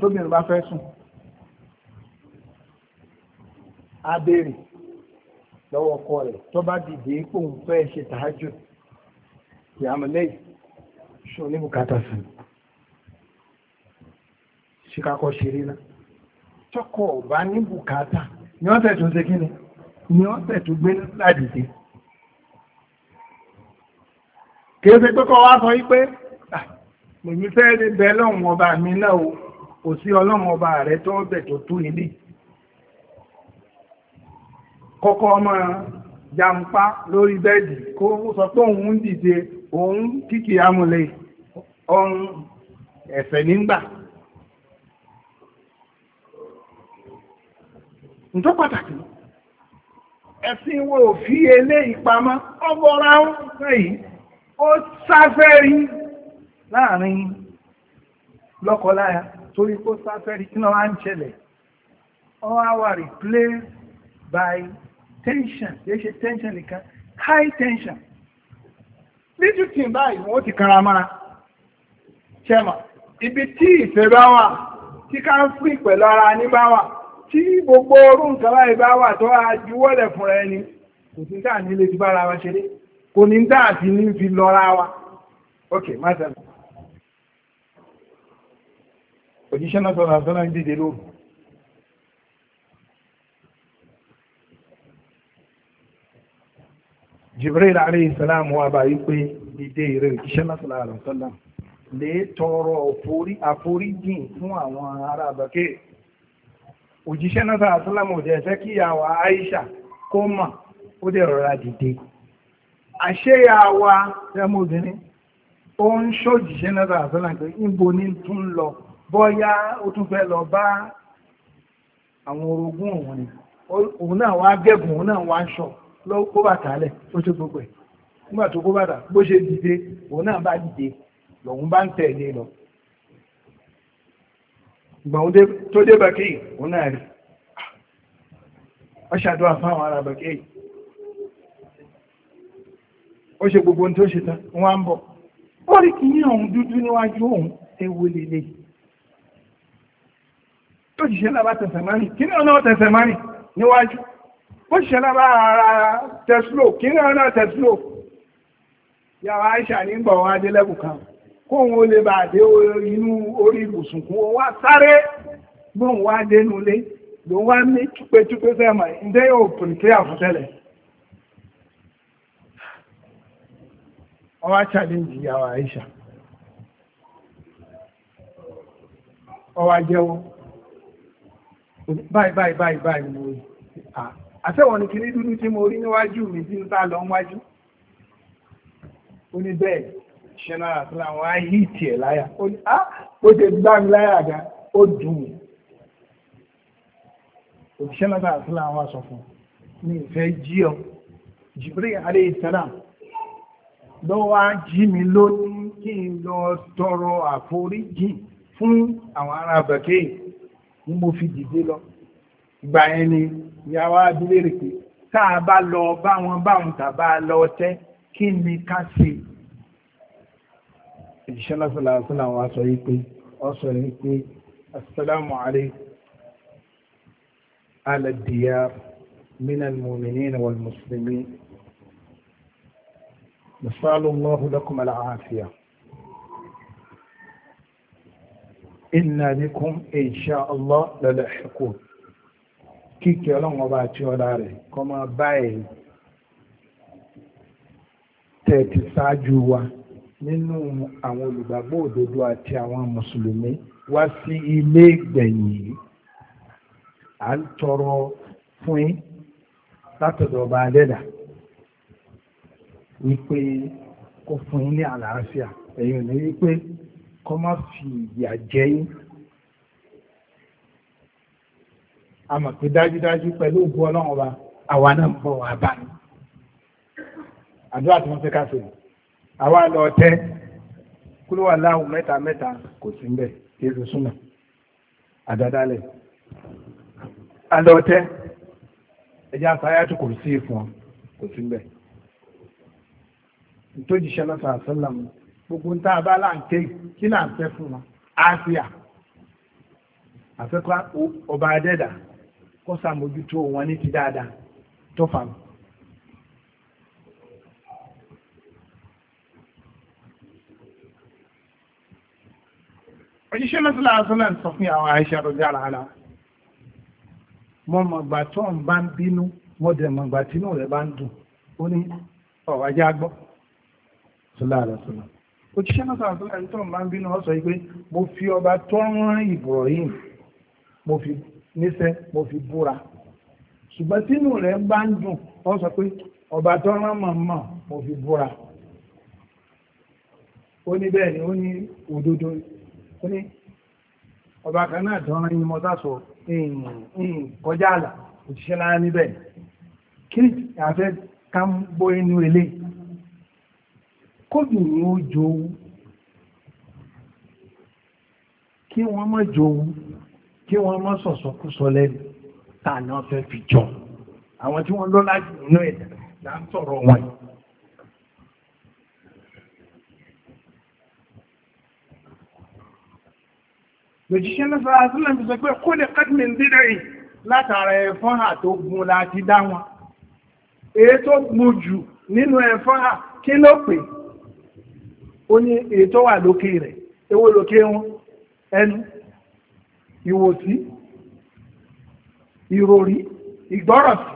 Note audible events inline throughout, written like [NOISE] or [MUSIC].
tóbìnrin bá fẹ́ sùn á béèrè lọ́wọ́ ọkọ rẹ̀ tó bá dìde pò ń fẹ́ ṣe tàájù ìyàmúlẹ́yìn ṣe oníbùkátà sí ṣíkakọ́ ṣeré náà tọ́kọ̀ ọ̀bá ní bùkátà ni wọ́n tẹ̀ tó ṣe kí ni ni wọ́n tẹ̀ tó gbé ládìde kìí ṣe pé kọ́ wá sọ wípé èmi fẹ́ rí bẹ ọba mi náà o kò sí ọba rẹ tó bẹ̀ tó ilé kọ́kọ́ ọmọ jàǹpá lórí bẹ́ẹ̀dì kó sọ pé òun ń dìde òun kìkì amúlẹ̀ ọ̀run ẹ̀fẹ̀ nígbà ǹtọ́ pàtàkì ẹ̀sìn wo fi eléyìí pamọ́ ọ láàrin lọ́kọláya torí kó sáfẹ́rí kí náà ń ṣẹlẹ̀ all our replaced by tension kìí ṣe tension nìkan high tension little thing báyìí wọ́n ti kára mọ́ra ṣẹ́mọ̀ ibi tí ìfẹ́ bá wà tí ká ń fún ìpẹ̀lú ara ní bá wà tí gbogbo orú nǹkan báyìí bá wà tó a juwọ́lẹ̀ fúnra ẹni kò sí ní táà nílé ti bára wa ṣeré kò ní táà sí ní fi lọ́ra wa ok má sẹ́nu òjíṣẹ́ náà sọ̀rọ̀ àtọ́nà ń dìde lóòrùn Jibril alayhi salam wa bá wípé dìde ìrẹ́ òjíṣẹ́ náà sọ̀rọ̀ àtọ́nà lè tọrọ àforíjìn fún àwọn ará àbákẹ́ òjíṣẹ́ náà sọ̀rọ̀ àtọ́nà mọ̀ ẹ̀fẹ́ kí àwa Aisha kó mọ̀ ó dẹ̀ rọra dìde àṣeyàwá ẹmọ obìnrin ó ń ṣòjìṣẹ́ náà sọ̀rọ̀ àtọ́nà pé tún lọ bọ́yá ó tún fẹ́ lọ bá àwọn orogún òun ni òun náà wá gẹ́gùn òun náà wá ń ṣọ lọ́wọ́ kó bàtà lẹ̀ ó ṣe gbogbo ẹ̀ nígbà tó kó bàtà bó ṣe dìde òun náà bá dìde lòun bá ń tẹ̀lé lọ ìgbà tó dé bàkì òun náà rí ọṣàdúrà fáwọn ará bàkì ó ṣe gbogbo ohun tó ṣe tán wọ́n á ń bọ̀ ó rí kìíní òun dúdú níwájú òun ewu lélẹ́yìí tó ṣiṣẹ́ lábá tẹ̀sẹ̀ márì kí ní ọ̀nà tẹ̀sẹ̀ márì níwájú bó ṣiṣẹ́ lábá ara tẹ̀sílò kí ní ọ̀nà tẹ̀sílò yàrá àìṣà ní gbọ̀ wọn adélẹ́kù kan kóhun ó lè bà dé inú orí ibùsùn kún wá sáré gbóhùn wá dénú lé ló wá ní túpẹ́túpẹ́ sẹ́mà ǹdẹ́ yóò pèlìkẹ́ àfọ́tẹ́lẹ̀ ọwá challenge yàrá àìṣà ọwá jẹ́wọ́ báyìí báyìí báyìí báyìí mo rí àtẹ́wọ̀n ní kí ní dúdú tí mo rí níwájú mi tí ń tà lọ wájú ó ní bẹ́ẹ̀ ṣẹlára tó láwọn ayé ìtì ẹ̀ láyà ó ní á ó ti gbá mi láyà ga ó dùn mí òṣìṣẹ́ náà tó láwọn aṣọ fún mi ìfẹ́ jí ọ Jibril alayhi salam lọ́wọ́ á jí mi lónìí kí n lọ tọrọ àforíjì fún àwọn ará bàkẹ́yì ni mo fi dìde lọ ìgbà yẹn ni ìyàwó abúlé rè pé tá a bá lọ bá wọn báwọn tàbá lọ tẹ kí ni ká ṣe ìṣẹ́ lọ́sọ̀lá àṣọ́lá àwọn aṣọ yìí pé ọ̀ṣọ́ yìí pé assalamu alaikum ala diyar min al-mu'minin wal muslimin nasallallahu lakum al inna bikum insha Allah lalahiqun kíkẹ́ ọlọ́run ọba àti ọ̀dà rẹ̀ kọ́ máa báyìí tẹ̀ẹ̀tì ṣáájú wa nínú àwọn olùgbàgbọ́ òdodo àti àwọn mùsùlùmí wá sí ilé gbẹ̀yìn à ń tọrọ fún yín látọ̀dọ̀ ọba adẹ́dà wípé kó fún yín ní àlàáfíà ẹ̀yin ní wípé kọ́ má fi ìyà jẹ yín a mọ̀ pé dájúdájú pẹ̀lú ògbó ọlọ́run ọba àwa náà ń bọ̀ wá bá ní àdúrà tí wọ́n fẹ́ ká sọ̀rọ̀ àwa lọ tẹ́ kúlúwà láhùn mẹ́ta mẹ́ta kò sí mbẹ̀ èso súnmọ̀ àdádálẹ̀ alọ́tẹ́ ẹjá sáyátù kò sí ìfún kò sí mbẹ̀ tó jíṣẹ́ lọ́sàn-án sọ́làmù gbogbo ń tá a bá láǹkẹ́ kí là ń fẹ́ fún wọn àsíà àfẹ́kọ́ ọba adẹ́dà kó sàmójútó wọn ní ti dáadáa tó fà mí. òjíṣẹ́ lọ́sọ̀lá àṣọlá ń sọ fún àwọn àìṣẹ́ àròjá àlàálà mo mọ̀gbà tó ń bá ń bínú mo dẹ̀ mọ̀gbà tínú rẹ̀ bá ń dùn ó ní ọ̀wájá gbọ́ sọlá àlọ́sọ̀lá òjíṣẹ́ náà sọ̀rọ̀ sọ́lá ìtọ́ máa ń bínú ọ́sọ̀ yìí pé mo fi ọba tó rán Ibrahim mo fi níṣẹ́ mo fi búra ṣùgbọ́n tínú rẹ̀ bá ń dùn ó sọ pé ọba tó rán mọ̀mọ́ mo fi búra ó ní bẹ́ẹ̀ ni ó ní òdodo ó ní ọba kan náà tó rán yín mọ́tà sọ kọjá àlà òjíṣẹ́ náà níbẹ̀ kí ni àfẹ́ ká ń bó inú eléyìí kódù ní ó jowú kí wọ́n má jowú kí wọ́n má sọ̀sọ̀kúsọ lẹ́nu tà náà fẹ́ fi jọ àwọn tí wọ́n lọ́lá jù nínú ẹ̀dá là ń sọ̀rọ̀ wọn yìí. lòjíṣẹ́ lọ́sọ̀rọ̀ àtúnlẹ̀ ti sọ pé kó lè kọ́tìmì ń dídá yìí látara ẹ̀fọ́n hà tó gun láti dá wọn. èyí tó gun nínú ẹ̀fọ́n hà kí ló pè é ó ní èyí tó wà lókè rẹ̀ ewó lókè wọn ẹnu ìwòsí ìròrí ìgbọ́rọ̀sí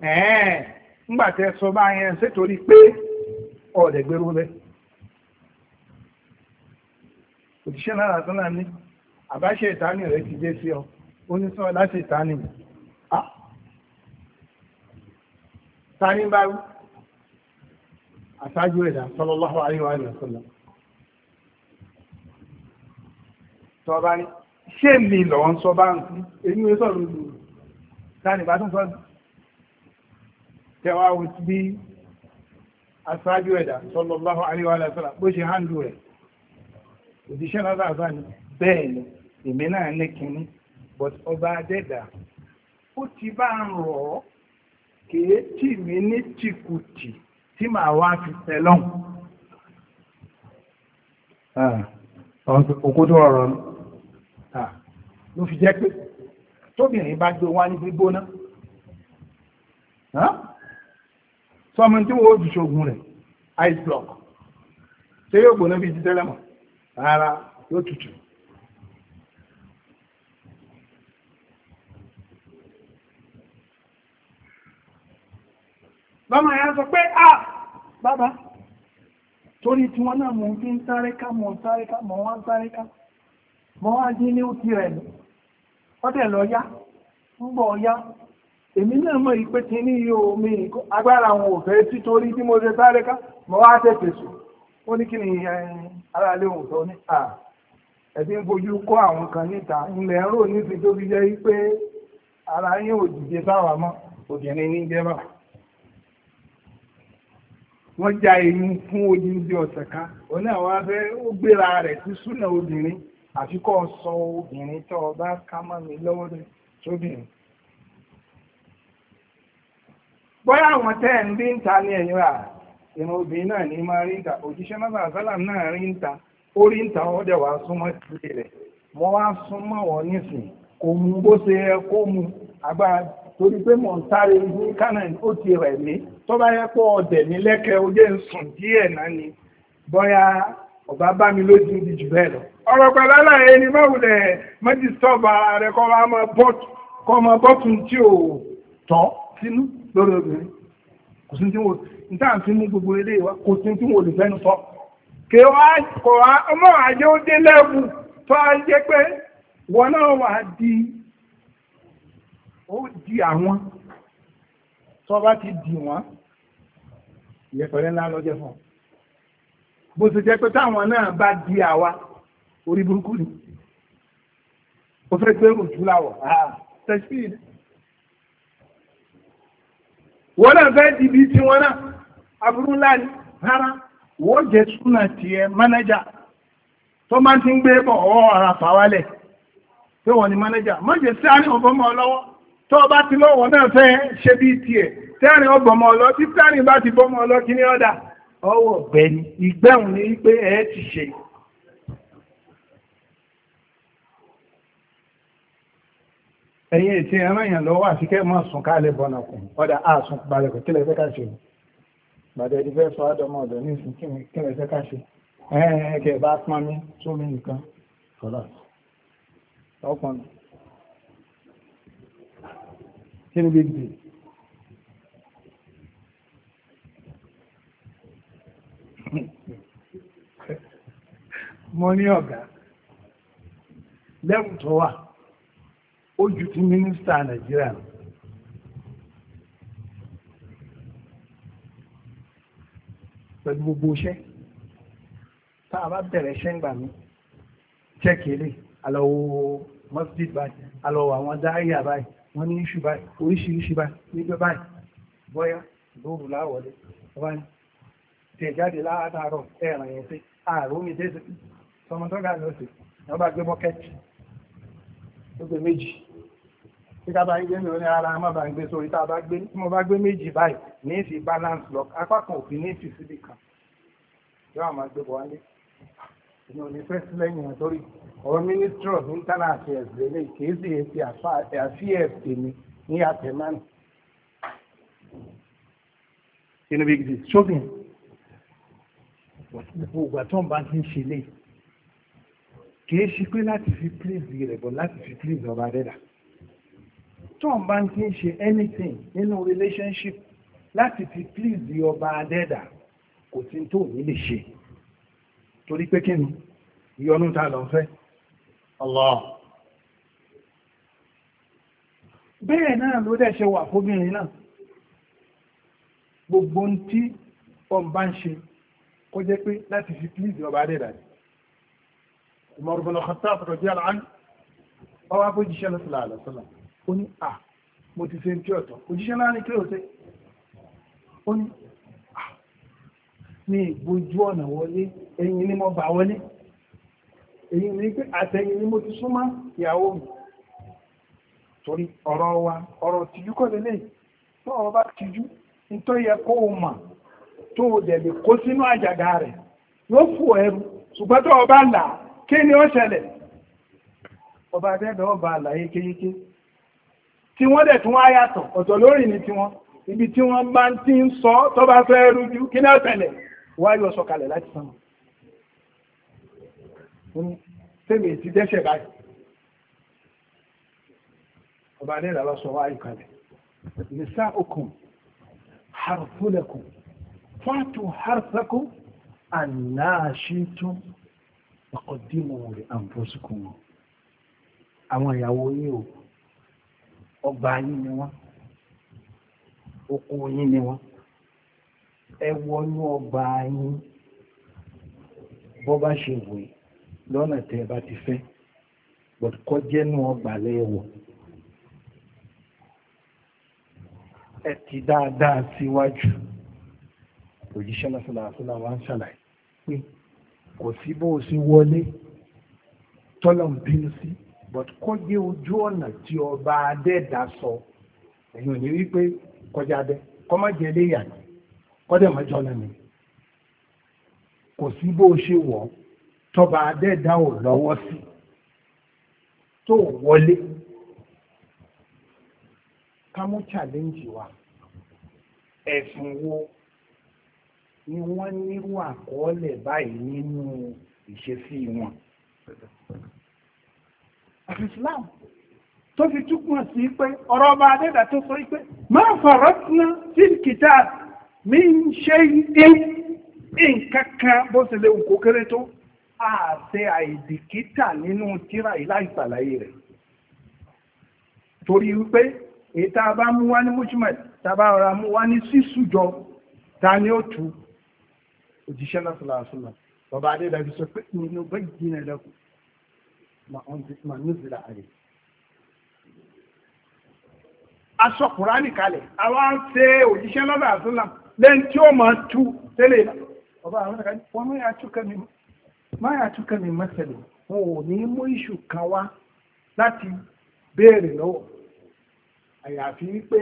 ẹ̀ẹ́n ńgbàtẹ́ sọ bá yẹn sétorí pé ọ̀dẹ̀gbẹ̀rú rẹ̀ òṣìṣẹ́ náà látọ́ náà ní àbáṣe ìtaní rẹ̀ ti dé sí ọ oníṣọ́ láti ìtaní tani bá sọ bá ní ṣé mi lọ ń sọ bá ń sí èyí wé sọ̀rọ̀ lù láti bá tún sọ tẹwa wù bí aṣáájú ẹ̀dá sallallahu alaihi wa sallam bó ṣe hàn lù rẹ̀ òjíṣẹ́ lọ́dọ̀ àbá ni bẹ́ẹ̀ ni èmi náà ní kinní but ọba adẹ́dà ó ti bá ń rọ̀ ọ́ kìí tì mí ní tìkùtì tí màá wá fi tẹ̀lọ́n. ọkùnrin ah, ọ̀rọ̀ ló fi jẹ́ pé tóbìnrin bá gbé wá ní gbígbóná sọmọ tí wọ́n ó fi ṣogun rẹ̀ ice block ṣé yóò gbóná bí ti tẹ́lẹ̀mọ̀ rárá yóò tutù lọ́mọ yẹn sọ pé ah bàbá torí tí wọ́n náà mọ̀ ń fi mọ̀ ń mọ̀ wọ́n ń mọ́ wá dín ní òkè rẹ̀ nù ọ́dẹ̀ lọ yá ń bọ̀ yá èmi náà omi agbára àwọn òfẹ́ títorí tí mo ṣe sáré ká mọ́ wá ó ní kí ni ara lé òun tó ní à ẹ̀bí ń fojú kó àwọn kan níta ilẹ̀ ń rò ní fi jẹ́ pé ara yín ò dìde sáwà mọ́ obìnrin àfikọ́ ọsọ obìnrin tó ọba ká mọ́ mi lọ́wọ́ rẹ̀ sóbìnrin bóyá àwọn tẹ́ ẹ̀ ń bí ń ní ẹ̀yìn rà obìnrin náà ní máa rí òjíṣẹ́ náà sálà náà rí ń ó rí wọ́n dẹ̀ wá súnmọ́ sílé rẹ̀ mo wá súnmọ́ wọn nísìn kò mú bó ṣe yẹ kó mu agbára torí pé mò ń sáré ní kánà ó ti rẹ̀ mí tó bá yẹ pé ọdẹ mi lẹ́kẹ̀ẹ́ ó jẹ́ ń sùn díẹ̀ náà ni bóyá ọba bá mi lójú bẹ́ẹ̀ lọ. ọ̀rọ̀ pẹ̀lú aláàrẹ ni máwùlẹ̀ mẹ́dìstọ́bà kọ́ ọmọ bọ́tún tí ó tọ́ sínú lórí obìnrin kò sí tí wọ́n mú gbogbo ilé wa lè fẹ́nu sọ kí ọmọ àjẹ́ ó dé lẹ́bù á pé wọ́n náà ó di àwọn tọ́ bá ti wọ́n ńlá fún bó ti jẹ́ pé táwọn náà bá di àwa orí burúkú ni ó fẹ́ pé òjú láwọ̀ tẹ̀síìdì wọ́n náà fẹ́ dìbí tí wọ́n náà aburú ńlá ni rárá wọ́n jẹ́ súnà tiẹ̀ mánájà tó máa ti ń gbé bọ̀ ọ́ ara fàwálẹ̀ pé wọ́n ni mánájà má jẹ́ sí àárín ọ̀gbọ́n mọ́ ọ lọ́wọ́ tó o ti lọ́wọ́ náà fẹ́ ṣe bí tiẹ̀ tẹ́rin ọgbọ̀n mọ́ ọ lọ tí bá ti bọ́ mọ́ ọ lọ kí ni ọ̀dà ọwọ́ ọ̀gbẹ́ni ìgbẹ́hùn ni pé ẹ ti ṣe ẹ̀yìn ètí ẹran èèyàn lọ́wọ́ àti kẹ́ mọ́ sùn kálẹ̀ bọ̀nàkùn ọ̀dà àsùn balẹ̀kùn tí lẹ́fẹ́ káṣe bàtẹ́ ti fẹ́ sọ àdọ́mọ̀ ọ̀dọ̀ ní ìsìn kí lẹ́fẹ́ káṣe ẹ̀ẹ́kẹ́ bá pọ́n mi tó mi nìkan sọ́lá ọkùn kí ni big deal mo ní ọ̀gá lẹ́kùn tó wà ó ju ti mínísítà nàìjíríà lọ. pẹ̀lú gbogbo iṣẹ́ tá a bá bẹ̀rẹ̀ iṣẹ́ ńgbà mi chẹ́kìlì alọ́wọ́ masjid báyìí alọ́wọ́ àwọn dáríyà báyìí wọ́n ní iṣu báyìí oríṣiríṣi báyìí nígbẹ́ báyìí bọ́yá lóòrù láwọ̀lé wọ́n ní tẹ̀jáde láàárọ̀ ẹ̀ràn yẹn sí ààrùn omi tẹ́sí tọmọtọ́gà lọ́sẹ̀ wọ́n bá gbé bọ́kẹ́tì ó gbé méjì tí ká bá ń gbé ní orí ara má bá ń gbé sórí tá a gbé tí mo bá gbé méjì báyìí ní ìfi balance lọ apá kan òfin ní ìfi síbì kan yóò àmà gbé bọ̀ wálé ìyẹn ò ní fẹ́ sí lẹ́yìn ẹ̀ torí ọ̀rọ̀ ministry of internal affairs lélẹ̀ kìí sì èsì affairs tèmi ní àtẹ̀mánì inú bí gidi ṣóbìn gbogbo ìgbà tó ń bá ti ń ṣe lé kìí ṣe pé láti fi please rẹ̀ bọ̀ láti fi please ọba rẹ̀ dà tóun bá ń ti ń ṣe anything nínú relationship láti fi please the ọba adẹ́dà kò tí tó ní lè ṣe torí pé kí ni ìyọnú ta lọ fẹ́ Allah bẹ́ẹ̀ náà ló dẹ̀ ṣe wà fóbìnrin náà gbogbo ń tí ọ̀n bá ń ṣe kó jẹ́ pé láti fi please ọba adẹ́dà ni Umar ibn Khattab radiyallahu anhu ọwọ́ abójíṣẹ́ lọ́sọ̀lá àlọ́sọ̀lá oní ní à mo ti ṣe tí ọ̀tọ̀ òjíṣẹ́ ńlá ní kí ló ní à ní ìgbójú ọ̀nà wọlé ẹ̀yìn ni mo bà wọlé ni pé àtẹ̀yìn ni mo ti ìyàwó mi torí ọ̀rọ̀ wa ọ̀rọ̀ tìjú kọ́ lélẹ̀ tó ọ̀rọ̀ bá tìjú yẹ kó o mà tó o dẹ̀ lè kó sínú àjàgà rẹ̀ yóò fò ẹrù ṣùgbọ́n tó ọba adẹ́dọ̀ ọba tí wọ́n dẹ̀ tún wá ọ̀tọ̀ lórí ni tí wọ́n ibi tí wọ́n bá ń tí ń sọ tó bá fẹ́ rújú kí náà tẹ̀lẹ̀ wáyé ọ̀sọ̀ kalẹ̀ láti sánmà tẹ́lẹ̀ ti dẹ́ṣẹ̀ báyìí ọba ní ìlàlọ́ sọ wáyé kalẹ̀ nìsá okùn harfúlẹ̀kùn fàtù harfẹ́kùn ànáṣítún ọkọ̀ dímọ̀ rẹ̀ àǹfọ́sùkùn àwọn ìyàwó yìí ọgbà yín ni wọ́n oko yín ni wọ́n ẹ wọnú ọgbà yín bọ́ bá ṣe wòye lọ́nà tẹ́ ẹ bá ti fẹ́ gbọ̀dùkọ́ jẹ́nu ọgbà lẹ́wọ̀ ẹ ti dáadáa síwájú òjíṣẹ́ lásìlàsílà wa ń ṣàlàyé pé kò sí bó o sí wọlé tọ́lọ̀ ń bínú sí. Si but kó jẹ́ ojú ọ̀nà tí ọba adẹ́ẹ̀dá sọ ẹ̀yìn òní wípé kọjá abẹ kọ́ má jẹ léyà ni kọ́dẹ̀ má jọ́nà ni kò sí bó o ṣe wọ̀ tọba adẹ́ẹ̀dá ò lọ́wọ́ sí tó wọlé ká challenge wa ẹ̀sùn wo ni wọ́n nírú àkọọ́lẹ̀ báyìí nínú ìṣesí wọn. Islam tó fi túkùn sí pé ọ̀rọ̀ ọba adẹ́dà tó sọ pé máa fọ̀rọ̀ tún sí kìtà mi ń ṣe é nǹkan kan bó ṣe lè kó kéré tó àṣẹ àìdìkítà nínú tíra ìláìsàlàyé rẹ̀ torí wípé ètà bá mú wá ní mushmet tàbá ọ̀rà mú wá ní sísùjọ ta ni ó tu òjíṣẹ́ lọ́sọ̀lọ́sọ̀lọ́ bàbá adẹ́dà fi sọ pé ìnú bẹ́ẹ̀ jìnà lẹ́kùn ma nùzìlà àrè aṣọ kùránì kalẹ̀ àwọn ṣe òjíṣẹ́ lọ́dọ̀ àtúnlá lẹ́yìn tí ó máa tú tẹ́lẹ̀ ọba àwọn ọ̀rẹ́ kan wọ́n máa yàtúkẹ́ mi mẹ́sẹ̀lẹ̀ wọn ò ní mú iṣu kan wá láti béèrè lọ́wọ́ àyàfi pé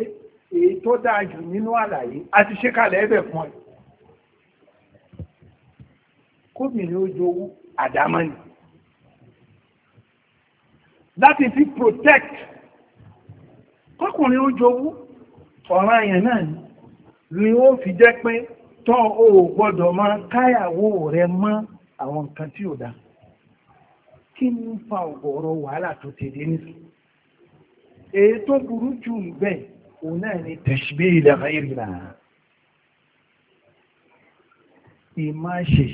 èyí tó dáa jù nínú àlàyé a ti ṣe kalẹ̀ ẹ̀bẹ̀ fún ẹ kóbìnrin ó jowú àdámọ́ ni that is protect kọkùnrin ó jowú ọ̀ràn àyàn náà ni ó fi jẹ́ pé tán o gbọ́dọ̀ máa káyàwó rẹ mọ́ àwọn nǹkan tí ò dá kí ń fa ọ̀gọ̀rọ̀ wàhálà tó ti dé nìsí èyí tó burú jù ń bẹ̀ òun náà ni tẹ̀síbí ilẹ̀ ìrìnà ìmá sí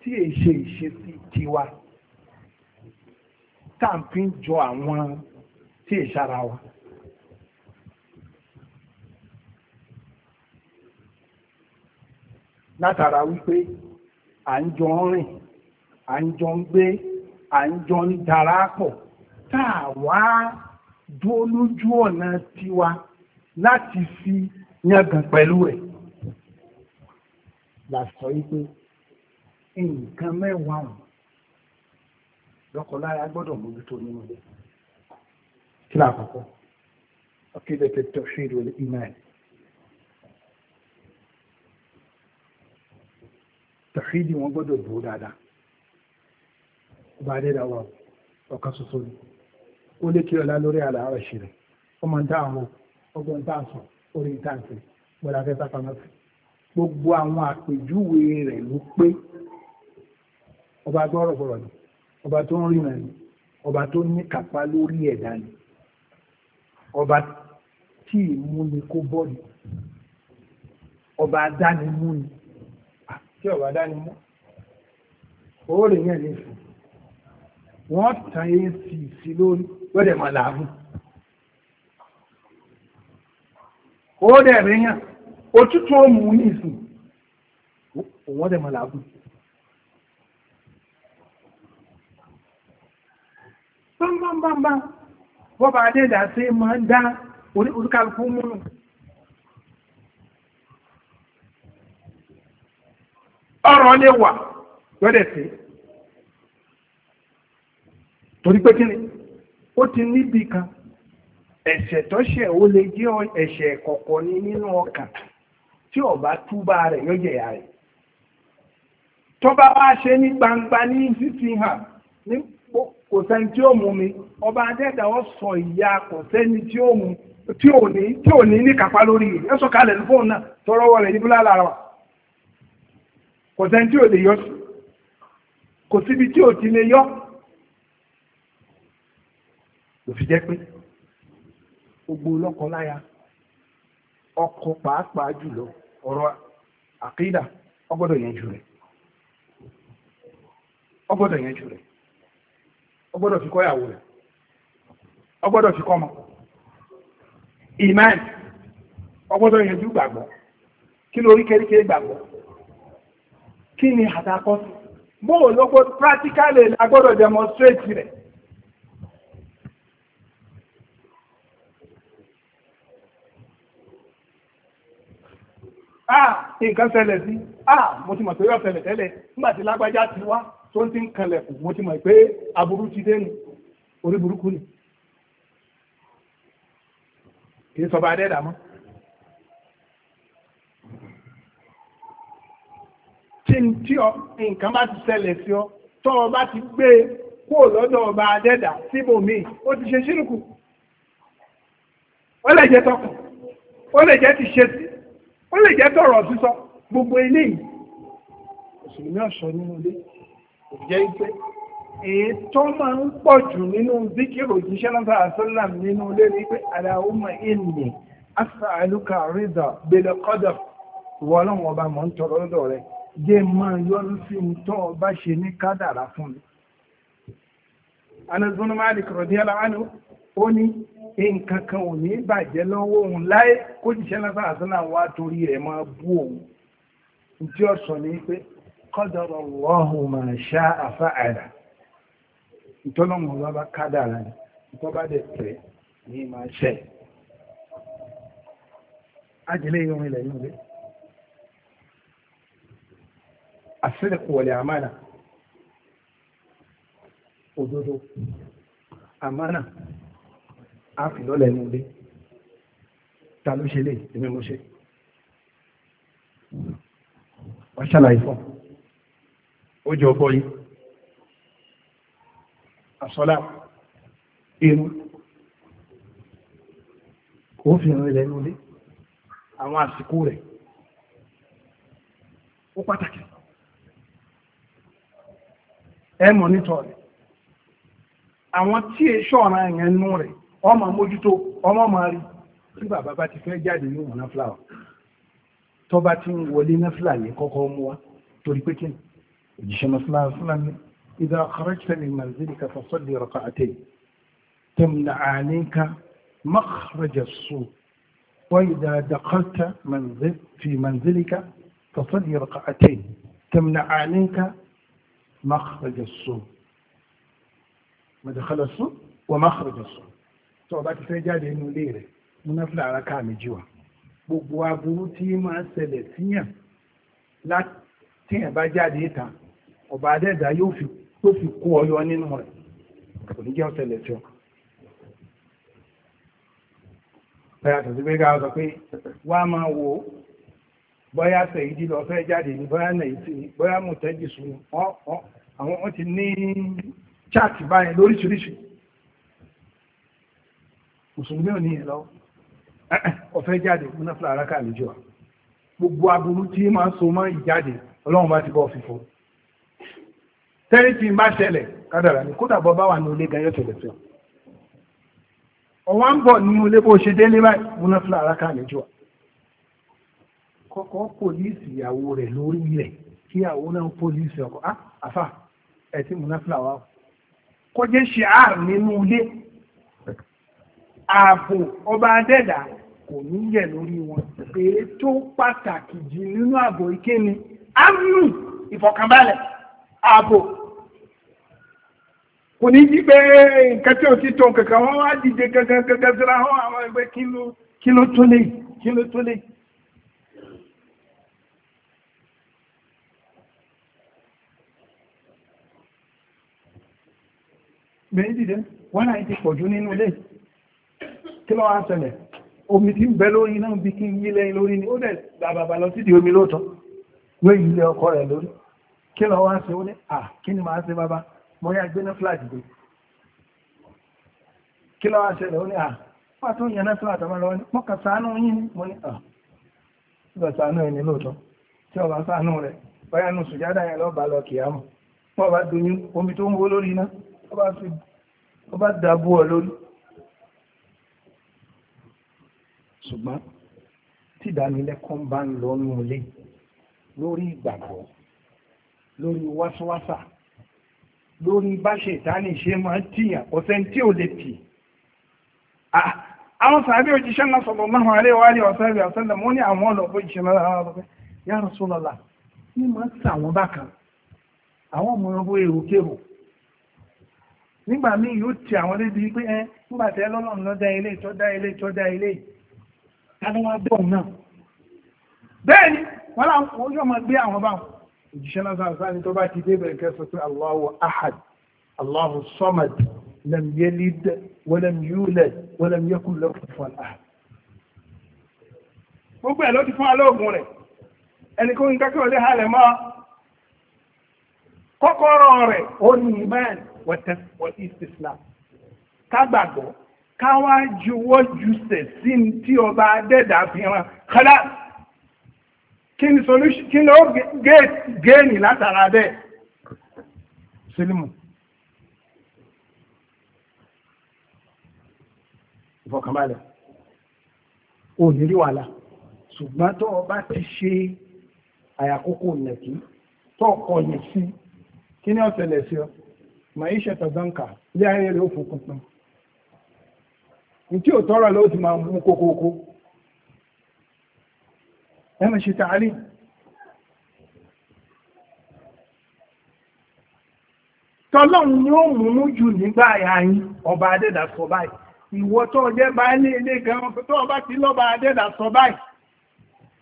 tí èṣe ìṣe sí tiwa tàǹpín jọ àwọn tí ìṣara wa. látara wípé à ń jọ ń rìn à ń jọ ń gbé à ń jọ ń darapọ̀ tá wá dúró lójú ọ̀nà tiwa láti fi yangàn pẹ̀lú ẹ̀ la sọ wípé nǹkan mẹ́wàá lọ́kọláya gbọ́dọ̀ mójútó nínú ilé kí ni àkọ́kọ́ ọ̀kẹ́dẹ̀ tẹ̀tọ̀ ṣe ìrò ìmáì tàfíìdì wọn gbọ́dọ̀ dúró dáadáa ọba adédáwà ọ̀kan ṣoṣo ni ó lé kí ọlá lórí àlàárọ̀ ṣe rẹ̀ ó máa ń dá àwọn ọgbọ́n táǹsì orí táǹsì gbọ́dọ̀ afẹ́fẹ́ pamọ́sí gbogbo àwọn àpèjúwe rẹ̀ ló pé ọba agbọ́rọ̀ ni ọba tó ń rìnà ni ọba tó ní kápá lórí ẹ̀dá ni ọba tí ìmúni kó bọ́ọ̀lù ọba adánimú ni tí ọba adánimú owó rẹ̀ yẹn ní fún wọ́n tan ac sí lórí lọ́dẹ̀ máa làágùn owó rẹ̀ rẹ̀ yẹn òtútù ó ní ìsìn òun máa làágùn bámbámbámbá bọ́bá adẹ́dà sí ma ń dá oríkàlùkù múrùn ọ̀rọ̀ lè wà lọ́dẹ̀ sí torí pé kí ni ó ti níbi kan ẹ̀ṣẹ̀ tó ṣẹ̀ ó lè jẹ́ ẹ̀ṣẹ̀ kọ̀kọ̀ ní nínú ọkà tí ọ bá túbá rẹ̀ kò sẹ́ni tí ó mú mi ọba adẹ́dà sọ ìyá kò sẹ́ni tí ó mú tí ò ní tí ò ní ní kápá lórí tọrọ wọlé ní búlá lára wa kò sẹ́ni tí ò lè yọ kò síbi tí ò ti lè yọ jẹ́ pé gbogbo pàápàá jùlọ ọ̀rọ̀ àkídà ọgbọ́dọ̀ rẹ̀ ọgbọ́dọ̀ rẹ̀ ó fi kọ́ ìyàwó rẹ̀ ó fi kọ́ ọmọ iman ó gbàgbọ́ kí ló rí gbàgbọ́ kí ni àtàkọ́ bóò lọ́gbọ́ practically la gbọ́dọ̀ demonstrate rẹ̀ ah nǹkan sẹlẹ̀ sí ah mo tó ń ti ń kanlẹ̀kùn mo ti mọ̀ pé aburú ti dé nù orí burúkú nù kì í sọba adẹ́dà mọ́. tí n tí ọ nǹkan bá ti ṣẹlẹ̀ sí ọ tọ́ ọ bá ti gbé e kúrò lọ́dọ̀ ọba adẹ́dà síbòmí ó ti ṣe ṣírùkù ó lè jẹ́ tọkàn ó lè jẹ́ ti ṣe sí ó lè jẹ́ tọ̀rọ̀ sísọ gbogbo eléyìí mùsùlùmí ọ̀ṣọ́ nínú ilé jẹ́ pé èyí tó máa ń pọ̀ jù nínú zikiru òjíṣẹ́ lọ́sà àṣọ́làm nínú ilé ní pé Allahumma inni as'aluka ridha bil qadar ìwọ́lọ́wọ́ ọba mọ̀ ń tọrọ lọ́dọ̀ rẹ̀ jẹ́ máa yọnu sí ń tọ́ ọba ṣe ní kádàrá fún mi. Anas bin Malik radiyallahu anhu ó ní nǹkan kan ò ní bàjẹ́ lọ́wọ́ òun láyé kó jíṣẹ́ lọ́sà àṣọ́làm wá torí rẹ̀ máa bú òun. Ntí ọ̀sán ni pé qadara Allahu ma sha'a fa'ala ìtọ́lọ́mọ̀ bá bá kádà rẹ ìtọ́ bá dẹ̀ tẹ̀ ní máa ṣẹ́ ajílẹ̀ ìrìn ilẹ̀ yìí amana òdodo àmánà àfìlọ́lẹ̀ ní ilé ta ló ṣe mo ṣe ṣàlàyé fún un ojú ọkọ̀ yìí àṣọ́lá irun kò fi hàn ilẹ̀ inú ilé àwọn àsìkò rẹ̀ ó pàtàkì ẹ mọ̀nítọ̀ rẹ̀ àwọn tí è ṣọ́ra ẹ̀yẹn nú rẹ̀ ọmọ mójútó ọmọ máa rí tí bàbá bá ti fẹ́ jáde ní ọ̀nà fúláwà tó bá ti ń wọlé náà fúláwà yẹn kọ́kọ́ mú wa torí pé kíni اذا خرجت من منزلك فصلي ركعتين تمنع عليك مخرج الصوء واذا دخلت منزل في منزلك فصلي ركعتين تمنع عليك مخرج الصوء مدخل الصوء ومخرج الصوء صوتك في جاده نديره من اطلع على جوا بوابوتي ما سلسيا لا تيه بجاده تام ọba adẹ́dà yóò fi yóò fi kó ọyọ nínú rẹ̀ kò ní jẹ́ ọ̀sẹ̀lẹ̀ tí ó bẹ́ẹ̀ àtàtí pé káà sọ pé wá máa wo bóyá tẹ̀yí dí lọ fẹ́ jáde ní bóyá nàì tí bóyá mú tẹ́jì sùn àwọn wọ́n ti ní chaati báyìí lóríṣiríṣi mùsùlùmí ò ní ìlọ ọ̀fẹ́ jáde múnáfíà arákà níjọ́ gbogbo aburú tí máa so máa ìjáde ọlọ́run bá ti bọ́ fífọ́ tẹ́rí tí bá ṣẹlẹ̀ kádàrà ní kódà bọ́ bá wà ní ọ. bọ̀ nínú ilé bó ṣe délé báyìí múná fúlà ara ká ní jùlọ. kọ́kọ́ pòlíìsì ìyàwó rẹ̀ lórí ilẹ̀ kí náà ọkọ̀ á ah, àfà ẹ̀ tí múná fúlà wà. ọba adẹ́dà kò ní lórí wọn pàtàkì jù nínú ààbò àmì ààbò kò ní jí pé nǹkan tí ò kankan wọ́n wá dìde kankan kankan síra wọ́n àwọn ẹgbẹ́ kí ló nínú omi ti ń bẹ lórí náà bí kí yí lórí ni ó bàbàbà lọ omi ilé ọkọ rẹ lórí ní à kí ni màá mọ́ yá gbéná flag gbé kí lọ́wọ́ ṣẹlẹ̀ ó ní à pàtó ìyànná flag àtàwọn lọ́wọ́ ní mọ́kà sàánú yín mo ní à ìgbà sàánú ẹni lóòótọ́ tí ọba sàánú rẹ̀ báyà nù sùjádà yẹn lọ́ba lọ kìá mọ̀ wọ́n bá doyún omi tó ń wó lórí iná ó bá dàbú ọ lórí ṣùgbọ́n tí ìdánilẹ́kọ́ bá ń lọ nù lórí ìgbàgbọ́ lórí wáṣíwáṣà lórí bá ṣètánì ṣe máa tìyàn kò sẹ́ni tí ò lè tì àwọn sàbí òjíṣẹ́ náà sọ̀rọ̀ máa rẹ̀ wá rí ọ̀sán rẹ̀ ọ̀sán lẹ̀ mọ́ ní àwọn ọlọ́pọ̀ òjíṣẹ́ náà lára ọ̀sán yá Rasulullah ní máa ń sàwọn bákan àwọn ọmọ ọgbọ èrò kéwò nígbà míì yóò ti àwọn débi pé ẹ nígbà tẹ lọ́lọ́run ló dá ilé tó dá ilé tó dá ilé tani wá dọ̀hún náà bẹ́ẹ̀ ni wọ́n láwọn yóò máa gbé àwọn báwọn òjíṣẹ́ náà sáà sáà ní tó bá ti dé bẹ̀rẹ̀ kẹsàn pé Allahu ahad Allahu samad lam yalid walam yulad walam yakun lahu kufuwan ahad. gbogbo ẹ̀ ló ti fún alóògùn rẹ̀ ẹni kí ni solution kí ni ó gẹ́ẹ̀nì látara bẹ́ẹ̀ sílímù ìfọ̀kànbalẹ̀ ò ní rí wàhálà ṣùgbọ́n tó o bá ti ṣe àyàkókò nẹ̀kí tó ọkọ̀ yìí sí kí ni ó ṣẹlẹ̀ sí ọ màá iṣẹ́ tọ̀gbọ́nkà ilé ayé ó fún tí ò tọ́rọ̀ ló máa mú kókókó ẹ má ṣe tààrí tọ́lọ́run ni ó mú jù nígbà àyà ọba adẹ́dà sọ báyìí ìwọ tó jẹ́ bá ní ilé gan tó ọba ti lọ́ba adẹ́dà sọ báyìí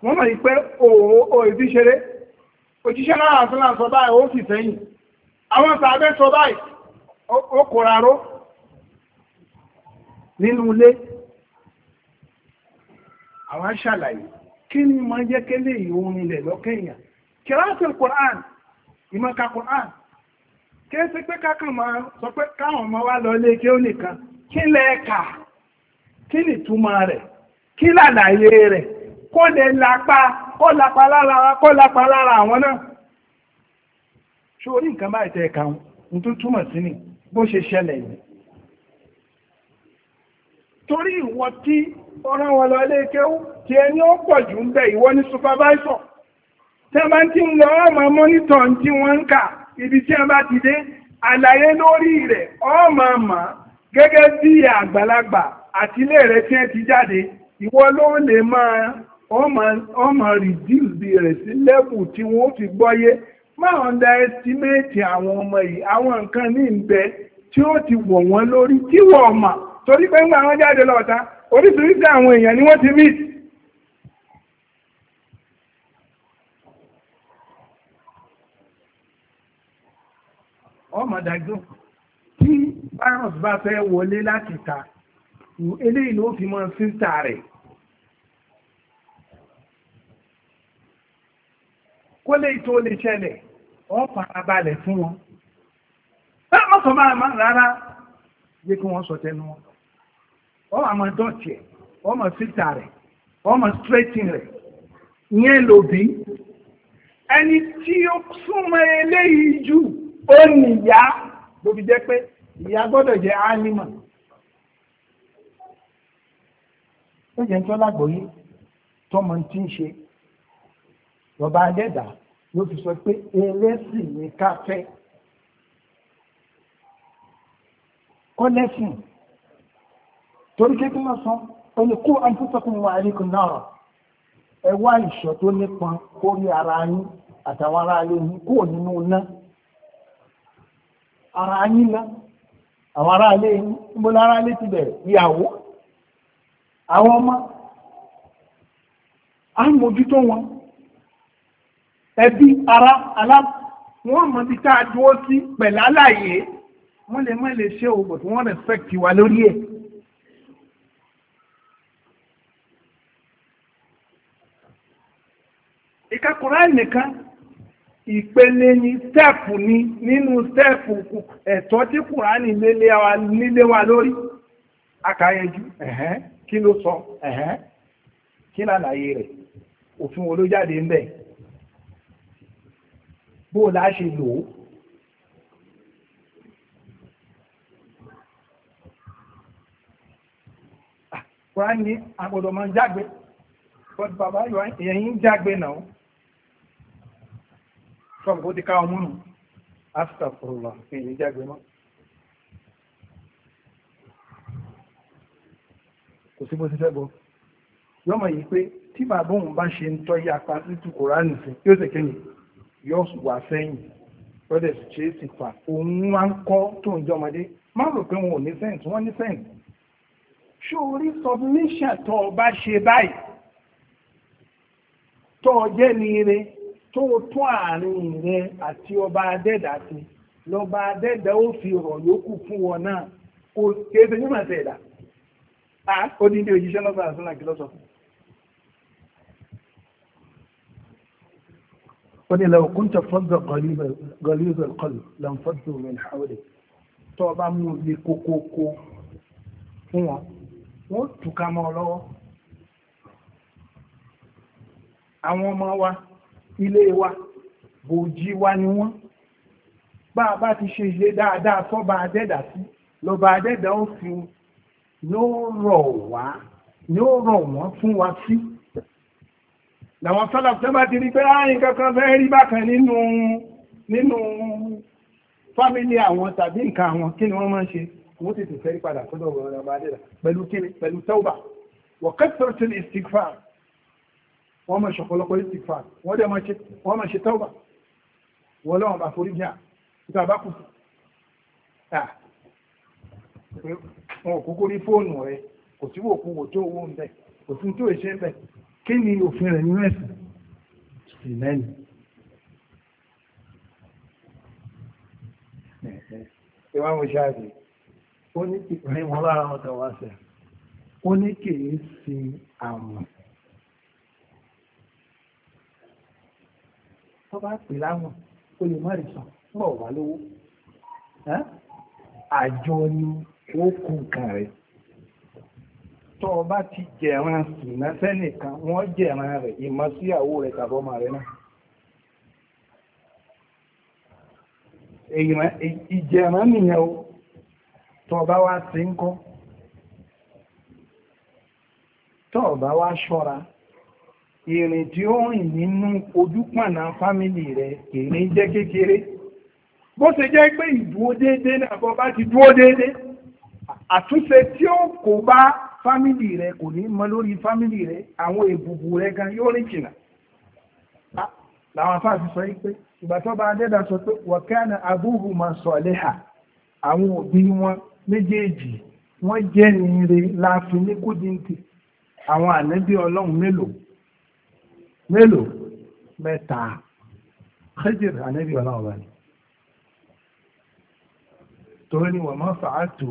wọ́n mọ̀ pé òòó òìdí òjíṣẹ́ àwọn aṣàlàyé kí ni máa jẹ́ kélé ìhun ilẹ̀ lọ́kẹ́yà kìláàtì Qur'an ìmọ̀ka Qur'an kìí ṣe pé kákan sọ pé káwọn máa wá lọ ilé kí ó nìkan kí lẹ́ẹ̀ka kí ni túmọ̀ rẹ̀ kí làlàyé rẹ̀ kó lè lápá kó lápá lára kó lápá lára àwọn náà ṣó orí nǹkan báyìí ẹ̀ka wọn tó túmọ̀ sí ni bó ṣe torí ìwọ tí ọ̀rọ̀ wọn lọ ilé kéwú tí ẹni ó pọ̀ jù ń bẹ ìwọ ní supervisor tẹ́ bá ti ń lọ ọmọ mọ́nítọ̀ tí wọ́n ń kà ibi tí wọ́n bá ti dé àlàyé lórí rẹ̀ ọmọ mọ̀ gẹ́gẹ́ bí àgbàlagbà àti ilé rẹ̀ tí ẹ ti jáde ìwọ ló lè máa ọmọ reduce rẹ̀ sí lẹ́bù tí wọ́n fi gbọ́yé máa underestimate àwọn ọmọ yìí àwọn nǹkan ní ìbẹ tí ó ti wọ̀ wọ́n lórí tí wọ́n mọ̀ torí pé ńgbà wọn jáde lọ́ta oríṣiríṣi àwọn èèyàn ni wọ́n ti rí ọmọ dájú tí virus bá fẹ́ wọlé láti ta eléyìí ló fi mọ́ sísà rẹ̀ kó lè tó lè ṣẹlẹ̀ wọ́n farabalẹ̀ fún wọn. Bẹ́ẹ̀ mọ́sàn máa máa rárá, yé kí wọ́n sọ tẹnu wọn wọ́n wà máa dọ̀tí ẹ̀ wọ́n máa síta rẹ̀ wọ́n máa straighten rẹ̀ yẹn lòbí ẹni tí ó súnmọ́ eléyìí jù ó nìyá lóbi jẹ́ pé ìyá gbọ́dọ̀ jẹ́ ánímọ̀ ó jẹ́ tó lágbòóyé tọ́mọ tí ń ṣe lọ́ba adẹ́dà ló fi sọ pé ẹlẹ́sìn ní ká kọ́lẹ́sìn torí kí kí lọ́sán ó ní kó àǹtútọ́kùn wà àríkùn náà ẹ wá ìṣọ́ tó nípọn kórí ara yín àtàwọn ará ilé yín kúrò nínú iná ara yín ná àwọn ará ilé yín mo lára ilé ti bẹ̀rẹ̀ ìyàwó àwọn ọmọ á mójútó wọn ẹbí ara alá wọn mọ bí tá a dúró sí pẹ̀lú aláyé wọn lè má lè ṣe òògùn tí wọn respect wa lórí ẹ̀. kíka Kùránì nìkan ìpele ni stẹ́ẹ̀pù ni nínú stẹ́ẹ̀pù ẹ̀tọ́ tí Kùránì nílé wa lórí akáyẹjú ẹ̀hẹ́n kí ló sọ ẹ̀hẹ́n kí lálàyé rẹ̀ òfin wo ló jáde ń bẹ̀ bó la ṣe lò ó ah, Kùránì ni agbọ́dọ̀ máa jágbe bọ́dù bàbá ẹ̀yìn jágbe náà sọ́ọ̀bù kó ti ká ọmú nù astagfirullah fi èyí jágbe mọ́ kò sí bó ti fẹ́ bọ́ yọmọ yìí pé tí bàbá òun bá ṣe ń tọ́ yí apá títú kòránì sí yóò sì kéyìn yóò wà sẹ́yìn brothers ṣe é sì fà òun wá ń kọ́ tó ń jọmọdé má rò pé wọn ò ní sẹ́yìn tí wọ́n ní sẹ́yìn ṣòrí submission tó o bá ṣe báyìí tó o jẹ́ ní ire tó tún àárín rẹ àti ọba adẹ́dà ti lọ́ba adẹ́dà ó fi rọ̀ yókù fún wọn náà kò kéde ní màtí ẹ̀dà ó ní ilé òjíṣẹ́ lọ́sọ̀ àti sọ́nà kìlọ́sọ̀ ó ní lọ́wọ́ kúńtà fọ́dọ̀ gọlíbẹ̀ kọlù lọ́nfọ́dọ̀ mẹ́rin àwọ̀dẹ̀ tó ọba mú ilé kókókó fún wọn wọ́n tùkà mọ́ lọ́wọ́ àwọn ọmọ wa ilé wa bòjí wa ni wọ́n bá a bá ti ṣe ilé dáadáa tọ́ba adẹ́dà sí lọ́ba adẹ́dà ó fi yóò rọ̀ wá yóò rọ̀ wọ́n fún wa sí làwọn sọ́lá tó bá ti rí pé láàrin kankan fẹ́ rí bákan nínú nínú fámílì àwọn tàbí nǹkan àwọn kí ni wọ́n máa ń ṣe wọ́n tètè fẹ́ rí padà sọ́dọ̀ ọ̀rọ̀ ọba adẹ́dà pẹ̀lú kíni pẹ̀lú tọ́ba wọ́n kẹ́sọ̀rọ̀ tó lè stick fast wọ́n mọ̀ ṣọ̀pọ̀lọpọ̀ ìsìfà wọ́n dẹ̀ mọ̀ ṣe tọ́wà wọ́n lọ́wọ́n bá forí jẹ́ ìta bá kù wọn ò kúkú rí fóònù rẹ kò sí wò kúwò tó owó ń bẹ kò sí tó ìṣe ń bẹ kí ni òfin rẹ̀ nínú ẹ̀sìn sì lẹ́nu ìwà mo ṣáàbì ó ní ìpínlẹ̀ wọn sin àmọ̀ tó bá pè láwọn o lè má rí lówó àjọ ni ó kún nǹkan tó o bá ti jẹ̀ran sẹ́nìkan wọ́n jẹran rẹ̀ ìmọ̀ síyàwó rẹ̀ tàbọ́mọ rẹ̀ náà. ìjẹ̀ran nìyẹn o tó o bá wá sí ń ìrìn tí ó rìn nínú ojúpànà fámílì rẹ̀ ìrìn jẹ́ kékeré bó ṣe jẹ́ pé ìdúró déédéé náà bọ́ bá ti dúró déédéé àtúnṣe tí ó kò bá fámílì rẹ̀ kò ní mọ lórí rẹ̀ àwọn èbùbù rẹ̀ gan yóò rìn jìnnà ah, làwọn sọ pé ìgbà tó bá adẹ́dà sọ pé máa sọ àwọn wọn méjèèjì wọ́n jẹ́ láàfin ní àwọn ọlọ́run mélòó mẹ́ta Khidir ànábì ọlọ́run ọba ni torí ni wọ́n máa fàá tó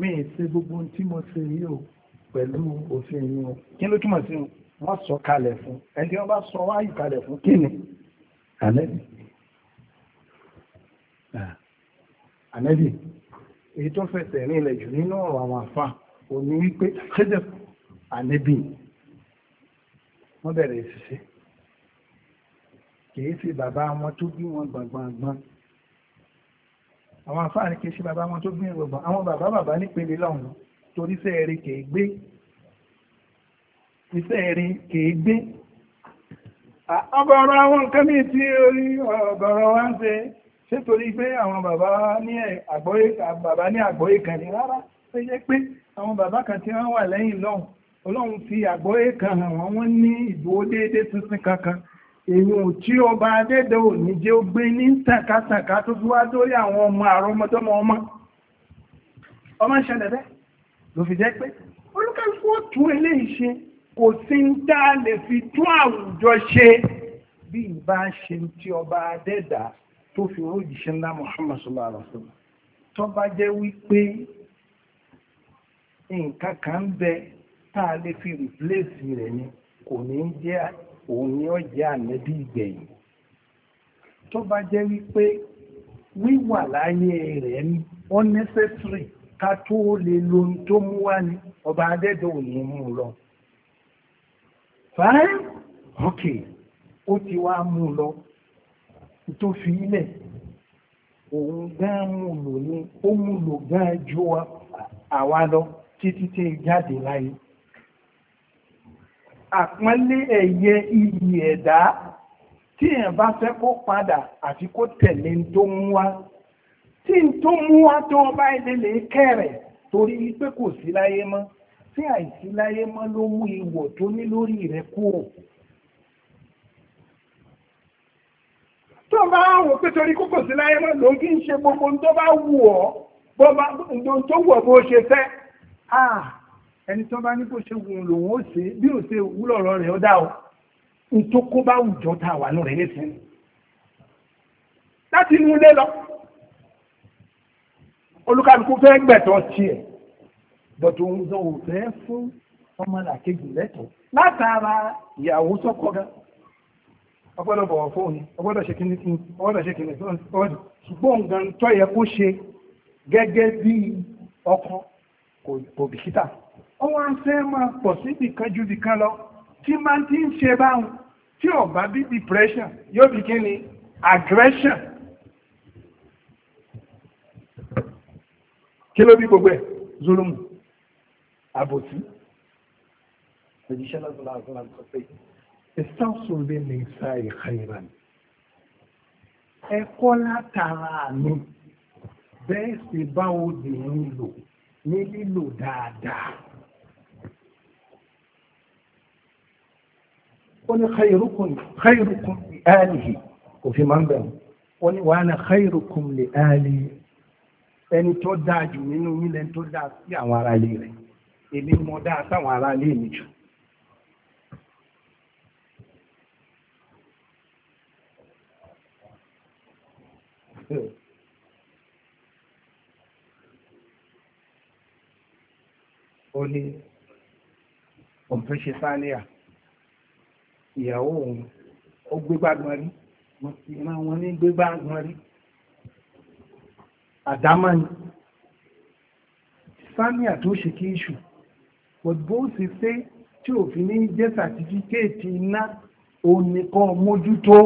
mí ṣe gbogbo tí mo ṣe yìí o pẹ̀lú òfin yìí o kí ló túmọ̀ sí wọ́n sọ kalẹ̀ fún ẹni tí wọ́n bá sọ wáyù kalẹ̀ fún kí ni ànábì ànábì èyí tó fẹsẹ̀ rìn ilẹ̀ jù nínú ọ̀rọ̀ àwọn àfa òní wípé Khidir ànẹ́bì wọ́n bẹ̀rẹ̀ ìṣiṣẹ́ kìí ṣe bàbá wọn tó bí wọn gbọ̀ngbọ̀ngbọ̀n àwọn afáàní kìí ṣe bàbá wọn tó bí wọn gbọ̀ngbọ̀n àwọn bàbá bàbá nípele lọ́hùn torí sẹ́ẹ̀rí kìí gbé ìsẹ́ẹ̀rí kìí gbé ọgọ́rọ̀ àwọn nǹkan ní tí orí ọgọ́rọ̀ wá ń ṣe ṣé torí pé àwọn bàbá ní àgbọ́yé kan ní rárá ṣe jẹ́ pé àwọn bàbá kan tí wọ́n wà lẹ́yìn lọ́hùn ọlọ́run fi àgbọ́yé kan hàn wọ́n wọ́n ní ìdúró déédéé tuntun kankan èyàn tí ọba adẹ́dẹ́ ò ní jẹ́ ó gbé ní tàkátàká tó fi wá dórí àwọn ọmọ àrọmọdọ́mọ ọmọ ọmọ ṣẹlẹ̀ bẹ́ẹ̀ ló fi jẹ́ pé olúkálùkù ó tún eléyìí ṣe kò sí ń dá lè fi tún àwùjọ ṣe bí ìbá ṣe tí ọba adẹ́dà tó fi rójìṣẹ́ ńlá Muhammad sallallahu alaihi wasallam jẹ́ wípé nǹkan kan bẹ́ẹ̀ tá a lè fi rìpléèsì rẹ̀ ni kò ní jẹ́ òun ni ó jẹ́ ànẹ́bí ìgbẹ̀yìn tó bá jẹ́ wípé wíwà láyé rẹ̀ ni unnecessary ká tó lè lo ohun tó mú wá ni ọba adẹ́dọ̀ ò ní mú lọ. fine okay ó ti wá mú lọ tó fi ilẹ̀ òun gán mú lò ní ó mú lò gán ju àwa lọ títí tí jáde láyé àpọ́nlé ẹ̀yẹ iyì ẹ̀dá tí èèyàn bá fẹ́ kó padà àfi kó tẹ̀lé ń tó mú wá tí ń tó mú wá tó ọba ìdílé kẹrẹ̀ torí pé kò sí láyé mọ́ tí àìsí láyé mọ́ ló mú ìwọ̀ tó ní lórí rẹ̀ kúrò. tó bá wò pé torí kókò sí láyé mọ́ ló ń kí ń ṣe gbogbo tó bá wù ọ́ tó wù ọ́ bó ṣe fẹ́ ah! ẹni tó bá ní kó ṣe wù lòun ó ṣe bí ó ṣe wúlọ̀rọ̀ rẹ̀ ó dá o ní tó kó bá wùjọ ta wà lọ́rẹ̀ nísìnyí láti inú ilé lọ olúkàlùkù fẹ́ gbẹ̀tọ̀ tiẹ̀ dọ̀tò òun gan ò fẹ́ fún ọmọ làkejì lẹ́tọ̀ọ́ látara ìyàwó sọ́kọ gan ọgbọ́dọ̀ bọ̀wọ̀ fóònù ọgbọ́dọ̀ ṣe kìnnì ọgbọ́dọ̀ ṣe kìnnì fún ṣùgbọ́n nǹkan tó yẹ kó ṣe gẹ́gẹ́ bí ọkọ kò bìkítà ó wá ń fẹ́ máa pọ̀ sí nìkan ju nìkan lọ tí máa ti ń ṣe báwọn tí ò bá bí depression yóò bí kí ni aggression kí ló bí gbogbo ẹ̀ zulumu àbòsí òjíṣẹ́ lọ́sọ̀lá ẹ̀kọ́ látara mi bẹ́ẹ̀ sì bá obìnrin lò ní lílò dáadáa. ó ní khairukum khairukum li alihi kò fi máa ń bẹ̀rù ó ní wa ana khairukum li alihi ẹni tó dáa jù nínú yín tó dáa sí àwọn ará ilé rẹ̀ èmi mo dáa sáwọn ará ilé mi jù. Good. ó ní òǹtún ṣe sáníà ìyàwó òun ó gbégbágbọn rí wọ́n ti máa wọn ní gbégbágbọn rí àdámọ́ni sáníà tó ṣe kí iṣu but bó ṣe ṣe tí òfin ní jẹ́ sàtífíkéètì iná òun nìkan mójútó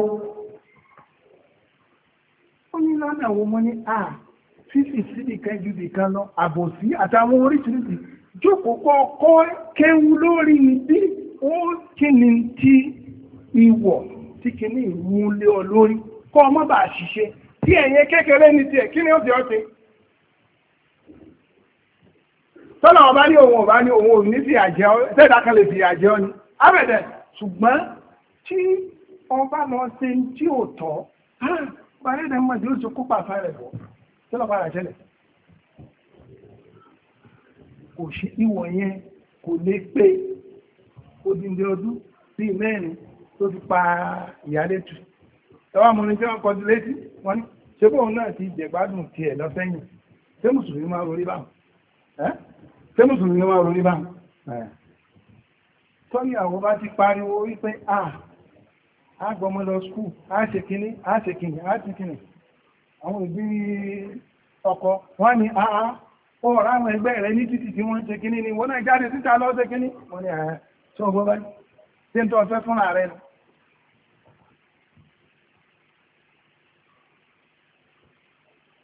ó ní lọ́nà àwọn ọmọ ní à fífi síbìkan ju bìkan lọ àbòsí àtàwọn oríṣiríṣi jókòó kọ́ kéwú lórí bí ó kí ni tí ìwọ̀ tí kì ìwú lé ọ lórí kọ́ ọmọ bà ṣiṣẹ́ tí ẹ̀yẹ kékeré ní tiẹ̀ kí ni ó fi ọ́ ti tọ́lá ọba ní òun ọba ní òun òun ní fi àjẹ́ ọ tẹ́ẹ̀dá kan lè fi àjẹ́ ọ ni abẹ̀dẹ̀ ṣùgbọ́n tí ọba lọ ṣe tí ò tọ́ bá rẹ̀ dẹ̀ mọ̀ tí ó ṣe kópa fẹ́rẹ̀ bọ̀ tọ́lá ọba rẹ̀ kò ṣe ìwọ̀n yẹn kò lè pé odindi ọdún sí mẹ́rin tó fi pa ìyálétù ẹwà mọ̀ ní tí wọ́n kọjú létí wọ́n ní ṣe bóun náà ti jẹ̀gbádùn tiẹ̀ lọ́sẹ̀yìn ṣé mùsùlùmí máa rorí báwọn ṣé mùsùlùmí máa rorí báwọn tọ́ni àwọn bá ti pariwo wípé à a gbọmọ lọ skúù á ṣe kíní á ṣe kíní á ṣe kíní àwọn ìbí ọkọ wọ́n ní àá ọ̀rọ̀ àwọn ẹgbẹ́ rẹ̀ ní títì tí wọ́n ń ṣe kíní ni wọ́n náà jáde síta lọ ṣe kíní wọ́n ni ààrẹ tó gbọ́ bá tí ń tọ́ fẹ́ fún ààrẹ nù.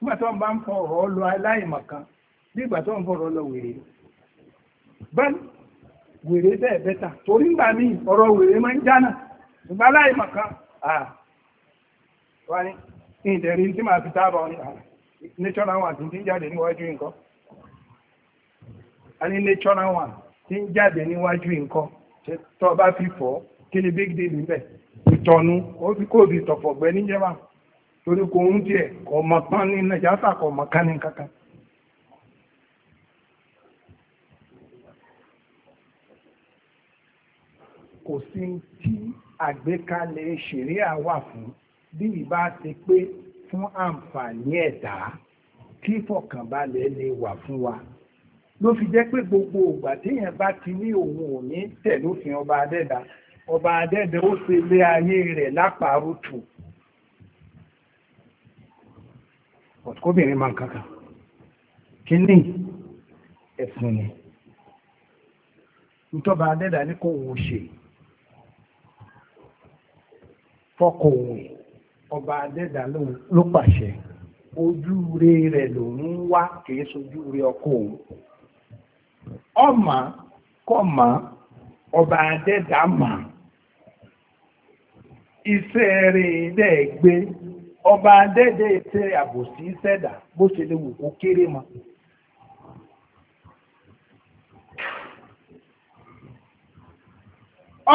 nígbà tó ń bá ń fọ ọ̀rọ̀ lọ aláìmọ̀ kan bí ìgbà tó ń fọ̀rọ̀ lọ wèrè bẹ́ẹ̀ wèrè bẹ́ẹ̀ bẹ́ta torí ń gbà mí ọ̀rọ̀ wèrè máa ń jánà ìgbà aláìmọ̀ kan wá ìdẹ̀rí tí màá fi táàbà ọ ní ààrẹ nítorí àwọn àtúntí jáde níwájú nǹkan a ní natural one tí ń jáde níwájú nǹkan tó o bá fi fọ́ kí ni big deal níbẹ̀ ìtọ̀nu ó fi kó fi tọ̀fọ̀ gbẹ níjẹ́wà torí kò ń tiẹ̀ kò mọ̀ pán ní nàìjásà kò mọ̀ ká ní kankan. kò sí tí àgbékalẹ̀ ṣẹ̀ríà wà fún bí ìbá ṣe pé fún àǹfààní ẹ̀dá kí fọ̀kànbalẹ̀ lè wà fún wa ló fi jẹ́ pé gbogbo ògbà téèyàn bá ti ní òun ò ní tẹ̀lófin ọba adẹ́dà ọba adẹ́dà ó ṣe lé ayé rẹ̀ lápárùtù ọ̀tkóbìnrin máa ń kankan kí ní ẹ̀sìn ni ìtọ́ba adẹ́dà ní kò wò ṣe fọ́kọ̀ òun ọba adẹ́dà ló pàṣẹ ojú rẹ̀ lòun wá kìí sojú rẹ̀ ọkọ òun ọma kọma ọba adẹ́dà mà iṣẹ́ rẹ̀ ọba adẹ́dà ètè àbòsí sẹ́dà bó ṣe lè wù kó kéré mọ́.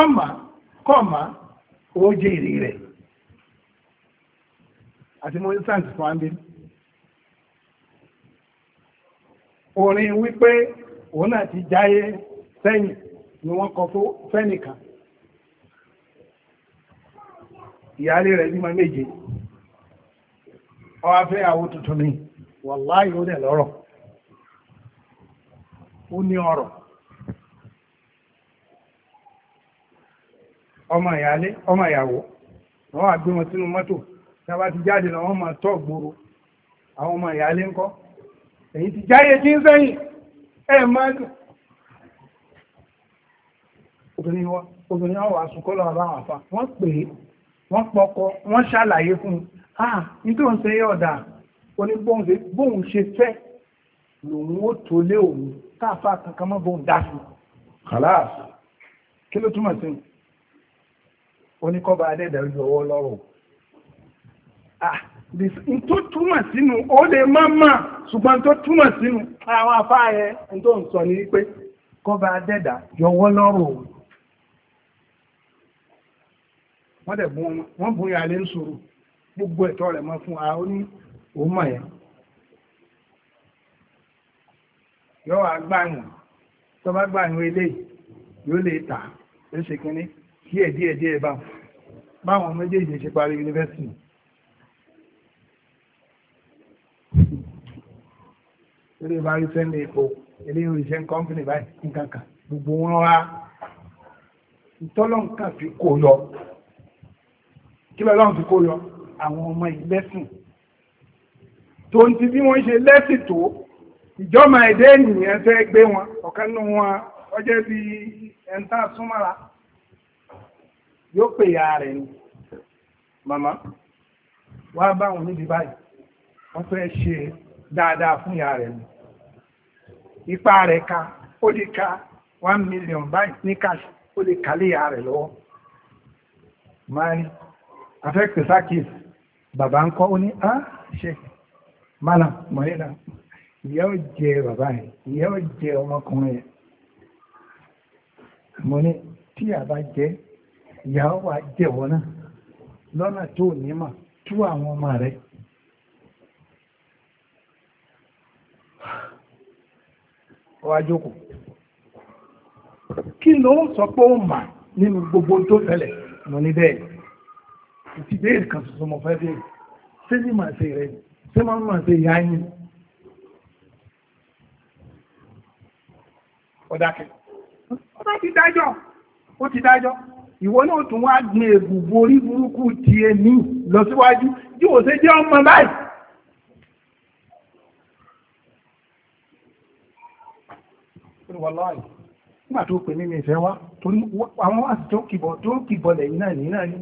ọmọ kọmọ ó jèrè rẹ̀ àti mo ní sáǹtì fún orin wípé òun náà ti jáyé sẹ́yìn ni wọ́n kọ fún fẹ́nìkan ìyáálé rẹ̀ bímọ méje ọwá fẹ́ àwọ tuntun ni wàláyé ó dẹ̀ lọ́rọ̀ ó ní ọrọ̀ ọmọ ìyáálé ọmọ ìyàwó wọ́n wà gbé wọn sínú mọ́tò tábà ti jáde lọ wọ́n máa tọ́ gbòòrò àwọn ọmọ ìyáálé ńkọ́ èyí ti jáyé tí ń sẹ́yìn ẹ máa dùn obìnrin wa obìnrin wa wà sùkọ́ lọ́wọ́ àwọn àfa wọ́n pè é wọ́n pọkọ wọ́n ṣàlàyé fún un ah nítorí òun ṣe é ọ̀dà onígbóhùn ṣe bóhùn ṣe fẹ́ lòun ó tó lé òun káàfà kankan mọ́ bóhùn dá sí kàláàs kí ló túmọ̀ sí oníkọ́ba adẹ́dàá ojú ọwọ́ lọ́rùn ah tó túmọ̀ sínú ó lè má mà ṣùgbọ́n tó túmọ̀ sínú àwọn afáàyẹ tó ń sọ ní pé kọ́ba adẹ́dà yọwọ́ lọ́rùn òun wọ́n dẹ̀ bún wọ́n bún ya lé ń sọ̀rọ̀ gbogbo ẹ̀tọ́ rẹ̀ mọ́ fún a ó ní òun mọ̀ yẹn yọ wá gbàyàn tó bá gbàyàn eléyìí yóò lè tà ó ṣe kínní díẹ̀ díẹ̀ díẹ̀ báwọn báwọn méjèèjì ṣe parí yunifásitì ilé bá rí sẹ́ndì epo ilé ìrìnsẹ́ kọ́mpìnì báyìí nǹkan kan gbogbo wọn wá ìtọ́lọ́ nǹkan fi kó yọ kí lọ́lọ́run fi kó yọ àwọn ọmọ ìlẹ́sìn tó ń ti bí wọ́n ṣe lẹ́sìn tó ìjọ́mà èdè ènìyàn fẹ́ gbé wọn ọ̀kan nínú wọn ọjọ́ bí ẹ̀ńtà súnmọ́ra yóò pè ya rẹ̀ ni màmá wá báwọn níbi báyìí wọ́n fẹ́ ṣe é dáadáa fún ìyá rẹ̀ ni ipá rẹ̀ ka ó lè ka one million báyìí ní káṣí ó lè kálé ìyá rẹ̀ lọ́wọ́ máa rí afẹ́kẹ̀ sákìs bàbá ń kọ́ ó ní ah, á ṣe mánà mọ̀lẹ́nà ìyá ó jẹ bàbá yẹn ìyá ó jẹ ọmọkùnrin yẹn mo ní tí àbá jẹ ìyá ó wà jẹ̀wọ́ náà lọ́nà tó ní mà tú àwọn ọmọ rẹ̀ ọwá jókòó kí ló ń sọ pé ó mà nínú gbogbo tó fẹlẹ̀ mo ní bẹ́ẹ̀ ìtì béèrè kan tuntun mo fẹ́ béèrè ṣé ní màá ṣe rẹ ṣé máa máa ṣe ìyá yín ọ̀dàkẹ́ ó bá ti dájọ́ ó ti dájọ́ ìwọ náà tún wá gbin ègbùgbò orí burúkú tiẹ̀ ní lọ síwájú yóò ṣe jẹ́ ọmọ báyìí. wàláì nígbà tó pè mí mi ìfẹ́ wá torí àwọn wá sí tó kìbọ̀ tó kìbọ̀ lẹ́yìn náà nìyí náà ní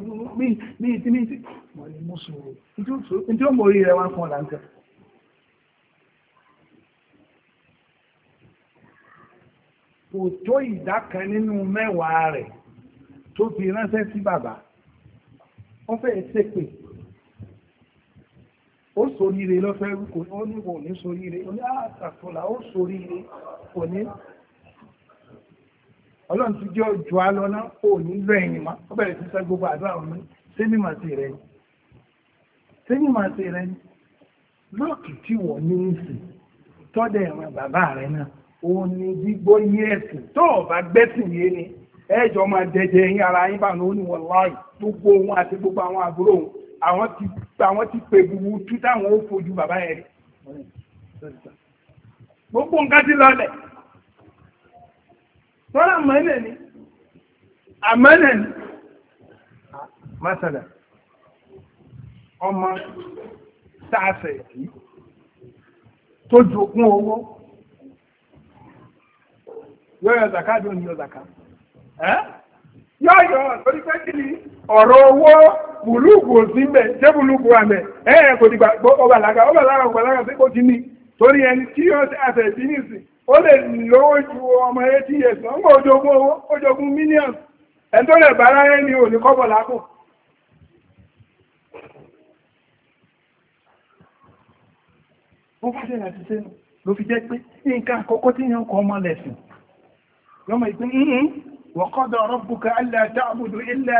ní ti ní ti wọ́n ni mo sòrò ní tí ó mọ orí rẹ̀ wá fún ọ̀la nǹkan. kò tó ìdá kan nínú mẹ́wàá rẹ̀ tó fi ránṣẹ́ sí bàbá wọ́n fẹ́ ṣépè ó soríire lọ́fẹ́ kò ní kò ní soríire ó ní ah, àtàkùnlà ó soríire kò ní ọlọ́run ti jẹ́ ojú alọ́nà kò nílò ẹ̀yìn mọ́ ó bẹ̀rẹ̀ sí sọ gbogbo àdúrà wọn ní sẹ́ni màá ṣe rẹ̀ ni sẹ́ni màá ṣe rẹ̀ ni lọ́ọ̀kì tí wọ̀ ní ìsìn tọ́dẹ̀ ẹ̀rọ bàbá rẹ̀ náà òun ni gbígbó yé ẹ̀sìn tó o bá gbẹ́sìn yé ni ẹ̀jọ̀ máa dẹ̀jẹ̀ yín ara yín bá ní oníwọ̀n láàyè gbogbo òun àti gbogbo àwọn àbúrò àwọn ti pè gbogbo tú táwọn ó fojú bàbá yẹn rí gbogbo nǹkan ti lọlẹ̀ tọ́lá mọ́nà ni àmọ́nà ni mọ́sàdà ọmọ sáàsẹ̀ yìí tó jogún owó yóò yọ zaka bí ni ní yọ zaka yóò yọ torí pé kí ni ọ̀rọ̀ owó bùlùkù sí mbẹ̀ jẹ́ bùlùkù wà mbẹ̀ ẹ̀ẹ́ kò dìgbà ọba làgà ọba làgà ọba làgà sí kò ti ní torí ẹni tí yóò ṣe àṣẹ ìbí ó lè lówó ju ọmọ eighty years lọ́gbọ̀ ojogun owó ojogun millions ẹni tó lẹ̀ bára ẹni ò ní kọ́bọ̀ lápò ó bá jẹ́ láti sẹ́nu ló fi jẹ́ pé nǹkan àkọ́kọ́ tí yàn kọ́ ọmọ lẹ̀sìn lọ́mọ ìpín وقضى ربك ألا تعبدوا إلا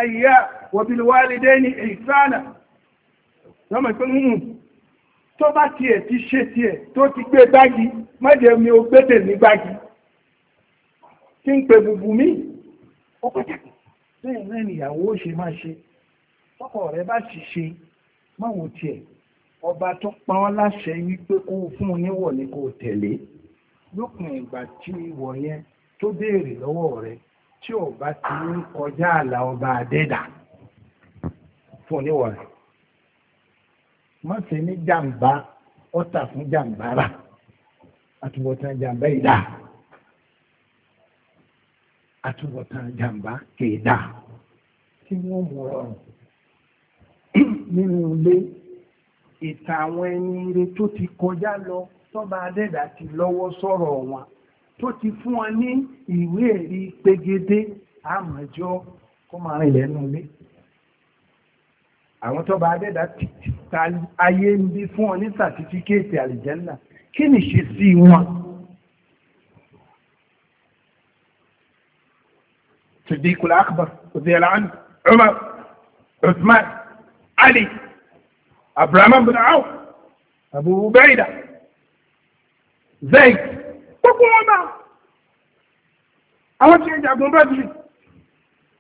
tó bá tiẹ̀ ti ṣe tiẹ̀ tó ti gbé báàgì mọ́jẹ̀ mi ò gbẹ́tẹ̀ ní báàgì kí n pè bùbù mí ó pàtàkì bẹ́ẹ̀ náà nìyàwó ó ṣe máa ṣe tọkọ rẹ bá sì ṣe máwo tiẹ̀ ọba tó pa ọ́ láṣẹ wípé kó fún un níwọ̀ ni kó tẹ̀lé lópin ìgbà tí ìwọ̀ yẹn tó béèrè lọ́wọ́ rẹ tí ò bá ti ń kọjá àlà ọba àdẹ́dà fún un níwọ̀ rẹ̀ má ṣe ní jàǹbá ọ̀tà fún jàǹbá rà àtúbọ̀tán jàǹbá ìdá àtúbọ̀tán jàǹbá kèédà tí wọ́n mú rọrùn nínú ilé ìta àwọn ẹni ire tó ti kọjá lọ tọ́ba adẹ́dà ti lọ́wọ́ sọ̀rọ̀ wọn tó ti fún wọn ní ìwé ẹ̀rí pegedé àmọ́jọ́ kó máa rìn lẹ́nu ilé àwọn tọ́ba adẹ́dà ti ayé ń bí fún ọ ní sàtífíkéètì àlìjẹ́nà kí ni ṣe sí wọn. Siddiq al-Akbar radiyallahu anhu Umar Osman Ali Abraham bin Awf Abu Ubaida Zayd gbogbo wọn náà àwọn tí ń jagun Badri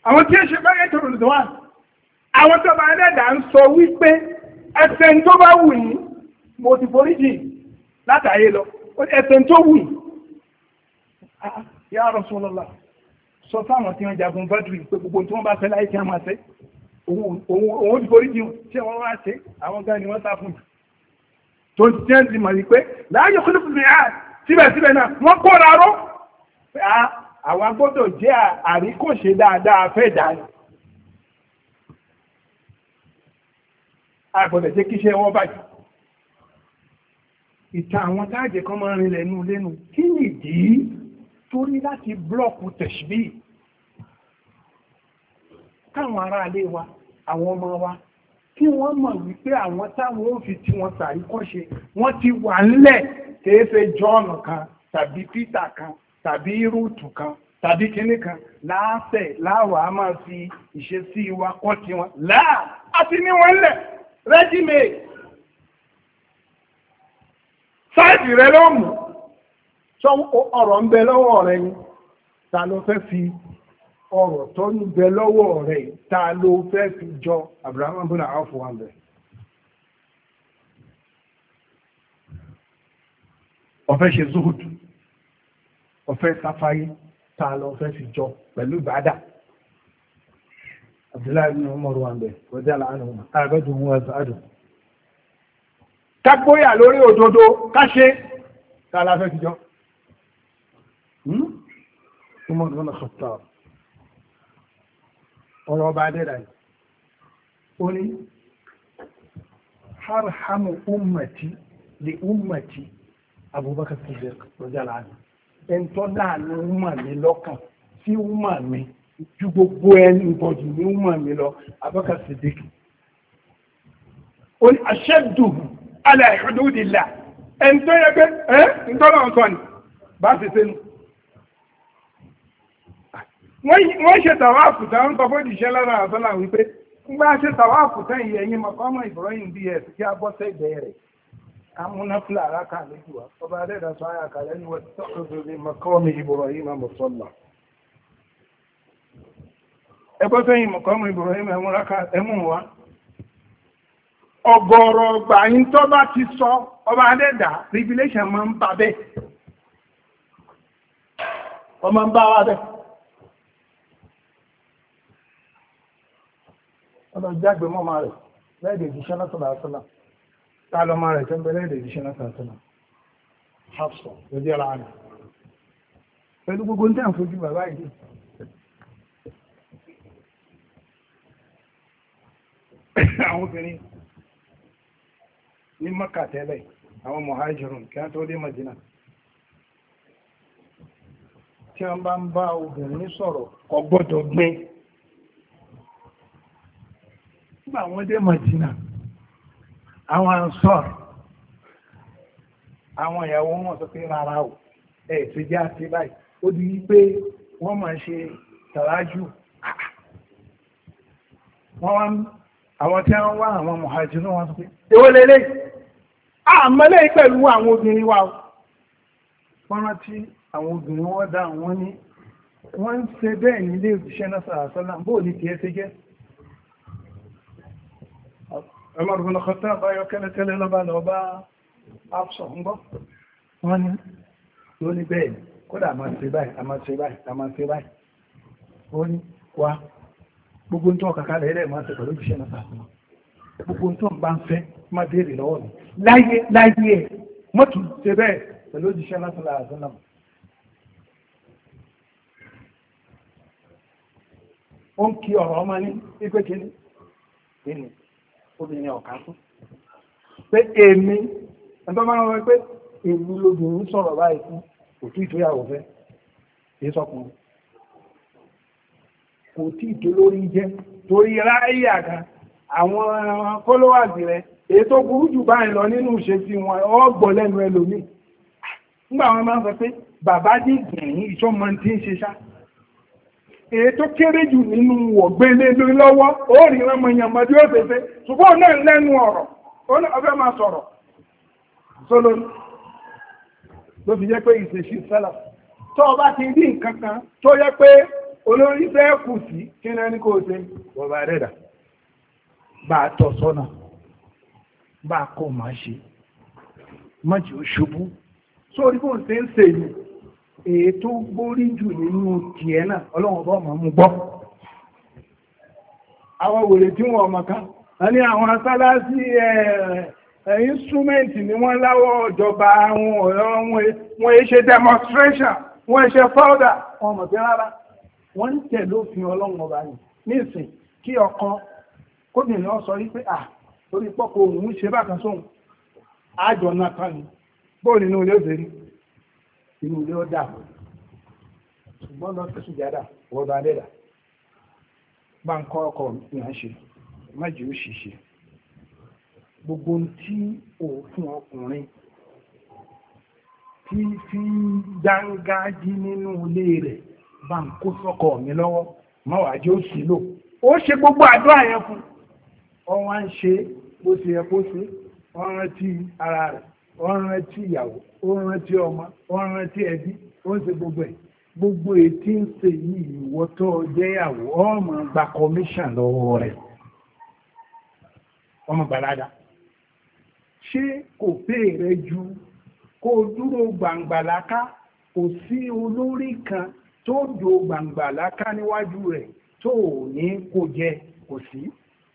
àwọn tí ń ṣe báyẹ̀ tó rò lọ́wọ́ àwọn tó bá ẹlẹ́dàá ń sọ wípé ẹsẹ̀ tó bá wù yín mo ti foríjì látàyè lọ ẹsẹ̀ tó wù yín ah, ya Rasulullah sọ fáwọn tí wọ́n jagun Badri pé gbogbo tí wọ́n bá fẹ́ láyé tí wọ́n máa fẹ́ òun ti foríjì tí wọ́n wá ṣe àwọn gan ni wọ́n sá fún mi tó ti jẹ́ ti mọ̀ ní pé láàyè kúlù fún mi á síbẹ̀síbẹ̀ náà wọ́n kóra ró ah, àwọn agbọ́dọ̀ jẹ́ àríkòṣe dáadáa fẹ́ dáadáa àgbọ̀dẹ̀ jẹ́ kíṣẹ́ wọ́n báyìí ìta àwọn táàjẹ̀ kan máa rin lẹ́nu lẹ́nu kí nìdí tó ní láti blọ́ọ̀kù tẹ̀ṣbí káwọn ará ilé wa àwọn ọmọ wa kí wọ́n mọ̀ wípé àwọn táwọn ó fi tí wọ́n sàrí kọ́ṣe wọ́n ti wà ńlẹ̀ kéése John kan tàbí Peter kan tàbí rúùtù kan tàbí kíní kan láàṣẹ láwàá máa fi ìṣesí wa kọ́ tiwọn láà àti ní wọn lẹ̀ ready-made sáìdì rẹ ló mú tó ọ̀rọ̀ ń bẹ lọ́wọ́ rẹ ni ta ló fẹ́ fi ọ̀rọ̀ tó ń bẹ lọ́wọ́ rẹ ta ló fẹ́ fi jọ Abraham abúlé àwọn fún wa bẹ̀rẹ̀. ọ̀fẹ́ ṣe zuhud ọ̀fẹ́ sáfáyé ta lọ fẹ́ fi jọ pẹ̀lú ìbádà abdullahi ibn umar wà bẹ̀ rọ̀dí aláàánú wọn àgbẹ̀dù wọn wà sáàdù. kágbóyà lórí òdodo káṣe tá a láfẹ́ fìjọ. Hmm? umar ibn khattab ọ̀rọ̀ ọba adẹ́dà yìí ó ní harhamu ummati li ummati abubakar siddiq rọ̀dí aláàánú ẹ̀ńtọ́ láàánú umar mi lọ́kàn sí umar mi ju gbogbo ẹni bọ̀dù ní wọ́n mi lọ abọ́kà sídìkì oní aṣẹ́dù aláìhùdúdìlà ẹni tó yẹ pé ẹ́ ǹtọ́lọ̀ nǹkan ni bá ti ṣe nù wọ́n ṣe tàwáàfù tán ń sọ fún ìdíṣẹ́ lára àtọ́là wípé ńgbà ṣe tàwáàfù tán ìyẹn yìí mọ̀kọ́mọ̀ Ibrahim bí ẹ̀ kí a bọ́ sẹ́gbẹ̀ẹ́ rẹ̀ amúná fúlàrá kà lójú wa ọba adẹ́dàsọ àyàkà lẹ́nu wọ́n ti tọ́kọ̀ ẹgbẹ́ fẹ́yìn mọ̀kọ́mù Ibrahim ẹmúraka e ẹmú e wa ọ̀gọ̀rọ̀ ọgbà tó bá ti sọ ọba adẹ́dà revelation ma ń bá bẹ́ẹ̀ wọ́n ń bá wa bẹ́ẹ̀ ọlọ́jágbé mọ́ máa rẹ̀ lẹ́ẹ̀dẹ̀ ìjíṣẹ́ látọ̀lá rẹ̀ ń bẹ lẹ́ẹ̀dẹ̀ látọ̀lá àwọn obìnrin ní maka tẹ́lẹ̀ àwọn mọ̀hájìrùn kí a tó dé majina tí wọ́n bá ń bá obìnrin sọ̀rọ̀ kò gbé nígbà wọ́n dé Mẹ́dínà àwọn ansọ́r àwọn ìyàwó wọn sọ pé rárá o ẹ̀ ti jẹ́ àti báyìí ó di wípé wọ́n máa ṣe tàrájù wọ́n wá àwọn tí wọ́n wá àwọn mọ̀hajirú wọn sọ pé ewé lélẹ̀ ah, àmọ́lẹ̀ pẹ̀lú àwọn obìnrin wa wọ́n rántí àwọn obìnrin wọ́n dá àwọn ní wọ́n ń ṣe bẹ́ẹ̀ ní ilé òṣìṣẹ́ náà sàrásọ́lá bóò ní tiẹ́ ṣe jẹ́ Umar bin Khattab báyọ kẹ́lẹ́kẹ́lẹ́ lọ́ba lọ́ba Hafsa ń gbọ́ wọ́n ní ló ní bẹ́ẹ̀ kódà a máa ṣe báyìí a máa ṣe báyìí a máa ṣe báyìí ó ní wá gbogbo ń tọ́ kàkà rẹ̀ rẹ̀ máa ṣe pẹ̀lú ìṣẹ́ náà sàfihàn gbogbo ń tọ́ bá ń fẹ́ má béèrè lọ́wọ́ mi láyé láyé ẹ̀ mọ́tò ṣe bẹ́ẹ̀ pẹ̀lú ìṣẹ́ náà sọ̀rọ̀ àzọ́ náà. ó ń kí ọ̀rọ̀ ọmọ ní pípé kínní nínú obìnrin ọ̀ká fún pé èmi ẹ̀tọ́ máa ń wọ pé èmi lóbìnrin sọ̀rọ̀ báyìí fún òtún ìtòyàwó fẹ́ kì í sọkùnrin kò tí ì tó lórí jẹ́ torí ráyè àga àwọn followers rẹ̀ èyí tó burú jù báyìí lọ nínú ìṣesí wọn ọgbọ̀n lẹ́nu ẹlòmíì nígbà wọn máa ń sọ pé bàbá dín gbẹ̀yìn ìṣọ́mọ tí ń ṣe ṣá èyí tó kéré jù nínú ọ̀gbẹ́lé ti rí nǹkan kan tó yẹ pé olórí bẹ́ẹ̀ kù sí kí ní ẹni kó o ṣe bọ̀bá rẹ̀dà bá a tọ̀ sọ́nà bá a kọ́ máa ṣe má jẹ́ òṣùbù sórí bó ń ṣe ń ṣe ni èyí tó gbórí jù nínú tiẹ̀ náà ọlọ́run bá máa mú gbọ́ àwọn wèrè tí wọn ọmọ kan wọn àwọn asálásí instrument ni wọ́n láwọ́ ìjọba àwọn ọ̀rọ̀ wọn ṣe demonstration wọn ṣe powder wọn mọ̀ sí rárá wọ́n ń tẹ̀lé òfin ọlọ́run ọba ni nísìn kí ọkàn kóbìnrin ọ sọ wípé à torí pọ́kọ òun ṣe bákan sóhun àjọ náà kan ni bóò nínú ilé òṣèré inú ilé ọ̀dà ṣùgbọ́n lọ sí ìjàdà ọ̀dà àdẹ́dà bá ń kọ́ ọkọ̀ ìyàn ṣe májì ó gbogbo tí òfin ọkùnrin tí fi dáńgájí nínú ilé rẹ̀ bá ń kó sọ́kọ mi lọ́wọ́ má wàá jẹ́ ó sì lò ó ṣe gbogbo àdúrà yẹn fún ọ wá ń ṣe bó ṣe yẹ kó ṣe ọ rántí ara rẹ̀ ọ rántí ìyàwó ó rántí ọmọ ó rántí ẹbí ó ń ṣe gbogbo ẹ̀ gbogbo ètí ń ṣe yìí ìwọ jẹ́yàwó ọmọ gba commission lọ́wọ́ rẹ̀ ọmọ gbàládà ṣé kò pè rẹ ju kó dúró gbàǹgbàláká kò sí olórí kan tó jò gbàǹgbà láká níwájú rẹ̀ tó ní kò jẹ kò sí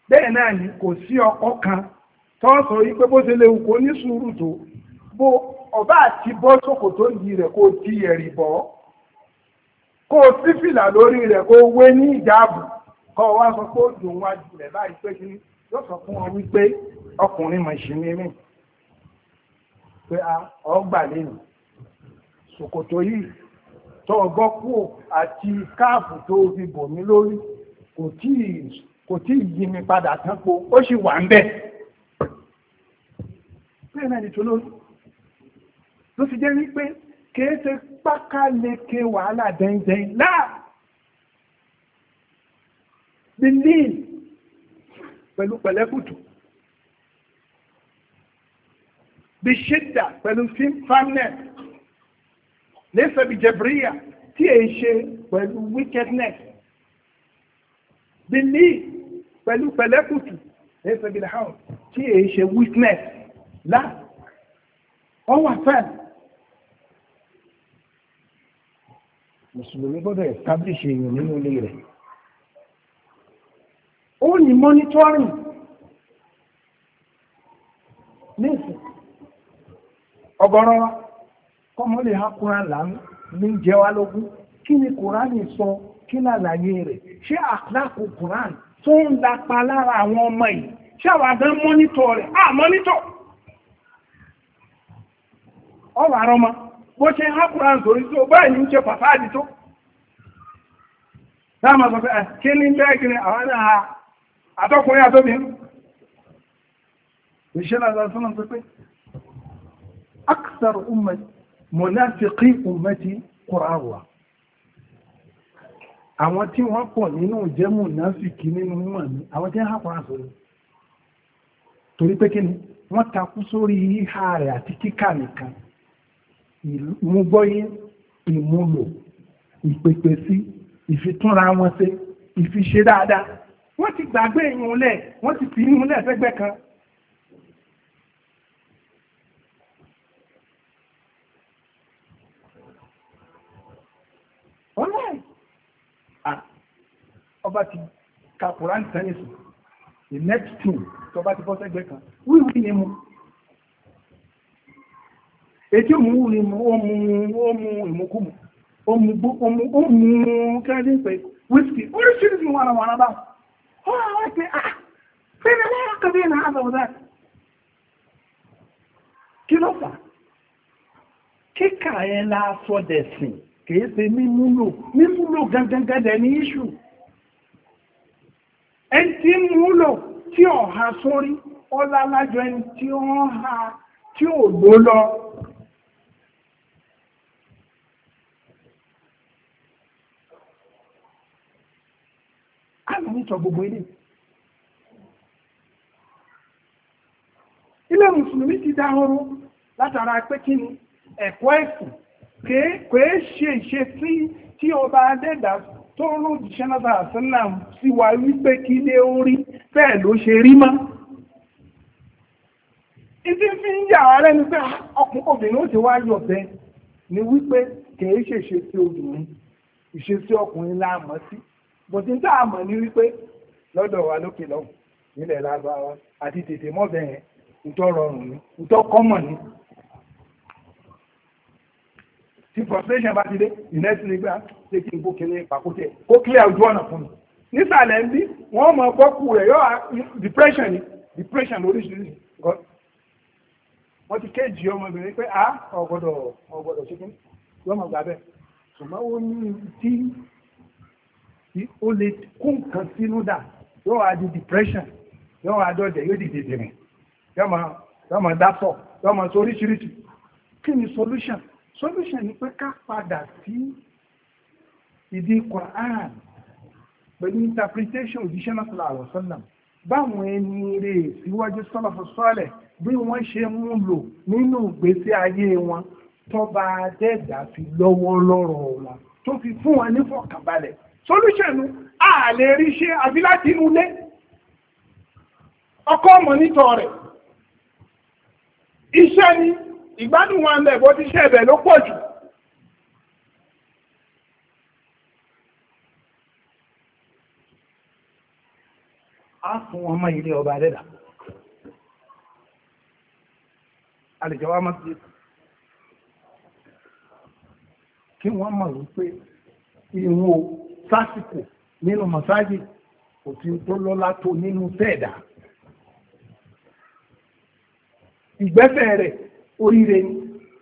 bẹ́ẹ̀ náà ni kò sí ọkọ kan tó sọ wípé bó ṣe léwu kó ní sùúrù tó bó ọba àti bọ́ sókòtò yìí rẹ̀ kó ti ẹ̀rì bọ́ kó sí fìlà lórí rẹ̀ kó wé ní ìjáàbù kọ́ wá sọ pé ó dùn wájú rẹ̀ láì pé kí yóò sọ fún ọ wípé ọkùnrin mọ̀ṣí ní mí pé ọgbà lẹ́nu sòkòtò yìí tó ọgọ́kù àti káàfù tó fi bò mí lórí kò tí ì yí mi padà tán po ó sì wà ń bẹ̀. bẹ́ẹ̀ náà ni tó lórí ló fi jẹ́ wípé kìí ṣe pákáleke wàhálà dẹ́ndẹ́n láà believe pẹ̀lú pẹ̀lẹ́kùtù bí ṣídà pẹ̀lú fífánẹ́ẹ̀tì lẹ́sẹ̀bí jẹ̀bíríyà tí èyí ṣe pẹ̀lú wickedness believe pẹ̀lú pẹ̀lẹ́kùtù lẹ́sẹ̀bí lẹ́hàn tí èyí ṣe weakness lá ọwà fẹ́ mùsùlùmí gbọ́dọ̀ establish èèyàn nínú ilé rẹ̀ ó ní monitoring nísìn ọgọ́rọ́ wa. kọ́mọ lè ha kúrán là ń jẹ wá lógún kí ni kùránì sọ kí làlàyé rẹ̀ ṣé àkùrákù kùránì tó ń lapa lára àwọn ọmọ yìí ṣé àwọn àgbẹ̀ mọ́nítọ̀ rẹ̀ á mọ́nítọ̀ ọ̀rọ̀ àrọ́ ma bó ṣe ha kúrán sórí tó báyìí ń ṣe pàtàkì tó dáàmà sọ pé eh, kí ní bẹ́ẹ̀ kí ni àwọn àtọkùnrin àtọ́bìnrin òṣìṣẹ́ náà sọ pé akthar ummati mọ̀náfíkí ummati kọ́ráwà àwọn tí wọ́n pọ̀ nínú jẹ́ mọ̀náfíkí nínú mọ̀ ní àwọn tí wọ́n hàpọ̀ àṣọ́rọ̀ torí pé kí ni wọ́n takú sórí ìhà rẹ̀ àti kíkà nìkan ìmúgbọ́yé ìmúlò ìpèpè sí ìfitúnra wọn ṣe ìfiṣe dáadáa wọ́n ti gbàgbé ìyúnlẹ̀ wọ́n ti fi ìyúnlẹ̀ fẹ́gbẹ́ kan ọba ti ka Quran tẹ́nìsì the next two tọba ti bọ́ sẹ́gbẹ́ kan wíwú ni mu ètí òmù wù ni mu ó mu ó mu ìmúkúmu ó mu gbó ó mu ó mu kẹ́ndé pé wíṣkì oríṣiríṣi wọn àwọn ará báwọn ó wà wá pé ah fẹ́rẹ̀ lẹ́yìn kọ́bí náà àbẹ̀wò dáa kí ló fà kíkà yẹn la sọ dẹ̀sìn kìí ṣe mímúlò mímúlò gangan gangan ní iṣu ẹni tí ń múlò tí ò ha sórí ọlá lájọ ẹni tí ó ń ha tí ò ló lọ àmì ìtọ̀ gbogbo ilé ilé mùsùlùmí ti dáhoro látara pé kí ni ẹ̀kọ́ ẹ̀sìn kèé ṣe ìṣesí tí ọba adẹ́dàá tó rún òjíṣẹ́ náà àṣẹ́là sí wa wípé kí lé ó rí bẹ́ẹ̀ ló ṣe rí mọ́ ìdí fi ń yà ààrẹ ni pé ọkùnrin obìnrin ó ti wá yọ̀ bẹ́ẹ̀ ni wípé kìí ṣe ìṣesí obìnrin ìṣesí ọkùnrin la mọ̀ sí bòtí tá a mọ̀ ní wípé lọ́dọ̀ wa lókè lọ́hùn nílẹ̀ lágbára àti tètè mọ́bẹ̀ yẹn ìtọ́ rọrùn ni ìtọ́ kọ́mọ̀ ni tí frustration bá ti dé ìnẹ́sìn nígbà ṣé kí n bó kéré pàkótẹ́ kó clear ojú ọ̀nà fún mi nísàlẹ̀ ń bí wọ́n mọ̀ bọ́kù rẹ̀ yọ depression ni depression lóríṣiríṣi wọ́n ti kéèjì ọmọbìnrin pé a ah, ọ̀gbọ́dọ̀ ọ̀gbọ́dọ̀ ṣe kíní lọ́mọ gbà bẹ́ẹ̀ ṣùgbọ́n ó ní tí ó lè kún nǹkan sínú dà yóò wá di depression yóò wá dọ̀dẹ̀ yóò di dèdèrè yóò mọ̀ dápọ̀ yóò mọ̀ sóríṣiríṣi kí ni solution solution ni pé ká padà sí. Si ìdí Quran pẹ̀lú interpretation òjíṣẹ́ náà sọ̀rọ̀ àwọn sọ́nà báwọn ẹni rẹ̀ síwájú sọ́lọ̀fọ̀ sọ́ọ̀lẹ̀ bí wọ́n ṣe mú lò nínú ìgbésí ayé wọn tọ́ba dẹ́gbà fi lọ́wọ́ lọ́rọ̀ wọn tó fi fún wọn ní fọkànbalẹ̀ solution a rí ṣe àbí láti inú ilé ọkọ mọ̀nítọ̀ rẹ̀ iṣẹ́ ni ìgbádùn wọn lẹ̀ bó ti ṣe ló pọ̀ jù fún wọn mọ́ ilé ọba dẹ́dà alìjọwà masjid kí wọ́n mọ̀ wípé ìwò sásìkò nínú masájì kò tí tó lọ́lá tó nínú tẹ́ẹ̀dá ìgbẹ́fẹ̀ rẹ̀ oríire ni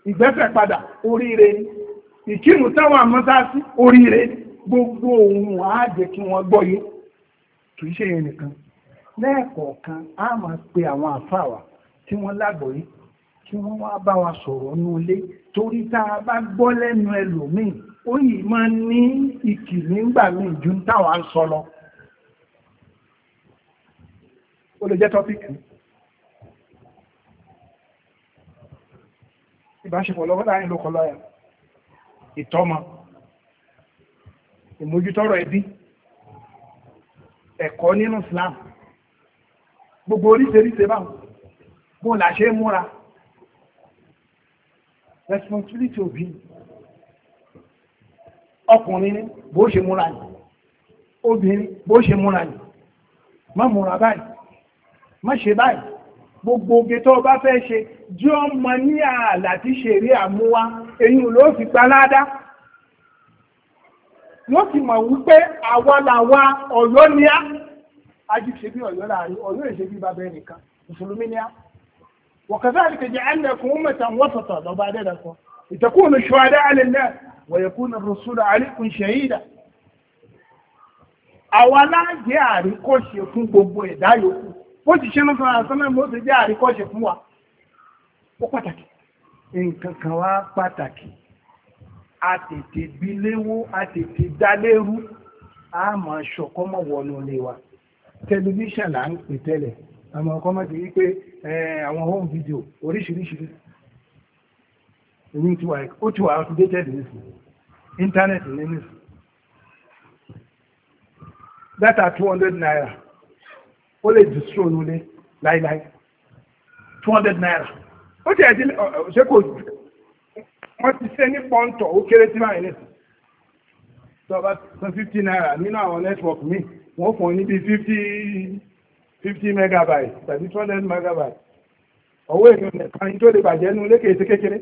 ìgbẹ́fẹ̀ padà oríire ni ìkírù táwọn àmọ́sáàsí oríire gbogbo ohun àájẹ́ kí wọ́n gbọ́yé kìí ṣe yẹn lẹ́ẹ̀kọ̀ọ̀kan a máa pe àwọn àfáwà tí wọ́n lágbòrí kí wọ́n wá bá wa sọ̀rọ̀ ní ilé torí tá a bá gbọ́ lẹ́nu ẹlòmíì ó yìí máa ní ìkì nígbà míì ju táwa ń sọ lọ. ó lè jẹ́ tọ́pìkì. ìbáṣepọ̀ lọ́wọ́ láàrin lókọ lọ́yà ìtọ́mọ ìmójútọ́rọ̀ ẹbí ẹ̀kọ́ nínú Islam gbogbo oríṣẹ́ríṣẹ́ báwọn bó là ṣe múra responsibility òbí ọkùnrin ní bó ṣe múra ní obìnrin bó ṣe múra ní má múra báyìí má ṣe báyìí gbogbo oge tó bá fẹ́ ṣe jí ó mọ ní ààlà tí ṣeré àmúwá èyí ló fi gbaládá ló ti mọ̀ wípé àwa làwa ọ̀yọ́ ni á ajú ṣe bí ọ̀yọ́ láàrin ọ̀yọ́ ìṣe bí bàbá ẹnìkan mùsùlùmí ni á وكذلك جعلناكم أمة وسطا لو بعد ذلك لتكونوا شهداء على الناس ويكون الرسول عليكم شهيدا àwa la jẹ́ àríkọ́ṣe fún gbogbo ẹ̀dá yòókù bó ti ṣe náà sọ́nà sọ́nà mo ti jẹ́ àríkọ́ṣe fún wa ó pàtàkì nǹkan kan wá pàtàkì a tètè bí léwó a tètè dá a máa ṣọkọ́ mọ́ wọnú ilé wa tẹlifíṣàn là ń pè tẹ́lẹ̀ àmọ́ ọkọ má ti rí pé àwọn home video oríṣiríṣi èyí ó ti wà outdated nísìn internet ní nísìn data two hundred naira ó lè distro nulé láíláí two hundred naira ó ti ẹ̀dí ṣé kò wọ́n ti ṣe ní pọ́ńtọ̀ ó kéré sí báyìí nísìn tó bá san fifty naira nínú àwọn network míì wọ́n fún níbi 50 50 megabytes. tàbí 200 megabyte ọwọ́ èdè nìkan tó lè bàjẹ́ nú lékè ètè kékeré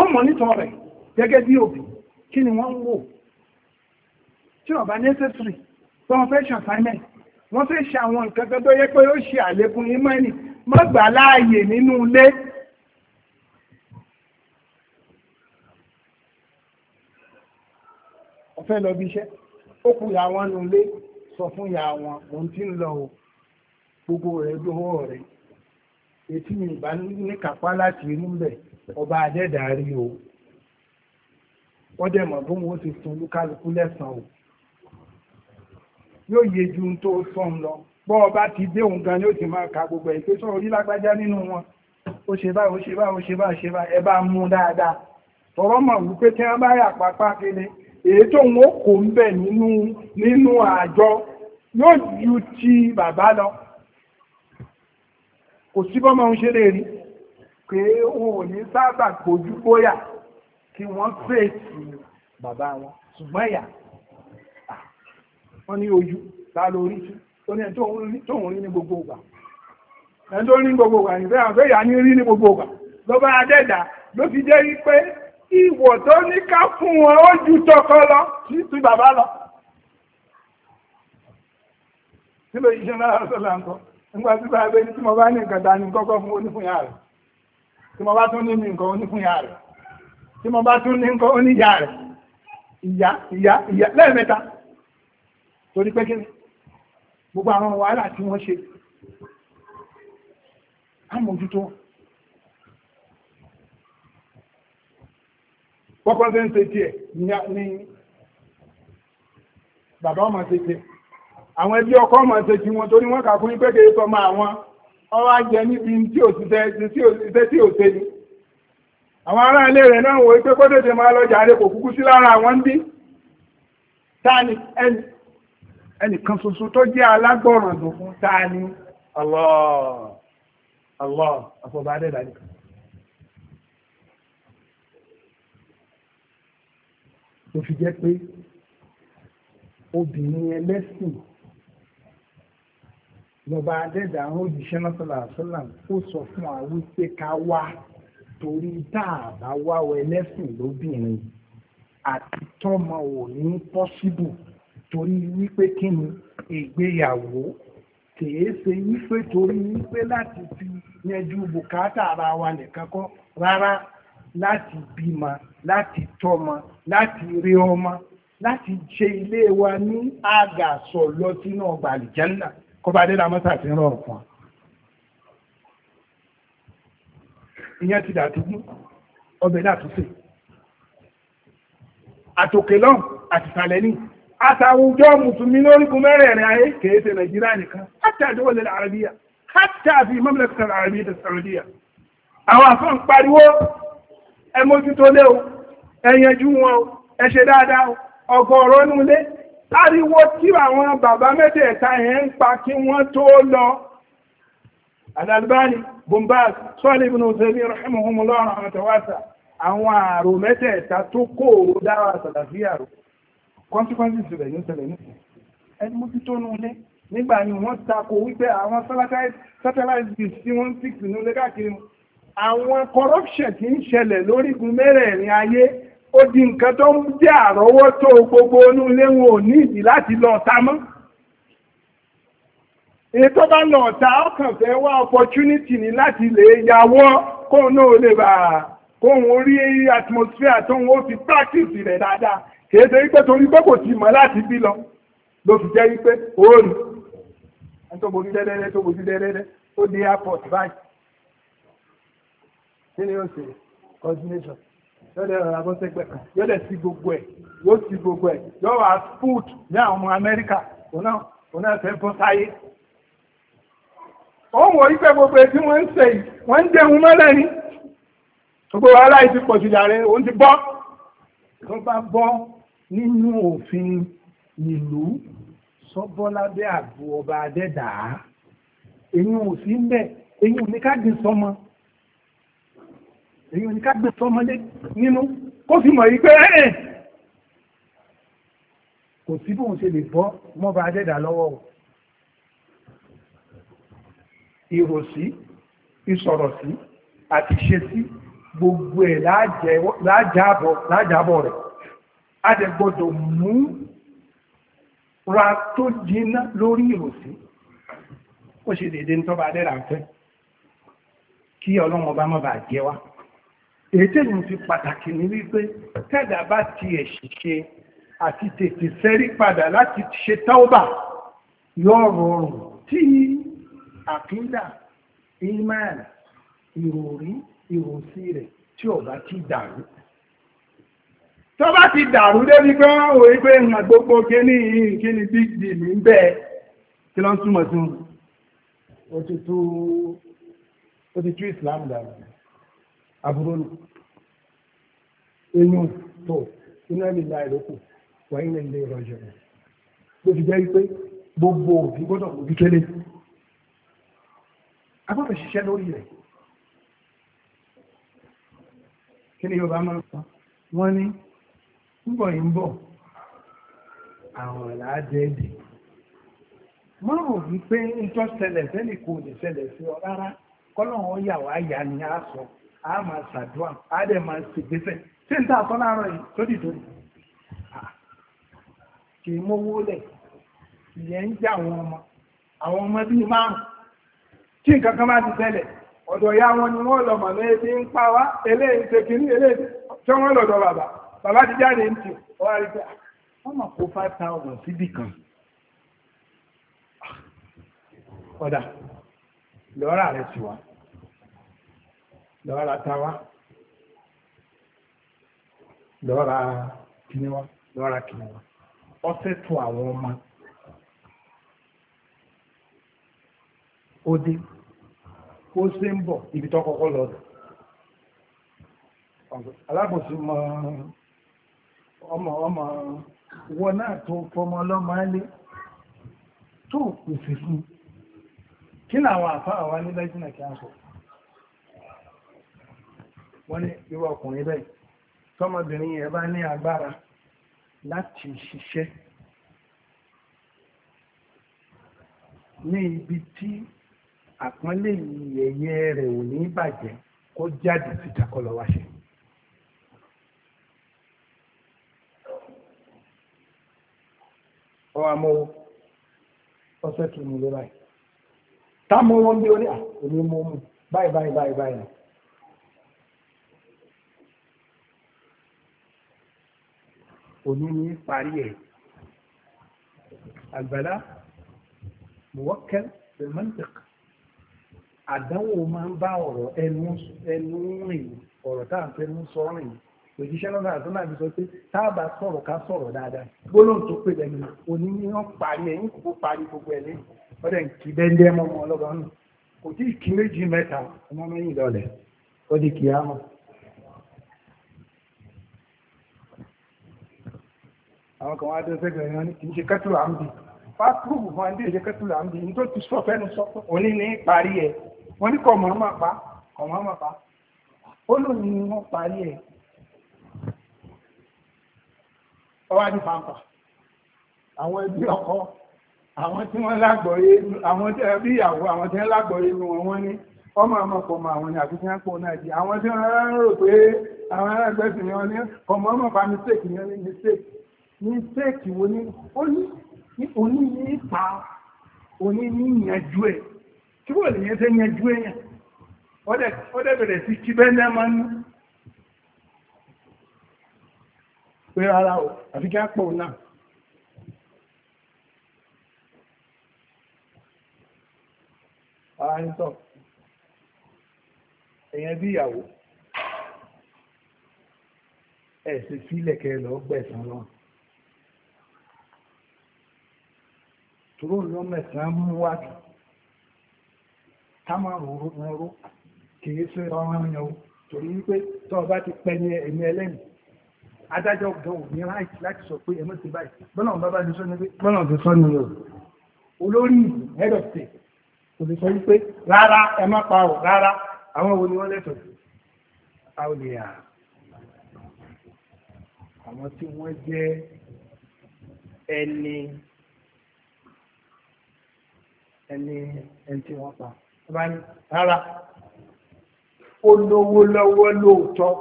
ọmọ nítorí rẹ̀ gẹ́gẹ́ bí òbí kí ni wọ́n ń wò tí ọba necessary tí wọ́n fẹ́ ṣe assignment wọ́n fẹ́ ṣe àwọn nǹkan kan tó yẹ pé ó ṣe àlékún ìmọ̀ẹ́nì má gbà láàyè nínú ilé ọ̀fẹ́ lọ bí iṣẹ́ ó kú ìyá wọn nulé sọ fún ìyá wọn mò ń ń lọ o gbogbo rẹ̀ dọ́wọ́ rẹ̀ etí mi ìbá ní kápá láti rí ń bẹ̀ ọba adẹ́dà rí o wọ́n dẹ̀ mọ̀ bóun ó ti sun olúkálukú lẹ́sàn-án o yóò yẹ ju tó sọ̀n lọ bọ́ ọba ti dé òun gan ni ó ti máa ka gbogbo ẹ̀ pé sọ̀rọ̀ orílágbájá nínú wọn ó ṣe báyìí ó ṣe báyìí ó ṣe báyìí ẹ bá mú dáadáa tọ̀rọ̀ mọ̀ wípé tí wọ́n bá yà pápá kéde èyí tó ń kó ń bẹ̀ nínú nínú àjọ yóò ju ti bàbá lọ kò sí bọ́ máa ń ṣeré rí pé wọn ò ní sábà gbójú bóyà kí wọ́n fèsì bàbá wọn ṣùgbọ́n ìyá wọ́n ní ojú ta lórí sí tó ní tóun rí ní gbogbo ìgbà rí ní gbogbo ìgbà nífẹ̀ẹ́ àwọn fẹ́yà rí ní gbogbo ìgbà lọ́ba adẹ́dà ìwọ̀ tó ní ká fún wọn ó ju tọkọ lọ títí bàbá lọ. Kí ló yíṣẹ́ náà sọ́lá ń kọ́? Nígbà tí bá gbé ní tí mo bá ní nǹkan dání kọ́kọ́ fún onífúnyà rẹ̀. Tí mo bá tún ní mi nǹkan onífúnyà rẹ̀. Tí mo bá tún ní nǹkan oníyà rẹ̀. Ìyá ìyá ìyá lẹ́ẹ̀mẹ́ta. Torí pé kí ni? Gbogbo àwọn wàhálà tí wọ́n ṣe. Á mójútó wọn. pọ́pọ́ ṣe ń ṣe tiẹ̀ ní bàbá ọmọ ṣe tiẹ̀ àwọn ẹbí ọkọ ọmọ ṣe wọn torí wọn kà fún pé kéde àwọn ọwọ́ ajẹ níbi tí tí ò ṣe ni àwọn ará ilé rẹ̀ náà wò pé kódèdè máa lọ jàre kò kúkú sí lára àwọn ń bí fún Allah Allah àfọ̀bá ló fi jẹ́ pé obìnrin ẹlẹ́sìn lọ́ba adẹ́dà ń òjíṣẹ́ lọ́sọ̀làṣọ́là ó sọ fún wa wípé ká wá torí tá a bá wá wọ ẹlẹ́sìn lóbìnrin àti tọ́mọ ò ní pọ́síbù torí wípé kí ni ìgbéyàwó kìí ṣe wípé torí wípé láti fi yanjú bùkátà ara wa nìkan kọ́ rárá láti bímọ láti tọ́mọ láti rí ọmọ láti ṣe ilé wa ní àgàsọ̀ lọ sínú ọgbà àlìjánà kọba adéla mọ́sà ti rọrùn fún wa. ìyẹn ti dàtúgbù ọbẹ̀ dàtúnṣe àtòkè lọ́n àtìsàlẹ̀ ní àtàwùjọ mùsùlùmí lórígun mẹ́rẹ̀ẹ̀rin ayé kèése nàìjíríà nìkan hátà àdéwọlẹ̀ àràbíyà hátà àfi mọ́mílẹ̀kùtà àràbíyà tẹ̀sán àràbíyà àwọn àfọ́n pariwo ẹ mójútó lé o ẹ yanjú wọn o ẹ ṣe dáadáa o ọgọ́rọ̀ nínú ilé ariwo tí àwọn bàbá mẹ́tẹ̀ẹ̀ta yẹn ń pa kí wọ́n tó lọ Al-Albani Bombaz sọ́ọ̀lì ibn Uthaymeen rahimahumullah àtàwàsà àwọn àrò mẹ́tẹ̀ẹ̀ta tó kó dára sàlàfíà rò consequences rẹ̀ yóò tẹ̀lẹ̀ nìkan ẹni mú títọ́ nù lé nígbà ni wọ́n tako wípé àwọn satellite disk àwọn corruption tí ń ṣẹlẹ̀ lórígun mẹ́rẹ̀ẹ̀rin ayé ó di nǹkan tó ń jẹ́ àrọ́wọ́tó gbogbo inú ilé wọn ò ní ìdí láti lọ ta mọ́ èyí tó bá lọ ta ọkàn fẹ́ wá opportunity ní láti lè yàwọ́ kóun náà lè bà kóun orí atmosphere tóun ó fi practice rẹ̀ dáadáa kìí ṣe wípé torí pé kò ti mọ̀ láti bí lọ ló fi jẹ́ wípé òórùn ẹni tó borí dẹ́dẹ́dẹ́ tó borí dẹ́dẹ́dẹ́ ó dé airport báyìí kí ni yóò ṣe coordination yọ́dẹ̀ ọ̀rọ̀ abọ́sẹ̀gbẹ̀ kan yọ́dẹ̀ sí gbogbo ẹ̀ yóò sí gbogbo ẹ̀ yọ́ wà food ní àwọn ọmọ Amẹ́ríkà òun náà fẹ́ bọ́ sáyé ó wọ̀ yí pé gbogbo ètí wọ́n ń ṣe yìí wọ́n ń dẹ̀hun mọ́lẹ̀ ni gbogbo wàhálà yìí ti pọ̀ jù jàre òun ti bọ́ tó bá bọ́ nínú òfin ìlú sọ́bọ́lábẹ́ àbú ọba adẹ́dàá èyí ò sí ń bẹ̀ èyí ò ní ká dín sọmọ èyí ò ní ká gbé sọmọlé nínú kó fi mọ̀ yìí pé ẹ̀ẹ́ kò sí bóun ṣe lè bọ́ mọ́ba adẹ́dà lọ́wọ́ o ìròsí ìsọ̀rọ̀sí àti ìṣesí gbogbo ẹ̀ lájàbọ̀ rẹ̀ a dẹ̀ gbọ́dọ̀ mú ra tó jiná lórí ìròsí ó ṣe dédé ń tọ́ba adẹ́dà fẹ́ kí ọlọ́run ọba má bàa jẹ ètè yìí fi pàtàkì ní wípé tẹ́dà bá ti ẹ̀ṣìṣe àti tètè sẹ́rí padà láti ṣe tọ́ọ̀bà yóò rọrùn tí àkídà iman ìròrí ìròsí rẹ̀ tí ò bá ti dàrú tó bá ti dàrú débi pé wọ́n wòye pé ìhàn gbogbo kíní kíní big deal ń bẹ kí ló ń túmọ̀ sí wọn ó ti Islam dàrú aburú nù eyín tó iná lílá ìlókù wà iná ilé ìrọ̀jẹ̀ rẹ̀ ló fi jẹ́ wípé gbogbo òbí gbọ́dọ̀ òbí kélé agbọ́dọ̀ ṣiṣẹ́ lórí rẹ̀ kí ni Yorùbá máa ń sọ wọ́n ní púpọ̀ yìí ń bọ̀ àwọn làádẹ́ẹ̀dì má rò wípé ń tọ́ ṣẹlẹ̀ sẹ́nì kò lè ṣẹlẹ̀ sí ọ rárá kọ́lọ́hún yà wá yà ni á sọ a máa ṣàdúrà a dẹ̀ máa ṣègbésẹ̀ ṣé n ta àtọ́ láàárọ̀ yìí tó dìdó ah, kì í mówó lẹ̀ ìyẹn ń jẹ́ àwọn ọmọ àwọn ọmọ bíi márùn tí nǹkan kan bá ti tẹ́lẹ̀ ọ̀dọ̀ ya wọn ni wọ́n lọ màmá ebi ń pa wá eléyìí ṣe kìíní eléyìí tí wọ́n lọ̀dọ̀ bàbá bàbá ti jáde ń tì ọ́ wá rí pé ah, wọ́n mọ̀ kó five thousand síbì kan ah, ọ̀dà lọ́ra rẹ̀ ti wá lọ́ra tawa lọ́ra kìnìwá lọ́ra kìnìwá ọ̀sẹ̀ tó àwọn ọmọ ó dé ó ṣe ń bọ̀ ibi tó kọ́kọ́ lọ alábòsí mọ ọmọ ọmọ wọn náà tó fọmọ ọlọ́mọ alẹ́ tó pèsè fún kí làwọn àfáà wa ní lẹ́jìnà kí á sọ wọ́n ní irú ọkùnrin bẹ́ẹ̀ tọ́mọbìnrin yẹn bá ní agbára láti ṣiṣẹ́ ní ibi tí àpọ́nlé yẹ̀yẹ́ rẹ̀ ò ní bàjẹ́ kó jáde síta kó lọ wáṣẹ́. ọ amọ́wọ́ ọ̀sẹ̀ tó ní ilé báyìí tá mọ́wọ́ ń bí ó ní àkóní mọ́ báyìí báyìí báyìí báyìí. òní ní parí ẹ̀ àgbàlá muwakkal bil mantiq àdánwò máa ń bá ọ̀rọ̀ ẹnu rìn ọ̀rọ̀ tá à ń fẹnu sọ rìn òjíṣẹ́ lọ́nà àti náà fi sọ pé táàbà sọ̀rọ̀ ká sọ̀rọ̀ dáadáa gbólóhùn tó pè lẹ́nu òní ní wọ́n parí ẹ̀yìn kò parí gbogbo ẹ̀ lé wọ́n dẹ̀ ń kí ọlọ́gbọ́n nù kò tí ì kí méjì mẹ́ta ọmọ mẹ́yìn lọ́lẹ̀ ó di kìámọ́ àwọn kan wá dé sẹ́gbẹ̀ẹ́ yẹn kì í ṣe kẹ́tùlù àmì fásitì fún ẹni tí èdè kẹ́tùlù àmì ní tó ti sọ fẹ́nu sọ òní ní parí ẹ̀ wọ́n ní kọ̀ mọ́ọ́mà pa kọ̀ mọ́ọ́mà pa ó lò ní wọ́n parí ẹ̀ ọwọ́ àti pàmpà àwọn ẹbí ọkọ àwọn tí wọ́n lágbọ̀ọ́yé àwọn ẹbí ìyàwó àwọn tí wọ́n lágbọ̀ọ́yé ni wọ́n ní ọmọ ọmọ kọmọ àwọn àti tí wọ́n pọ̀ náà jẹ́ àwọn tí wọ́n rárá rò pé àwọn aráàgbẹ́sìn ni wọ́n ní kọmọ ọmọ pa mistake ni wọ́n ní mistake ní sẹ́ẹ̀kì wo ní oní ní ipa oní ní ìyànjú ẹ̀ kí wọ́n lè yẹn tẹ́ yànjú èyàn ọdẹ bẹ̀rẹ̀ sí kí bẹ́ẹ̀ náà máa ń pé ara ò àfi kí á pọ̀ náà ara ń sọ èyàn bí ìyàwó ẹ̀ sì sílẹ̀ lọ gbẹ̀sán náà tòrò lọ mẹ́sàn-án mú wájú táwọn òróró kìí sí ọ̀ràn yẹn o torí wípé tó o bá ti pẹ́ ní ẹ̀mí ẹlẹ́mì adájọ́ gan ò ní ráìtì láti sọ pé ẹ̀mọ́ ti báyìí bọ́nà bá bá ti sọ ní pé bọ́nà ti o olórí head of state kò lè sọ wípé rárá ẹ má pa ọ rárá àwọn wo ni wọ́n lẹ́tọ̀ọ́ àwọn lè yà àwọn tí wọ́n jẹ́ ẹni ẹni ẹni tí wọ́n pa ọba ní rárá ó lówó lọ́wọ́ lóòótọ́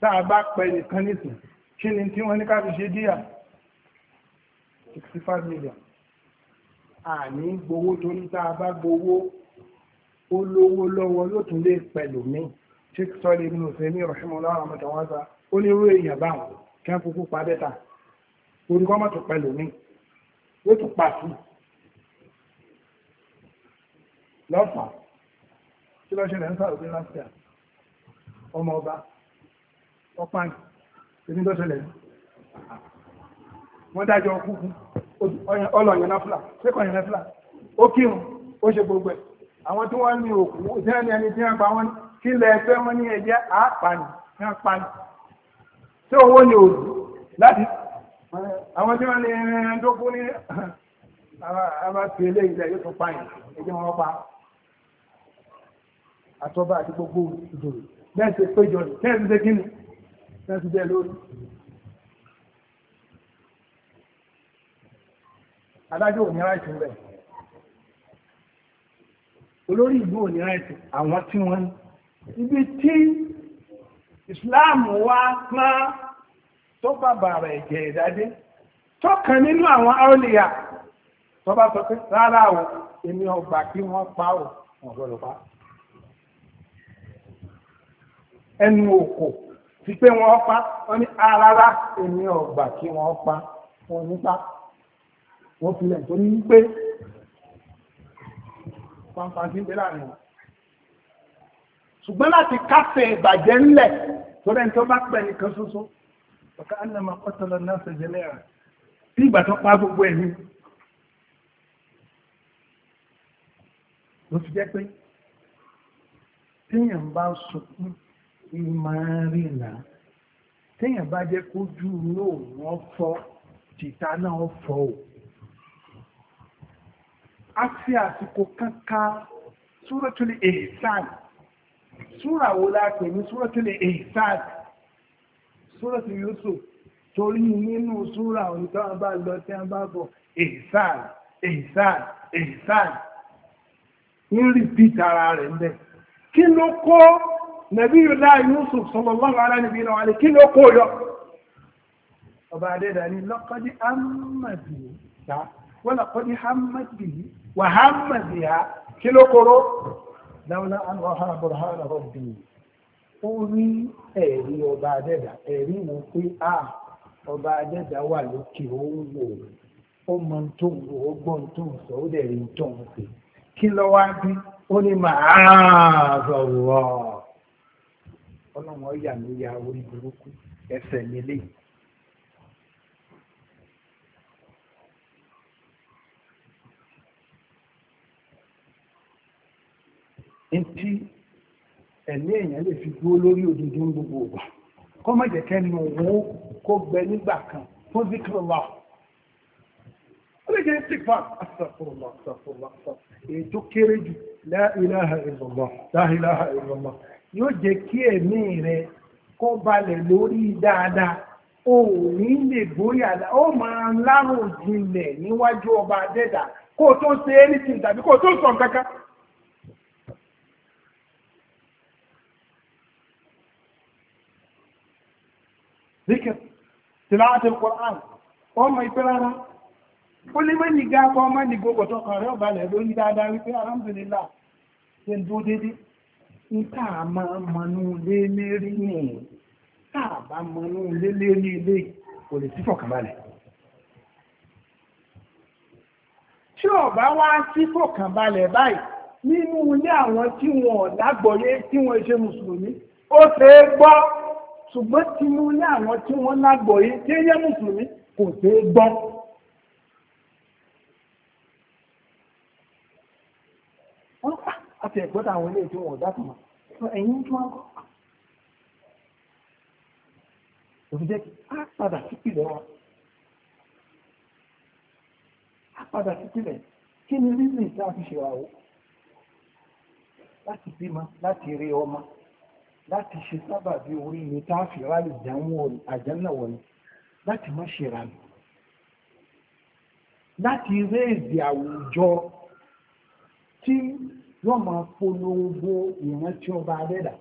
tá a bá pẹ nìkan nìsín kí ni tí wọ́n ní ká ṣe díyà sixty five million àní gbowó torí tá a bá gbowó ó lówó lọ́wọ́ ló tún lè pẹ̀lú mi tí sọ́lé nínú sẹ́mi ọ̀ṣunmọ́lá àwọn ọmọdéwọ́sá ó ní irú èèyàn báwọn kí wọ́n kúkú pa bẹ́tà orúkọ mọ́tò pẹ̀lú mi ó tún pa sí i lọ́fà kí lọ́ ṣẹlẹ̀ ń sàrògbé lásìá ọmọ ọba ọpáyì èmi tó ṣẹlẹ̀ wọ́n dájọ́ kúkú ọlọ́yìn náfìlà ṣẹ́kọ̀ọ́yìn náfìlà ó kírun ó ṣe gbogbo ẹ̀ àwọn tí wọ́n ní òkú tí wọ́n ní ẹni tí wọ́n pa wọ́n kí lẹ fẹ́ wọ́n ní ẹ̀jẹ̀ àpàní tí wọ́n pa ní tí owó ní òòlù láti àwọn tí wọ́n ní ẹni tó kú ní àwọn àbá tẹ̀lé ilẹ̀ yóò tún pa yìí ẹ̀jẹ̀ wọn pa àtọ́bà àti gbogbo ìdòrò bẹ́ẹ̀ ṣe péjọ tẹ́ẹ̀sì ṣe kí ni tẹ́ẹ̀sì bẹ́ẹ̀ lórí adájọ́ ò ní ráìtì rẹ̀ olórí ìlú ò ní ráìtì àwọn tí wọ́n ibi tí Islam wá pán tó bàbà rẹ̀ jẹ́ ìdádé tó kàn nínú àwọn aoliya tó bá sọ pé rárá o èmi ọgbà kí wọ́n pa ò wọ́n gbọ́dọ̀ pa á ẹnu òkò ti pé wọ́n pa wọ́n ní arára ah, èmi ọ̀gbà kí wọ́n pa wọ́n nípa wọ́n fi lẹ̀ tó ní pé pàǹpà sí pé láàrin wọn. ṣùgbọ́n láti kásẹ̀ ìbàjẹ́ ńlẹ̀ tó rẹ̀ tó bá pẹ̀ nìkan ṣoṣo ọ̀ká ànàmà ọ̀tọ̀lọ̀ náà ṣẹ̀jẹ̀ lẹ́yà bí ìgbà tó pa gbogbo ẹ̀mí ló fi jẹ́ pé téèyàn bá sunkún nri téèyàn bá jẹ́ kójú wọ́n fọ tìta náà fọ o a fi àsìkò kankan súrọ́tún Ihsan súra wo la pè ní súrọ́tún torí nínú súra òǹtọ́ bá lọ tí a bá bọ̀ rí tara rẹ̀ ń kí ló kọ́? nàbí yúlá yusuf sọlọ́lọ́rọ̀ alánibí náà wàlẹ̀ kí ló kó yọ ọba adẹ́dà ní lọ́kọ́dí hamadi ta wọ́n lọ́kọ́dí hamadi wà hamadi ha kí ló kóró dáwọ́lá àwọn ọ̀há àbúrò hàn ọ̀rọ̀ bìí ó rí ẹ̀rí ọba adẹ́dà ẹ̀rí wo pé a ọba adẹ́dà wà lókè ó wò ó mọ tó ń wò ó gbọ́n tó ń sọ ó dẹ̀ rí tó ń pè kí lọ́wọ́ á bí ó ní màá rọ̀rọ̀ ọlọ́run ọ̀yà mi ya orí burúkú ẹsẹ̀ mi lè. ntí ẹ̀mí èèyàn lè fi dúró lórí òdodo ń gbogbo ọ̀gbà kó má jẹ́ kẹ́nu owó kó gbẹ nígbà kan fún zikrọ̀lá ó lè jẹ́ sípà àṣàfùrọ̀lá àṣàfùrọ̀lá ètò kéré jù la ilaha illallah la yóò jẹ́ kí ẹ̀mí rẹ kó balẹ̀ lórí dáadáa o ní lè bóyá ó máa lárò jinlẹ̀ níwájú ọba adẹ́dà kó o tó ṣe anything tàbí kó o tó sọ kankan. zikir tilaati quran ọmọ ìpẹ́ rárá ó lè mẹ́ni gá kọ́ ọmọ ìgbòkòtò kan rẹ̀ ọ̀balẹ̀ lórí dáadáa wípé alhamdulillah ṣe ń dúró déédéé ní táà máa mọnú lé lérí nìyí táà bá mọnú lé lérí ilé kò lè sí fọ̀kànbalẹ̀ tí ọba wá sí fọ̀kànbalẹ̀ báyìí nínú ilé àwọn tí wọn lágbọ̀yé tí wọn ṣe mùsùlùmí ó ṣe é gbọ́ ṣùgbọ́n tinú ilé àwọn tí wọ́n lágbọ̀yé tí ó yẹ mùsùlùmí kò ṣe gbọ́. àti ẹ̀gbọ́ta àwọn ilé ìjọ wọn dátùmọ̀ ẹ̀yìn tí wọ́n kọ́ òfin jẹ́ kí á padà sí pìlẹ̀ wa á padà sí pìlẹ̀ kí ni rízì tí a fi ṣe wà ó láti bímọ láti rí ọmọ láti ṣe sábà bí orí mi tá a fi ráàlì àjánà wọ̀nyí láti má ṣe ráàlì láti réèdì àwùjọ tí yóò máa polongo ìrántí ọba adẹ́dà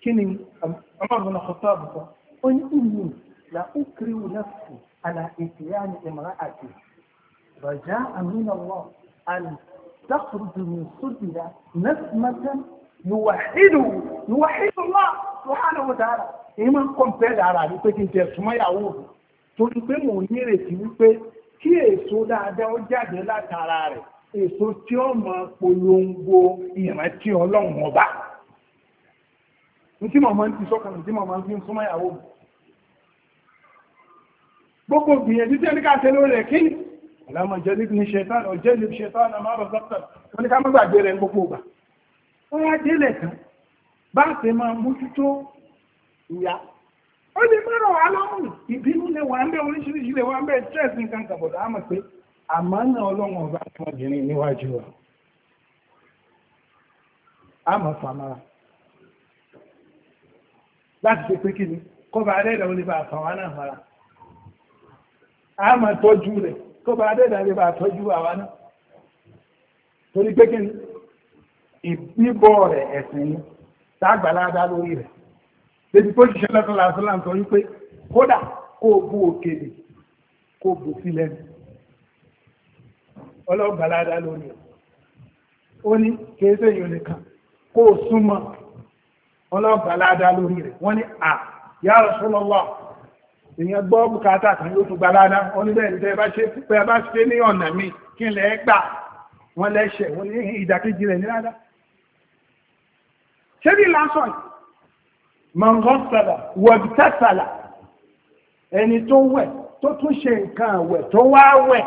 kí ni ọmọbìnrin ọ̀sọ́ àbùkọ́ ó ní ìlú la ó kiri wù lẹ́fù àlà ìtìyà ní ìmọ̀ra àti rọ̀já àmìnà wọ̀ àlù تخرج من صدرها نسمة يوحده يوحد الله سبحانه وتعالى èmi ń kọ́mpẹ́ lára rí pé kí n tẹ̀ súnmọ́ ìyàwó rẹ̀ torí pé mò ń nírètí wípé kí èso dáadáa ó jáde látara rẹ̀ èso tí ó máa polongo ìrántí ọlọ́run ọba tí màmá ti sọ́kàn tí màmá fi ń súnmọ́ ìyàwó gbogbo gbìyànjú tí ẹnìká tẹ́lẹ̀ ó rẹ̀ kí ọ̀làmọ̀ jẹ́ níbi ní ṣetán ọ̀jẹ́ níbi ṣetán àmọ́ ọ̀rọ̀ sọ́kàn wọn ni ká má gbàgbé rẹ̀ gbogbo ìgbà ó yá délẹ̀ tán bá ṣe máa mójútó ìyá ó lè mẹ́rọ̀ alọ́run ìbínú lè wà ń bẹ́ oríṣiríṣi lè wà ń bẹ́ stress nǹkan kàbọ̀dọ̀ á mọ̀ pé àmọ́ náà ọlọ́run ọba ọmọbìnrin níwájú wa a láti ṣe kí ni kọba adẹ́dà ó lè bá àfàwà náà mara a mọ̀ tọ́jú rẹ̀ kọba adẹ́dà lè bá tọ́jú àwa náà torí pé kí ni ìbíbọ̀ rẹ̀ ẹ̀sìn ni tágbàládá lórí rẹ̀ débi tó ṣiṣẹ́ lọ́sọ̀lá sọ́lá ń sọ wípé kódà kó bú òkèlè kó o sílẹ̀ ni ọlọ́gbàládá lórí ó ní kéèsè yìí nìkan kó súnmọ́ ọlọ́gbàládá lórí rẹ̀ wọ́n ní à yá Rasulullah èèyàn gbọ́ bùkátà kan yóò tún gbàládá wọ́n ní bẹ́ẹ̀ ní tẹ́ bá ṣe ní ọ̀nà mi kí lẹ́ gbà wọ́n lẹ́ṣẹ̀ wọ́n ní ìdàkejì rẹ̀ níláàdá ṣé bí ẹni tó wẹ̀ tó tún ṣe nǹkan àwẹ̀ tó wá wẹ̀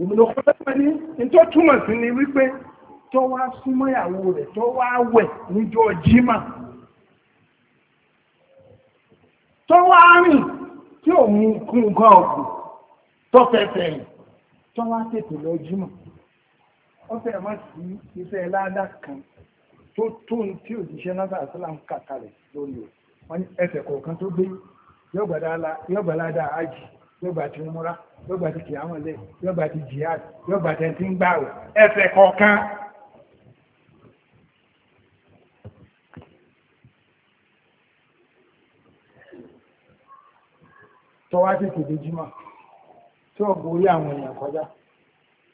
ìbùdó kọ́lẹ́pẹ́ ní tó sí ni wípé tó wá súnmọ́ ìyàwó rẹ̀ tó wá wẹ̀ níjọ́ jímà tó wá rìn tí ò mú kún nǹkan ọ̀gùn tó fẹsẹ̀ rìn tó wá tètè lọ jímà ó fẹ́ má sí iṣẹ́ ládàá kan tó tó tí òjíṣẹ́ náà sàlá ń kà kalẹ̀ lórí o kọ̀ọ̀kan tó gbé yọ̀gbàládà ájì yóò gbà ti múra yóò gbà ti kìámọ̀lé jihad yóò gbà tẹ̀ tí ń gbà wò ẹsẹ̀ kọ̀ọ̀kan. tọ́wá tètè dojúmọ̀ tí ó borí àwọn èèyàn kọjá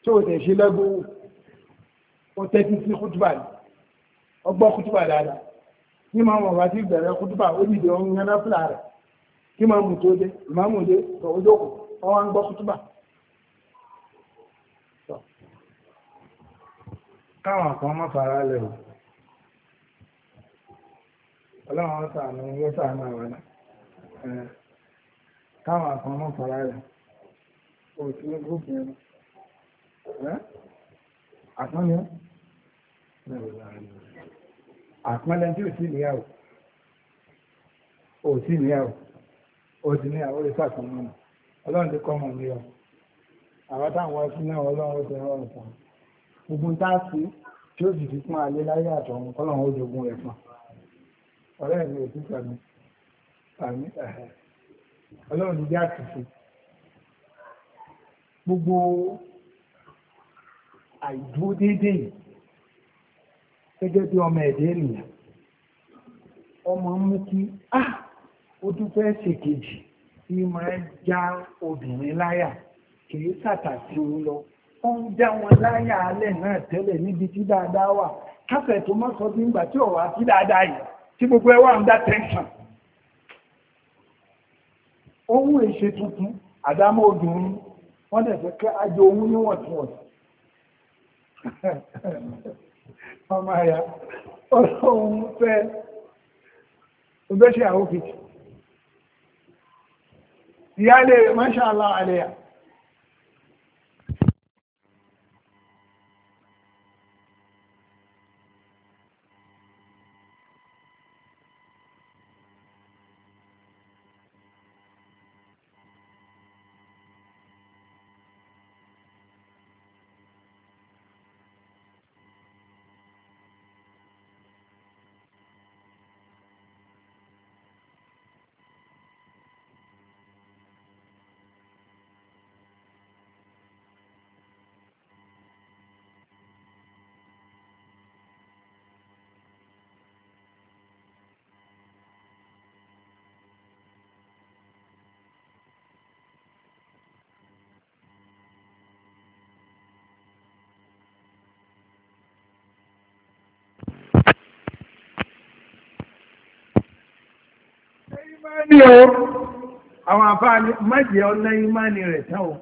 tí ó tẹ̀ ṣe lẹ́gbọ́wọ́ ó tẹ́tí sí kútùbà ní ọgbọ́ kútùbà dáadáa ní màmá wà sí ìbẹ̀rẹ̀ kútùbà ó dìde ọ̀hún yẹn náà fúlà rẹ̀. kí máa mú tó dé ìmáàmù dé ọjọ́kù ọwọ́ ń gbọ́ kútúbà káwọn kan má fara lẹ̀ o ọlọ́run sàánú yóò sàánú àwọn o ò sí ò ordinary àwọn olè náà nù ọlọ́run ti kọ́ ọ àwọn táwọn náà ọlọ́run ti rán gbogbo tá a sí tí ó sì fi fún alẹ́ láyé àtọ̀run kọ́lọ́run ó jogún rẹ̀ gbogbo àìdúró déédéé yìí gẹ́gẹ́ bí ọmọ ẹ̀dẹ́ ọmọ mú kí ah! ó tún fẹ́ ṣèkejì tí máa ń já obìnrin láyà kìí ṣàtàkì òun lọ ó ń já wọn láyà alẹ́ náà tẹ́lẹ̀ níbi tí dáadáa wà káfẹ̀ tó mọ́ sọ bí ńgbà tí ọ̀wà sí dáadáa yìí tí gbogbo ẹ wà ń dá tẹ́ńṣàn ohun èṣe tuntun àdámọ́ obìnrin wọ́n dẹ̀ fẹ́ kẹ́ ajọ ohun níwọ̀ntúnwọ̀nsì [LAUGHS] ọmọ àyà ọlọ́run fẹ́ ọgbẹ́ṣẹ́ àwọn òfìsì ìyálé mashallah àlẹ́yà ìmáni o àwọn àfáàní májẹ̀ ọ̀nà ìmáni rẹ̀ tán o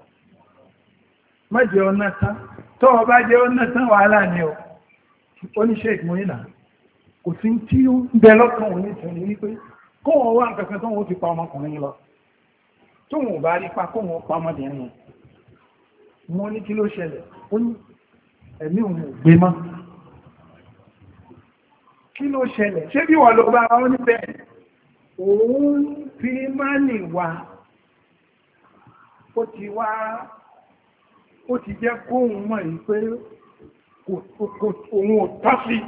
májẹ̀ ọ̀nà tán tó ọba jẹ́ ọ̀nà tán wàhálà ni o oníṣẹ́ ìgbóyìnà kò sí tí ó ń bẹ lọ́kàn òní tẹ̀ ní wípé kó wọn wá tó wọn ti pa ọmọkùnrin lọ tó wọn bá rí pa kó wọn pa ọmọdéyìn mo ní kí ló ṣẹlẹ̀ ó ní ẹ̀mí òun ò gbé mọ́ kí ló ṣẹlẹ̀ ṣé bí bá wọn òun fi mánì wa ó ti wá ó ti jẹ́ kóhun mọ̀ yí pé òun ò tọ́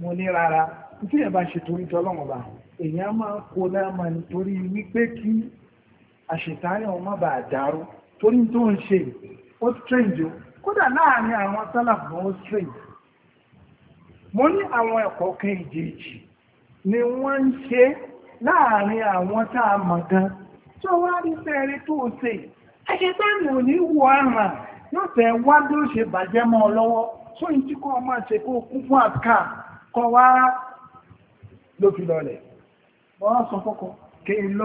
mo ní rárá tí ẹ̀ bá ṣe torí tọ́lọ́wọ̀n èèyàn máa kó náà nítorí wípé kí àṣetáyà ọmọ bá dàrú torí tó ń ṣe ó strange o kódà láàrin àwọn sálàfù ó strange mo ní àwọn ẹ̀kọ́ ni wọ́n ń láàrin àwọn tá a mọ̀ gan tó wá rí fẹ́ẹ̀rẹ́ tó ṣe ẹ̀ṣẹ̀tẹ́nì ò ní wo àmà yóò fẹ́ wá bí ó ṣe bàjẹ́ mọ́ ọ lọ́wọ́ tó ń tí kọ́ ọmọ ṣe kó kún fún àká kọ wá ló fi lọlẹ̀ wọ́n sọ fọ́kọ kí n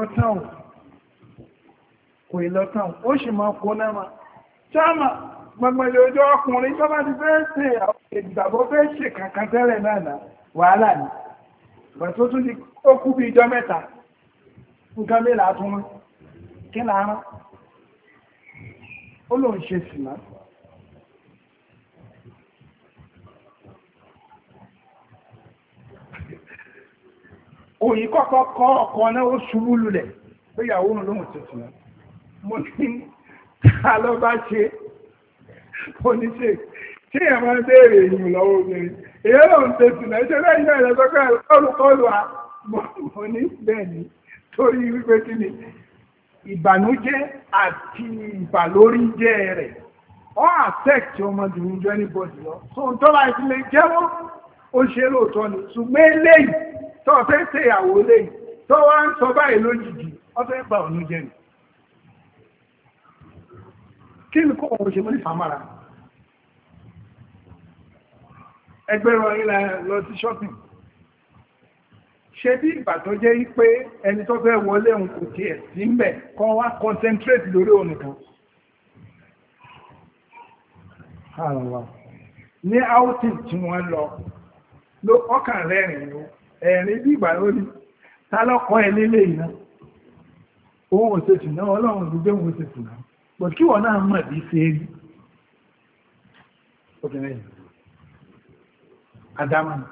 ọkùnrin tó bá ti fẹ́ ṣe àwọn ìgbàgbọ́ fẹ́ ṣe kankan tẹ́lẹ̀ náà wàhálà ni bẹ̀rẹ̀ tó tún di ó kú bí ìjọ mẹ́ta nǹkan mẹ́lá tún mọ́ kí lára ó lòun ṣe sì náà òyìn kọ́kọ́ kọ́ ọkọ̀ náà ó ṣubú lulẹ̀ pé ìyàwó òun lóhun ti sì náà mo ní ta ló bá ṣe oníṣègùn kí èèyàn máa ń béèrè ìyìn lọ́wọ́ obìnrin èèyàn lòun ṣe sùnà iṣẹ́ lẹ́yìn náà lọ́sọ pé kọ́lùkọ́lù à mọ̀ ní bẹ́ẹ̀ ni torí wípé kí ni ìbànújẹ́ àti ìbàlóríjẹ́ rẹ̀ ọ́ àtẹ́kì ọmọdébìnrin jọ ní bọ́ọ̀dì lọ tó ń tọ́lá ìdílé jẹ́wọ́ ó ṣe lóòótọ́ ni ṣùgbọ́n eléyìí tó fẹ́ ṣe ìyàwó eléyìí tó wá ń sọ báyìí lójijì ó fẹ́ bà jẹ́ ni kí ni kò wọ́n ṣe mọ́ ní sàmárà ẹgbẹ́rọ ilẹ̀ lọ sí shopping ṣe bí ìgbà tó jẹ́ pé ẹni tó fẹ́ wọlé òun kò tiẹ̀ sí kọ́ wá concentrate lórí òun kan ní outing tí wọ́n lọ ló ọkàn rẹ̀rìn ló ẹ̀rin bí ìgbà lórí ẹ nílé iná òun ò ọlọ́run ló gbé òun kí wọ́n Adam,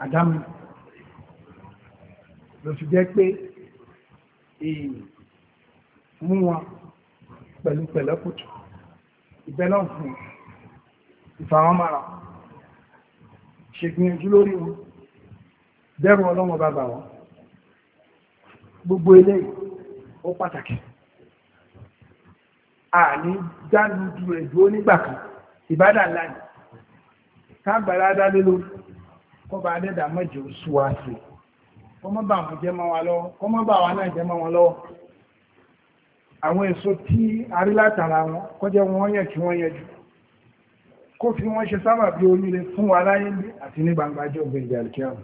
Adam, ló fi jẹ́ pé mú wọn pẹ̀lú pẹ̀lẹ́kùtù ìbẹ́lọ̀ fún ìfàwọ́mára ṣègbìyànjú lórí wọn bẹ̀rù ọlọ́wọ́ bàbá wọn gbogbo ilé ó pàtàkì a ní dánudù ẹ̀dùn onígbàkan ìbádà láàrín tágbàládá lé lórí kọba adẹ́dà mọ́jẹ̀ oṣù wa sí kọmọ́ bà wọn jẹ́ mọ́ wa lọ́wọ́ kọmọ́ bà wọn náà jẹ́ mọ́ wọn lọ́wọ́ àwọn èso tí arí látara wọn kọjá wọn yẹ kí wọ́n yẹ jù kó fi wọ́n ṣe sábà bí onílé fún wa láyé àti ní gbangba jẹ́ ògbé ìjà àlùkíyàwó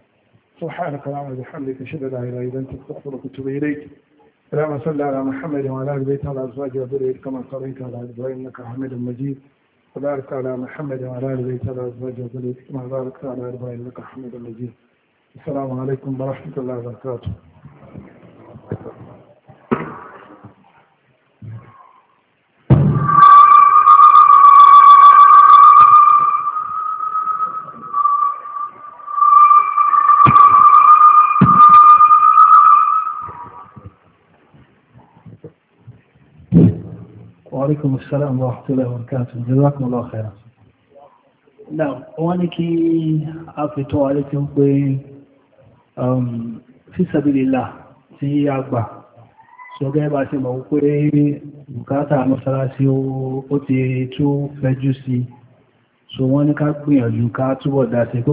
سبحانك اللهم وبحمدك اشهد ان لا اله الا انت استغفرك واتوب اليك اللهم صل على محمد وعلى ال بيته وعلى ازواجه وذريته كما صليت على ابراهيم انك حميد مجيد وبارك على محمد وعلى آل بيت الأزواج وذريته كما باركت على إبراهيم إنك حميد المجيد السلام عليكم ورحمة الله وبركاته وعليكم السلام ورحمة الله وبركاته جزاكم الله خيرا نعم، wọ́n كي kí a fi tọ́ alé tí ń pé um, fíṣàbílélà tí a gbà ṣọ́gẹ́ bá ṣe mọ̀ wípé bùkátà mọ́sálásí ó ti tó fẹ́jú sí so wọ́n ní ká gbìyànjú ká túbọ̀ dáṣe pé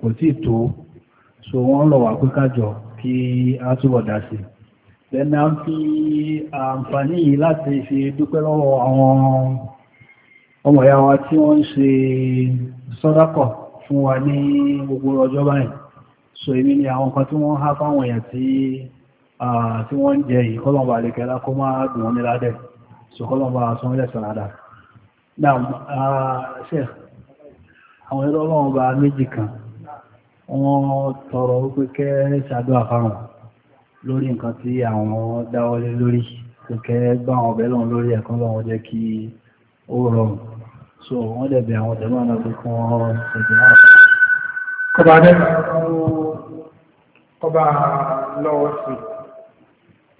kò tí tó so wọ́n lọ wà pé kí a túbọ̀ dáṣe lẹ́nà ń fi àǹfààní yìí láti fi dúpẹ́ lọ́wọ́ àwọn ọmọ ìyá wa tí wọ́n ń ṣe sọ́dákọ̀ fún wa ní gbogbo ọjọ́ báyìí so èmi ni àwọn kan tí wọ́n há fáwọn èèyàn tí tí wọ́n ń jẹ yìí kọ́lọ̀mbà àlekẹ́lá kó má dùn wọn ní ládẹ̀ so kọ́lọ̀mbà sọ́n lẹ̀ sàrádà àwọn ẹlọ́lọ́wọ́n bá méjì kan wọ́n tọrọ wípé kẹ́ ṣàdó àfáwọn lórí nǹkan tí àwọn dáwọ́lé lórí kò kẹ́ gbá àwọn ọ̀bẹ̀ lọ́n lórí ẹ̀kan lọ́wọ́ jẹ́ kí ó rọrùn so wọ́n dẹ̀bẹ̀ àwọn ọ̀dẹ̀ náà lọ́gbẹ́ kí wọ́n ṣẹ̀dẹ̀ náà. kọba dẹ́nu ọba lọ́wọ́ sí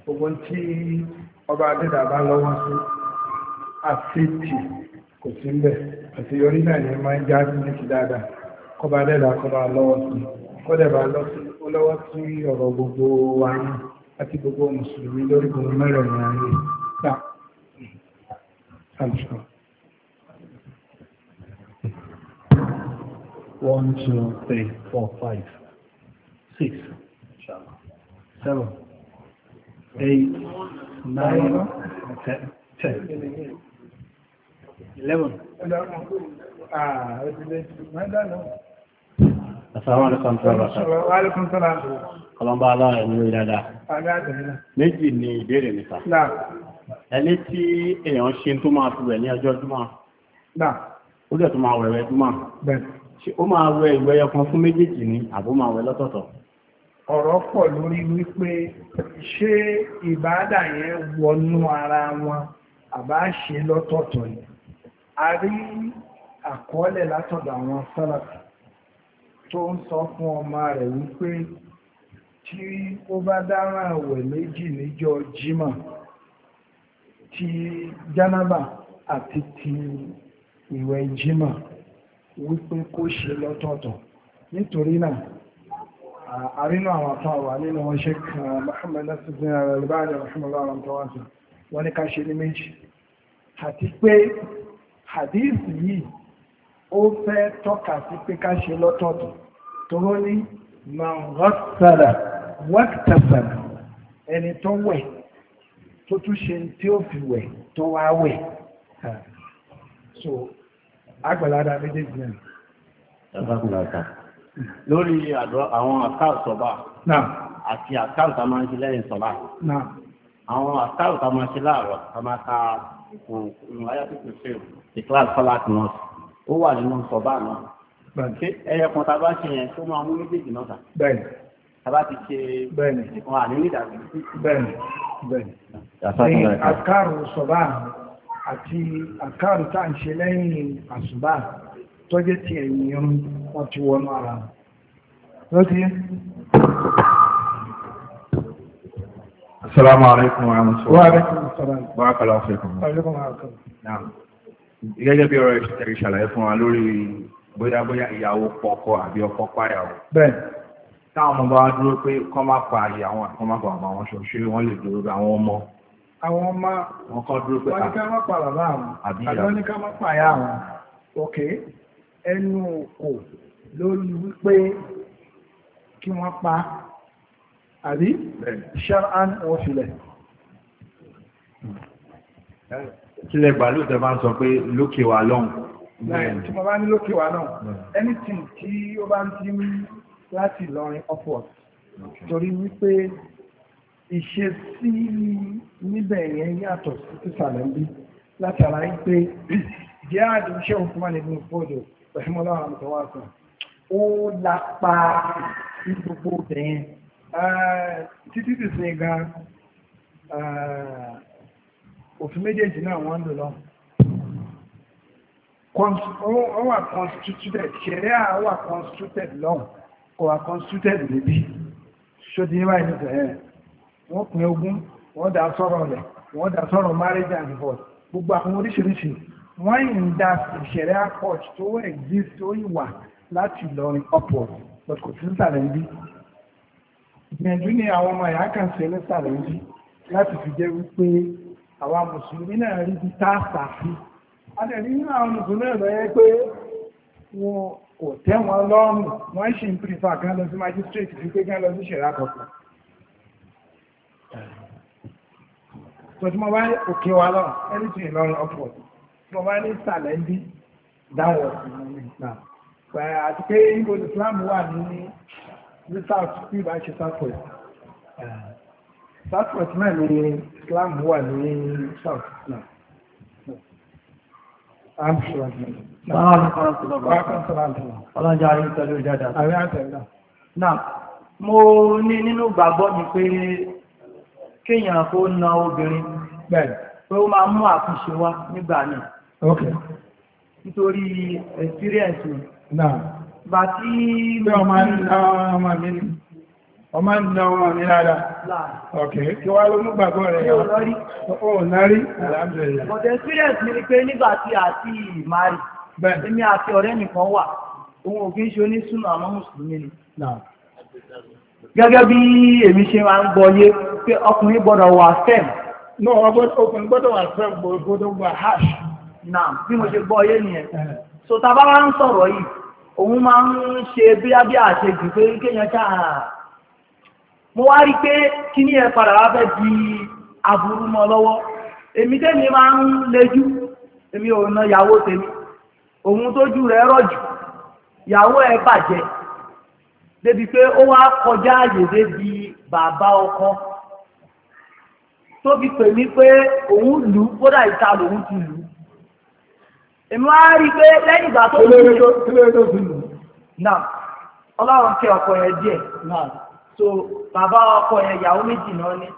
gbogbo tí ọba adẹ́dà bá lọ́wọ́ sí àti kò sí ń àti orí náà ni máa ń já sí ní ti dáadáa kọba adẹ́dà kọba lọ́wọ́ sí kọ́dẹ̀ bá lọ́sí lọ́wọ́ sí ọ̀rọ̀ gbogbo wa ní àti gbogbo mùsùlùmí lórí gbogbo mẹ́rọ̀ ní ayé gbà àlùsọ. ten eleven. eleven. ah, Ọlọ́mbà aláàrẹ̀ ní orí Méjì ni ìbéèrè nìta. Ẹni tí èèyàn ṣe tó máa fi wẹ̀ ní ọjọ́ Júmọ́. Ó dẹ̀ tó máa wẹ̀wẹ̀ Júmọ́. Ṣé ó máa wẹ ìwẹ̀ ẹyọkan fún méjèèjì ni àbó máa wẹ lọ́tọ̀ọ̀tọ̀? Ọ̀rọ̀ pọ̀ lórí wípé ṣé ìbádà yẹn wọnú ara wọn àbá ṣe lọ́tọ̀ọ̀tọ̀ A rí àkọọ́lẹ̀ látọ̀dọ̀ tó ń sọ fún ọmọ rẹ̀ wípé tí ó bá dára àwẹ̀ méjì níjọ́ jímà ti jánábà àti ti ìwẹ̀ jímà wípé kó ṣe lọ́tọ̀ọ̀tọ̀ nítorí náà àrínú àwọn àtàwà nínú wọn ṣe kan Muhammad nasirin ara ribáyà ó fẹ́ tọ́ka sí pé ká ṣe lọ́tọ̀ọ̀tọ̀ tóró ní mọ̀rọ́sára wọ́kítàsára ẹni tó wẹ̀ tó tún ṣe tí ó fi wẹ̀ tó wá wẹ̀ so agbàlára méjèèjì náà. ẹ̀fọ́kùnláta lórí àwọn àkáàsọ̀bà àti àkáàsà máa ń ṣe lẹ́yìn sọ̀bà àwọn àkáàsà máa ṣe láàárọ̀ àmàta ìkùn ìrìn àyàtúkù sí ìkíláàsì fọlá àti nọ́ọ̀sì ó wà nínú sọ̀bá náà ṣé ẹyẹ kan tá a bá ṣe yẹn tó máa mú méjèèjì náà ta bẹ́ẹ̀ni tá a bá ti ṣe bẹ́ẹ̀ni ìkan àníní ìdàgbé bẹ́ẹ̀ni bẹ́ẹ̀ni ní àkàrò sọ̀bá àti àkàrò tá à ń ṣe lẹ́yìn àṣùbà tọ́jẹ́ ti ẹ̀yìn irun wọn ti wọnú ara lọ́tí Assalamu alaikum wa rahmatullahi wa barakatuh. Wa alaikum assalam. Barakallahu fikum. Wa alaikum assalam. Naam gẹ́gẹ́ bí ọ̀rọ̀ ìṣẹ̀lẹ̀ ìṣàlàyé fún wa lórí bóyá bóyá ìyàwó pọkọ àbí ọkọ páyàwó. bẹ́ẹ̀ táwọn ọmọ bá dúró pé kọ́ má pa àyè àwọn àti kọ́ má pa bàbá wọn ṣọ ṣé wọ́n lè dúró àwọn ọmọ. àwọn ọmọ wọn kọ́ dúró pé. wọ́n ní ká má pa bàbá àwọn àbí wọ́n ní ká má pa àyà àwọn. ok ẹnu kò lórí wípé kí wọ́n pa àbí ṣẹ́rán wọn filẹ̀ kílẹ̀ gbà ló tẹ́fà ń sọ pé lókè wa lọ́hùn. tí mo bá ní lókè wa náà anything tí ó bá ń ti mú láti Ìlọrin upward torí wípé ìṣesí níbẹ̀ yẹn yàtọ̀ sí sísàlẹ̀ ń bí látara wípé jíáàdì iṣẹ́ òkúmọ̀ nínú ìfọ́jọ pẹ̀lúmọ́lá àwọn àmì wa sàn ó lapa ní gbogbo obìnrin títí sì sin gan-an òfin méjèèjì náà wọ́n ń lò lọ́wọ́ ó wà constituted ṣẹ̀rẹ́ à wà constituted lọ́hùn kò wà constituted lèbí ṣódi ní báyìí nìkan ẹ̀ wọ́n pín ogún wọ́n dá sọ̀rọ̀ rẹ̀ wọ́n dá sọ̀rọ̀ marriage and divorce gbogbo àwọn oríṣiríṣi wọ́n yìí ń ìṣẹ̀rẹ́ court tó exist tó yìí wà láti Ìlọrin ọ̀pọ̀ but kò sí nísàlẹ̀ níbí ìgbìyànjú ni àwọn ọmọ ìyá kan ṣe nísàlẹ̀ níbí láti fi jẹ́ wípé àwọn mùsùlùmí náà rí bí táàsà sí adẹ̀rí nínú àwọn mùsùlùmí náà lọ́yẹ́ pé wọn kò tẹ́ wọn lọ́rùn wọ́n ṣì ń pírífà kan lọ sí magistrate fi pé kan lọ sí ṣẹ̀rá kọ̀ọ̀kan tọ́jú mo bá òkè wa lọ ẹni tí ìlọrin ọ̀pọ̀ mo bá ní ìsàlẹ̀ ń bí dáwọ̀ ìlọrin náà pẹ̀lú àti pé Islam wà ní South Islam. Ọlọ́jà ayé tẹ̀lé ìjádà. Àrí àtẹ̀lá. Náà, mo ní nínú gbàgbọ́ mi pé kéèyàn kó na obìnrin. Bẹ́ẹ̀. Pé ó máa mú àkúṣe wá nígbà náà. Ok. Nítorí experience mi. Náà. Bàtí. Ṣé ọmọ ń na ọmọ mi ní? Ọmọ ń na ọmọ mi rárá ok kí wá lónú gbàgbọ́ rẹ̀ yà ó nárí alhamdulillah. but the experience mi ni pé nígbà tí a ti mari èmi àti ọ̀rẹ́ nìkan wà òun ò kí ń ṣe onísùnà àmọ́ mùsùlùmí ni. gẹ́gẹ́ bí èmi ṣe máa ń gbọ́yé pé ọkùnrin gbọ́dọ̀ wà fẹ́m. no ọkùnrin gbọ́dọ̀ wà fẹ́m gbọ́dọ̀ wà hash. na bí mo ṣe gbọ́yé nìyẹn eh. so tá a bá wá ń sọ̀rọ̀ yìí òun máa ń ṣe bí àṣejù pé kéèyàn ṣáà mo wá rí pé kí ní ẹ padà wá fẹ́ di aburú mọ́ lọ́wọ́ èmi tẹ́mi máa ń lejú èmi ò na ìyàwó tèmi òun tójú rẹ̀ rọ̀jù ìyàwó ẹ̀ bàjẹ́ débi pé ó wá kọjá àyè débi bàbá ọkọ tó fi pè mí pé òun lù ú ti lù ú èmi wá rí pé ọkọ yẹn díẹ̀ náà. so bàbá ọkọ yẹn yàwó méjì náà ni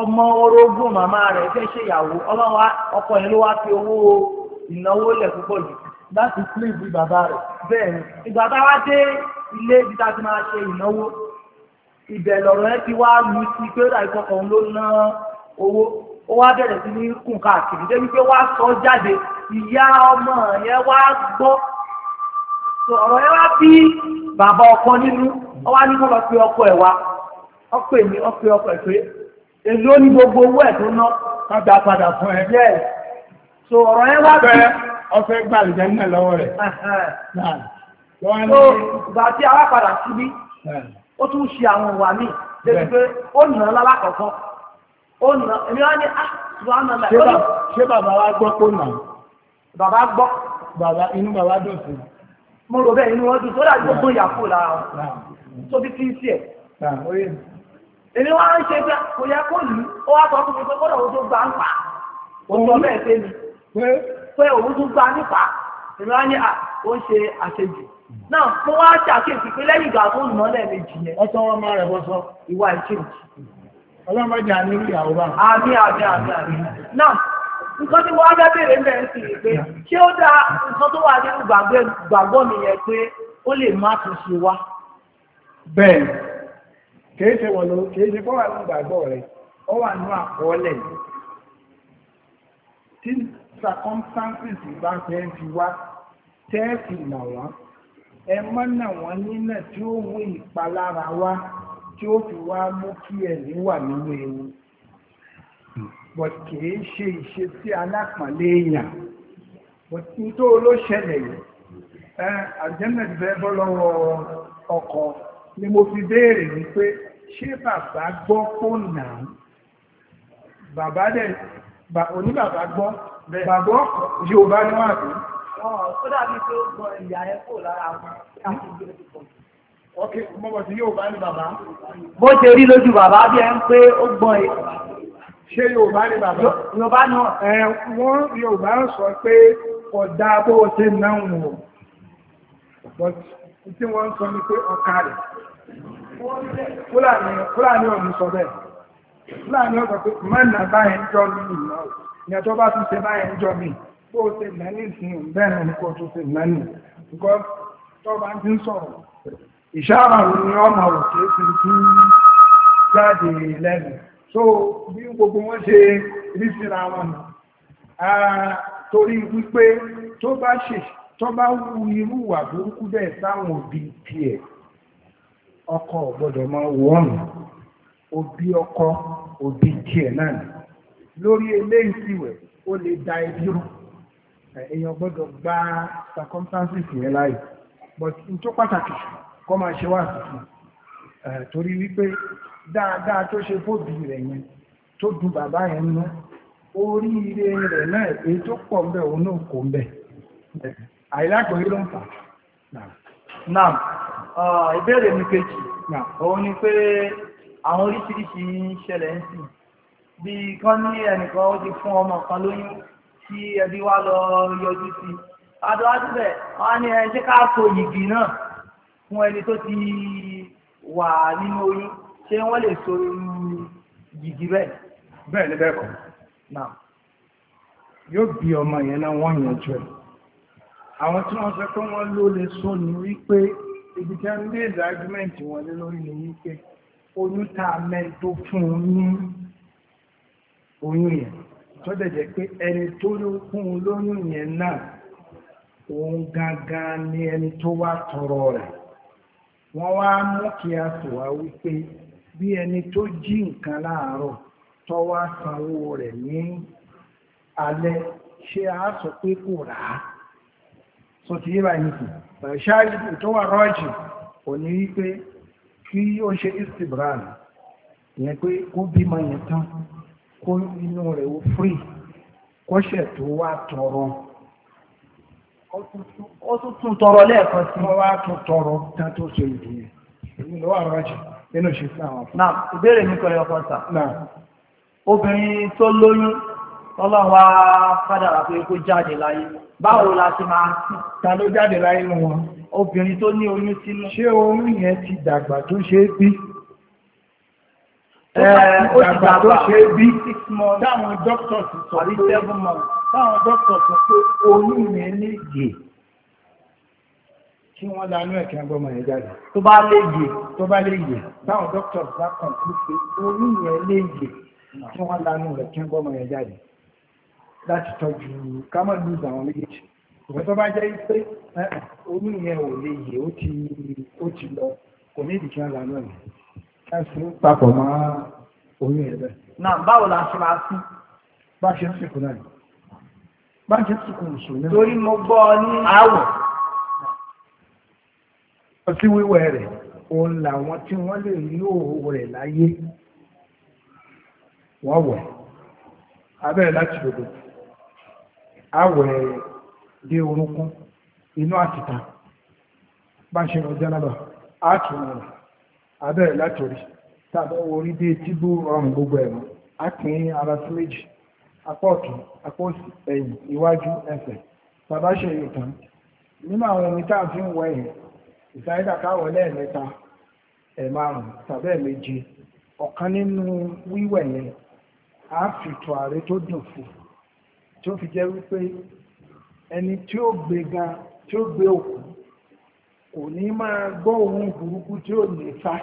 ọmọ orógún màmá rẹ fẹ́ ṣe ìyàwó ọkọ yẹn ló wá fi owó ìnáwó lẹ̀ púpọ̀ jù láti sílẹ̀ bàbá rẹ̀ bẹ́ẹ̀ ni ìgbà a wá dé ilé ibi tá a ti máa ṣe ìnáwó ibẹ̀ lọ̀rọ̀ ẹ ti wá lu sí pé kan ló ná owó ó wá bẹ̀rẹ̀ sí ní kùn káàkiri sọ jáde ìyá ọmọ yẹn wá gbọ́ ọ̀rọ̀ yẹn wá bí bàbá ọkọ nínú ọwá ní kọ́lọ́ pé ọkọ ẹ̀ wá ọkọ èmi ọkọ ọkọ pé èlò ní gbogbo owó tó ná padà fún ẹ. yẹ so ọrọ yẹn wá bí. ọfẹ gbàlùjẹ náà lọwọ rẹ̀. so ìgbà tí a wá padà síbí ó tún ṣe àwọn wa gbọ́ pé nà án. gbọ́. mo rò bẹ́ẹ̀ inú wọn dùn tó dà tó ìyàpò lára wọn tó kí n èmi wá ń ṣe kò yẹ kó yìí ó wá sọ fún tó gbà ń pa sọ bẹ́ẹ̀ pé mi tó gbà nípa èmi wá ní à ó ń ṣe náà mo wá pé lẹ́yìn ìgbà tó yẹn. wọ́n tọ́ rẹ̀ ìwà ìṣèjì. ọlọ́mọdé nǹkan tí wọ́n á dábèrè ń bẹ̀rẹ̀ pé ó dá nǹkan tó wà nínú gbàgbọ́ mi yẹn pé ó lè má tún ṣe wá. bẹ́ẹ̀ kìí ṣe wọ̀n ló kìí ṣe gbàgbọ́ ó wà nínú fi wá wọ́n ẹ wọ́n tí ó fi wá mú kí wà nínú ewu. but kìí ṣe ìṣe sí alápàlẹ èèyàn but nítorí olóṣẹlẹ̀ yìí àjẹ́nà ti fẹ́ bọ́ lọ́wọ́ ọkọ ni mo fi béèrè wípé ṣé bàbá gbọ́ fóònù bàbá dẹ̀ oníbàbá gbọ́ bàbá Yorùbá ni wọ́n àbí. kódà bíi pé ó gbọ́ ìyá ẹ kò lára àwọn àti ìgbẹ́ ok mo bọ̀ sí Yorùbá ni bàbá. bó ṣe rí lójú bàbá bí ẹ ń pé ó gbọ́ ẹ ṣé Yorùbá ní bàbá Yorùbá náà ẹ wọ́n Yorùbá ń sọ pé ọ̀dà bó o ṣe náà wò but tí wọ́n ń sọ ni pé ọ̀ka rẹ̀ Fúlàní Fúlàní ọ̀hún sọ bẹ́ẹ̀ Fúlàní ọ̀sọ̀ pé mọ́nà báyẹn jọ mí ìná ìyẹn tó bá tún ṣe báyẹn jọ mí bó o ṣe nání ìsìn bẹ́ẹ̀ ni kò tún ṣe nání nǹkan tó bá ti ń sọ̀rọ̀ ìṣàrà òun ni ọmọ so bí gbogbo wọn ṣe rí síra wọn torí wípé tó bá ṣe tó bá wu irú wà burúkú bẹ́ẹ̀ sáwọn òbí tiẹ̀ ọkọ gbọ́dọ̀ máa wọ́n nù òbí ọkọ òbí tiẹ̀ náà lórí eléyìí o wẹ̀ lè da ẹbí rú èèyàn gba circumstances yẹn pàtàkì kọ́ máa ṣe wá àtúntò torí wípé dáadáa tó ṣe fóbi rẹ̀ yẹn tó dùn bàbá yẹn nú oríire rẹ̀ náà èyí tó pọ̀ ń bẹ̀ òun náà kò ń bẹ̀ àìlákòóyè ló ń fà. nam ìbéèrè mi kejì òun ni pé àwọn oríṣiríṣi ṣẹlẹ̀ ń sìn bí kan ní ẹnìkan ó ti fún ọmọ kan lóyún tí ẹbí wa lọ yọjú sí adọ́wádìbẹ̀ wọ́n ní ẹ ṣe ká so yìgì náà fún ẹni tó ti wà nínú oyún ṣé wọ́n lè so gidi bẹ́ẹ̀. bẹ́ẹ̀ ni bẹ́ẹ̀ kọ́. náà yóò bí ọmọ yẹn náà wọ́n yẹn jù àwọn tí wọ́n sọ pé wọ́n ló lè so ni wípé ibi tí wọ́n ń dé ìdá wọn lé lórí ni wípé oyún tá a mẹ́ fún un ní oyún yẹn tó pé ẹni tó ló un lóyún yẹn ni ẹni tó wá tọrọ rẹ̀ wọ́n wá mú kí a bí ẹni tó jí nǹkan láàárọ̀ tó wá sanwó rẹ̀ ní alẹ́ ṣé a sọ pé kò rà á so ti yíra nìkù ṣáàjì tó wà rọ́ọ̀jì ò ní rí pé kí ó ṣe istibran yẹn pé kó bímọ yẹn tán kó inú rẹ̀ ó free kọ́ṣẹ̀ tó wá tọrọ ó tún tọrọ lẹ́ẹ̀kan sí wọ́n wá tún tọrọ tán tó ṣe ìdíyẹ èyí ló wà rọ́ọ̀jì nínú ìṣẹ́sí àwọn afọ. náà ìbéèrè mi kọ́ ẹ̀yọ́ fọ́nsà. náà obìnrin tó lóyún ọlọ́wà kádàrà pé kó jáde láyé báwo la ti máa sìn. ta ló jáde láyé nù wọn. obìnrin tó ní oyún sínú. ṣé oyún yẹn ti dàgbà tó ṣe é bí? ó ti ṣe é bí táwọn dókítà sọ pé táwọn dókítà sọ pé oyún yẹn ní yè kí wọ́n lanú ẹ̀kẹ́ ọgbọ́mọ yẹn jáde. tó bá léye tó bá léye táwọn dókítà bá kàn tó pé oyún yẹn léye kí wọ́n lanú ẹ̀kẹ́ ọgbọ́mọ yẹn jáde láti tọ́jú kámọ́ lùz àwọn méjèèjì. ìwé tó bá jẹ́ pé oyún yẹn ò léye ó ti ó ti lọ kò ní ìdí kí wọ́n lanú ẹ̀ ká papọ̀ mọ́ oyún yẹn bẹ́ẹ̀. náà báwo la ṣe máa sí. bá ṣe ń sìnkú náà bá ṣe ń sìnkú mùsùlùmí sí wíwẹ̀ rẹ̀ òun làwọn tí wọ́n lè rí òwò rẹ̀ láyé wọ́n wẹ̀ abẹ́rẹ́ láti dòdò awẹ̀ dé orúnkún inú àtìta bá ṣe rọ̀ jẹ́lábà átùnú rẹ̀ abẹ́rẹ́ láti orí tàbí orí dé tíbú rọrùn gbogbo ẹ̀rọ akìnrin ara sí méjì apá ọ̀tún apá òsì ẹ̀yìn iwájú ẹsẹ̀ tàbá ṣe yìí nínú àwọn omi tá a fi ń wẹ̀ yẹn ìsáyédà káwọ̀ lẹ́ẹ̀mẹ́ta ẹ̀ ún tàbí ẹ̀mẹ́je ọ̀kan nínú wíwẹ̀ yẹn á fi tó dùn fò tí ó fi jẹ́ wípé ẹni tí ó gbé ga tí ó gbé òkú kò ní máa gbọ́ ohun burúkú tí ó lè fa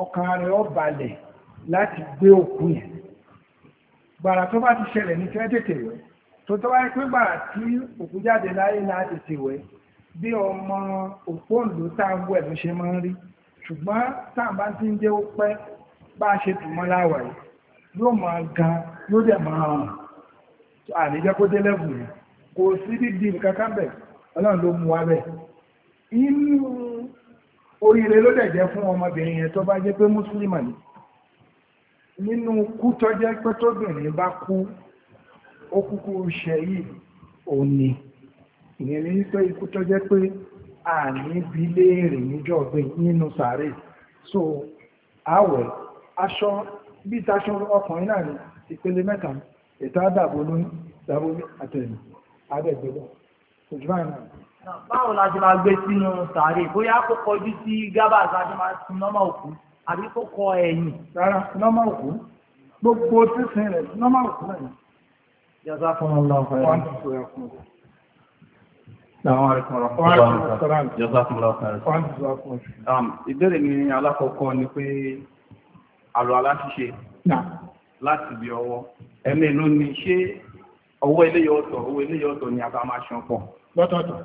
ọkàn rẹ̀ bí ọmọ òpóǹdó tá a wẹ̀ ló ṣe máa ń rí ṣùgbọ́n tá a bá ti ń jẹ́ ó pẹ́ bá a ṣe tùmọ́ láwà yìí yóò máa gan yóò dẹ̀ máa hàn àníjẹ́ kó dé lẹ́bùn yìí kò sí dídì kankan bẹ̀ ọlọ́run ló mú wa bẹ̀ inú oríire ló dẹ̀ jẹ́ fún ọmọbìnrin yẹn tó bá jẹ́ pé mùsùlùmí ni nínú kú tó pé tóbìnrin bá kú ó kúkú ṣe yìí ìyẹn ni wípé ikú tó jẹ́ pé a ní bí léèrè níjọ́ ọ̀gbìn nínú sàárè so àwẹ̀ aṣọ bí taṣọ ọkùnrin náà ní ìpele mẹ́ta ètò àdàbò lóyún dàbò àtẹ̀yìn àdẹ̀gbẹ̀lẹ̀ òjúmọ́ náà báwo la ṣe máa gbé sínú sàárè bóyá kó kọjú sí gábàsì àti máa sun nọ́mà òkú àbí kó kọ ẹ̀yìn. rárá nọ́mà òkú gbogbo sísìn rẹ̀ nọ́mà òkú náà. jọ́sà fún ọlọ́ọ̀fẹ́ rẹ̀. Um, ìbéèrè mi alákọ̀ọ́kọ́ ni pé àlọ́ aláṣíṣe láti bí ọwọ́. Ẹ̀mí ló ní ṣé ọwọ́ ilé yọ́ọ̀tọ̀, owó ilé yọ́ọ̀tọ̀ ni a bá máa ṣan pọ̀. Lọ́tọ̀ọ̀tọ̀.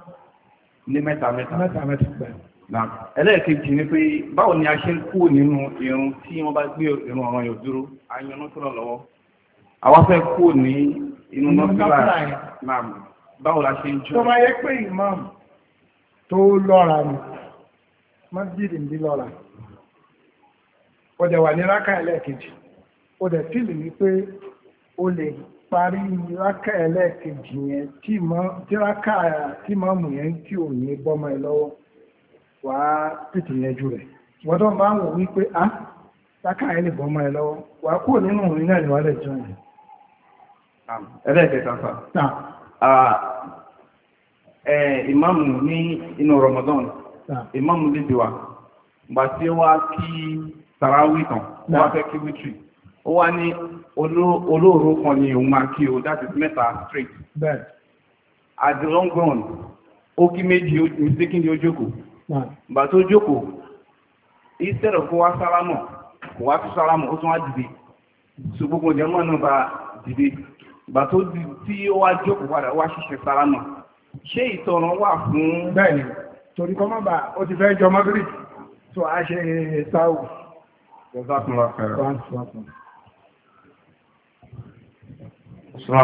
Ní mẹ́ta mẹ́ta. Mẹ́ta mẹ́ta. ni pé báwo ni a ṣe ń kú nínú irun tí wọ́n bá gbé irun ọ̀ràn yóò dúró, a yan náà tó lọ lọ́wọ́. Àwa fẹ́ kú ní inú náà báwo la ṣe ń máa yẹ pé imam tó lọ́ra ni masjidi ń bí lọ́ra ó dẹ̀ wà ní rákà ẹlẹ́ẹ̀kejì ó dẹ̀ fíìlì wípé ó lè parí rákà ẹlẹ́ẹ̀kejì yẹn tí rákà tí mọ́mù yẹn tí ò ní bọ́mọ ẹ lọ́wọ́ wàá tètè yẹn jù rẹ̀ wọ́n tó ń bá wọ̀ wípé á ah, rákà yẹn lè bọ́mọ ẹ lọ́wọ́ wàá kúrò nínú òun náà ni wàá lè jọ yẹn. ẹlẹ́ẹ̀kẹta fà. imam ni inu ramadan imam ni biwa ba ti wa ki tarawih kan wa fe ki witri o wa ni olooro kan ni o ma ki o that is meta straight bad at the long run o ki meji o mistaken di ojoko ba to joko instead of wa salamu wa fi salamu o tun wa dibe so gbogbo jama na ba dibe ìgbà tó di tí ó wá jókòó padà wá ṣiṣẹ́ sálámà ṣé ìtọ̀ràn wà fún. bẹ́ẹ̀ni torí kọ́ mọ́ bá ó ti fẹ́ jọ madrid tó a ṣe sáwù. Assalamu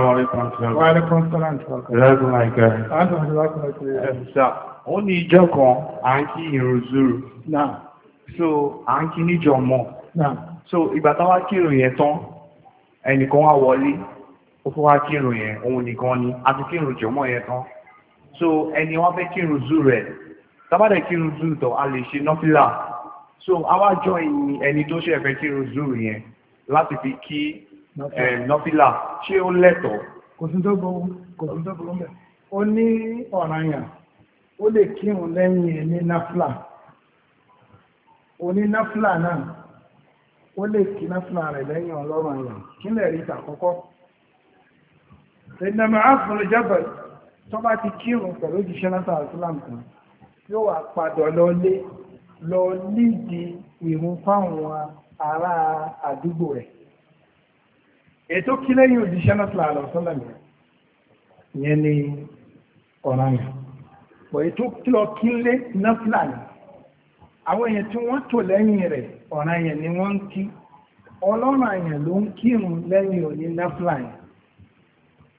alaikum wa rahmatullahi Ó ní ìjọ kan, à ń kí ìrun zuru. So, à ń kí níjọ mọ́. So, ìgbà táwa kírun yẹn tán, ẹnìkan wá wọlé ó tó wá kírun yẹn òun nìkan ni a ti kírun jọmọ́ yẹn tán so ẹni wọ́n fẹ́ kírun zú rẹ̀ tábàdẹ̀ kírun zú tọ̀ a lè ṣe nọ́fílà so àwa jọ ẹni tó ṣe fẹ́ kírun zú yẹn láti fi kí eh, nọ́fílà ṣé ó lẹ́tọ̀ọ́. kò sí tó burú mẹ́ ó ní ọ̀ranyàn ó lè kírun lẹ́yìn ẹni náfílà oní náfílà náà ó lè kí náfílà rẹ̀ lẹ́yìn ọlọ́run àyàn kí lè rí ìtàkọ́kọ́. ìnàmì àfúnlẹ̀ jẹ́bẹ̀ ti kírun pẹ̀lú òjíṣẹ́ látà islam kan yóò ni àwọn èèyàn tí wọ́n tò lẹ́yìn rẹ̀ ọ̀ràn yẹn ni wọ́n ń kí ọlọ́run àyàn ló ń kírun lẹ́yìn òní náfìlà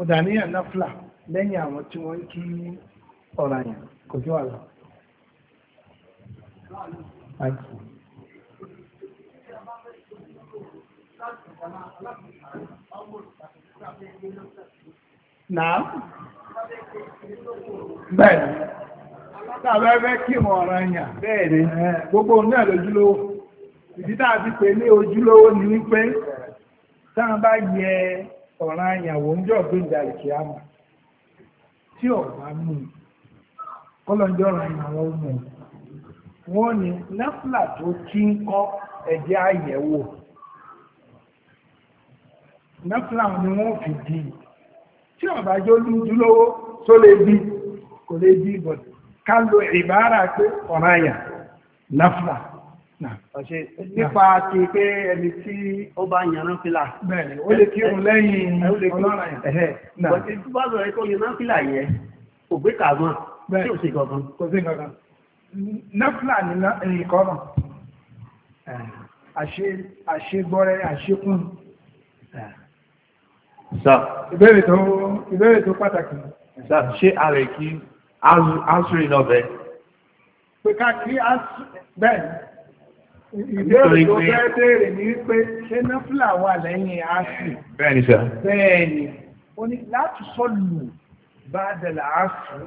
ó dà ní àwọn tí wọ́n kí ọ̀ranyàn kò sí wàhálà. Nàá bẹ́ẹ̀ni tàbẹ́fẹ́ kí wọ́n bẹ́ẹ̀ bẹ́ẹ̀ni gbogbo náà lójúlówó ìdí tàbí pé ní ojúlówó ni wípé táwọn bá yẹ ọ̀ràn àyàwó ń jọ gbéǹda ìkíyàmà tí ọ̀bá mú kọ́lọ́njọ́ ọ̀ràn àyàwó mú wọ́n ní náfìlà tó kí ń kọ́ ẹ̀jẹ̀ àyẹ̀wò ni wọ́n fi di tí ọ̀bá jọ tó lè di kò lè di ká lo ìbára pé ọ̀ràn àyà ọ̀ṣẹ́ nípa ti pé ẹni tí ó bá yànrán fílà bẹ́ẹ̀ ó lè kírun lẹ́yìn ọlọ́run ẹ̀hẹ́ bọ̀tí tó bá sọ̀rọ̀ ikọ́ yànrán fílà yẹ kò gbé kàgbọ́n tí ò sí kankan kò sí kankan náfìlà ní ìkọ́nà àṣegbọ́rẹ́ àṣekún ìbéèrè tó pàtàkì ṣe ààrẹ kí azuri náà bẹ́ẹ̀ pé ká kí bẹ́ẹ̀ ìbéèrè tó fẹ́ béèrè ní pé ṣé náfìlà wà lẹ́yìn áṣì bẹ́ẹ̀ni sà bẹ́ẹ̀ni ó ní láti sọ́lù bá dẹ̀là áṣì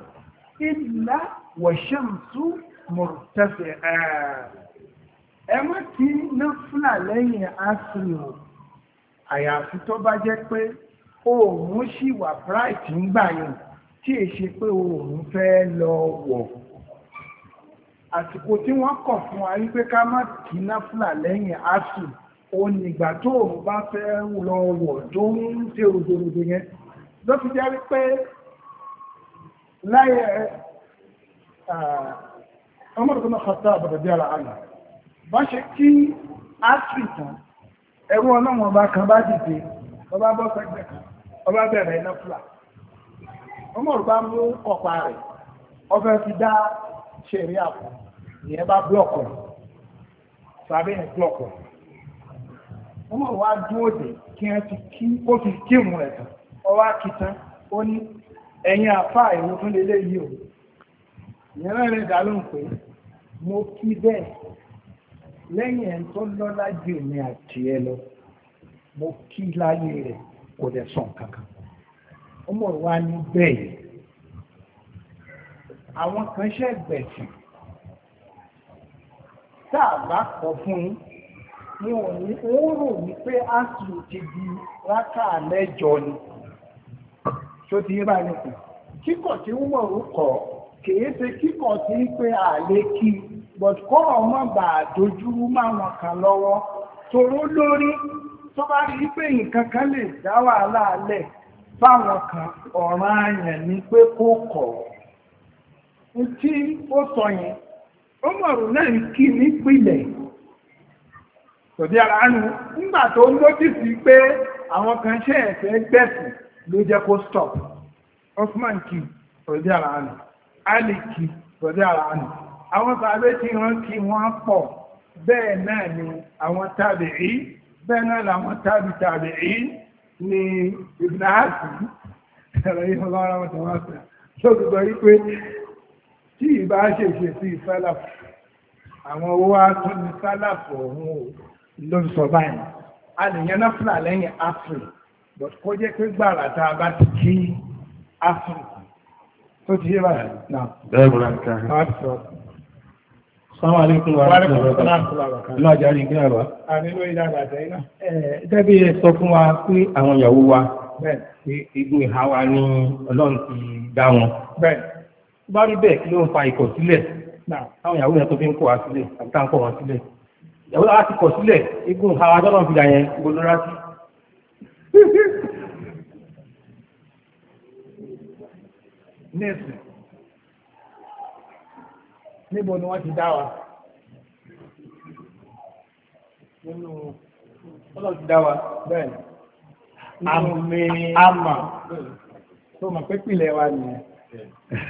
ìlà wọ̀ṣẹ́mùsù mọ̀tẹ́fẹ̀ ẹ má ti náfìlà lẹ́yìn àyàfi tó bá jẹ́ pé oòrùn ṣì bright ń gbà yẹn tí èṣe pé oòrùn fẹ́ lọ wọ̀ àsìkò tí wọ́n kọ̀ fún wa wípé ká má kí náfìlà lẹ́yìn asù ó nígbà tó òun bá fẹ́ lọ wọ̀ tó ń ṣe òdòdó yẹn ló fi jẹ́ wípé láyé ọmọdé tó náà kọ̀tà àbọ̀dọ̀ bí ara àná bá ṣe kí asù tán ẹ̀rú ọlọ́run ọba kan bá dìde ọba bọ́ sẹ́gbẹ̀ kan ọba bẹ̀rẹ̀ náfìlà ọmọdé bá rẹ̀ ọfẹ́ fi dá ṣẹ̀rí àpò ìyẹn bá blọ́ọ̀kù sàbẹ̀ yẹn blọ́ọ̀kù wọ́n mọ̀ wá dúró dé kí wọ́n ti kí ó fi kírun rẹ̀ tán ọwọ́ akitan ó ní ẹ̀yin àfa ìwò tún lè léyìí o ìyẹn náà lè dá lóhùn pé mo kí bẹ́ẹ̀ lẹ́yìn ẹ̀ tó lọ́lá ju èmi àti ẹ lọ mo kí láyé rẹ̀ kò dẹ̀ sàn kankan ó mọ̀ wá ní bẹ́ẹ̀ àwọn kan ṣẹ̀ gbẹ̀sìn tá kọ̀ fún un wọn ò ní wípé ti di rákà mẹ́jọ ni tó ti yé báyìí kíkọ̀ tí ń mọ̀ kọ̀ kìí ṣe kíkọ̀ tí ń pe àlè kí but kọ́rọ̀ mọ̀ bà wàhálà lẹ̀ fáwọn kan ọ̀ràn àyàn ni pé tí ó sọ yẹn ó mọ̀rún náà kí nípìnlẹ̀ tòdí ara nu nígbà tó ń lójúsí pé àwọn kan ṣe ẹ̀fẹ́ gbẹ̀sì ló jẹ́ kó stop Osman kì tòdí ara nu Ali kì tòdí ara nu àwọn sàbẹ̀ tí wọ́n kí wọ́n pọ̀ bẹ́ẹ̀ náà ni àwọn tàbíì bẹ́ẹ̀ náà làwọn tàbí ni ẹ̀rọ tí ìbá ṣèṣe sí sálàfù àwọn owó wa tún ní sálàfù ọ̀hún o ló ń sọ báyìí a lè yan náfìlà lẹ́yìn afri but kó jẹ́ pé gbàrà tá a bá ti kí afri tó ti yé báyìí náà. bẹ́ẹ̀ bọ́lá ní káyọ̀. Sáwọn alékún wa láti ọ̀rọ̀ lọ́jà rí gbé àbá. Ànílò ìdára àtẹ́ iná. Dẹ́bí ẹ sọ fún wa pé àwọn ìyàwó wa, igun ìhà wa ni Ọlọ́run ti dá wọn. Bẹ́ẹ̀. bá rí bẹ́ẹ̀ kí ló ń fa ìkọ̀ sílẹ̀ táwọn ìyàwó yẹn tó fi ń kọ̀ wá sílẹ̀ àti táwọn kọ̀ wá sílẹ̀ ìyàwó láwọn ti kọ̀ sílẹ̀ igun ara tọ́lọ̀ fìlà yẹn gbogbo lọ́ra sí. [LAUGHS] nẹ́ẹ̀sì níbo ni wọ́n ti dá wa nínú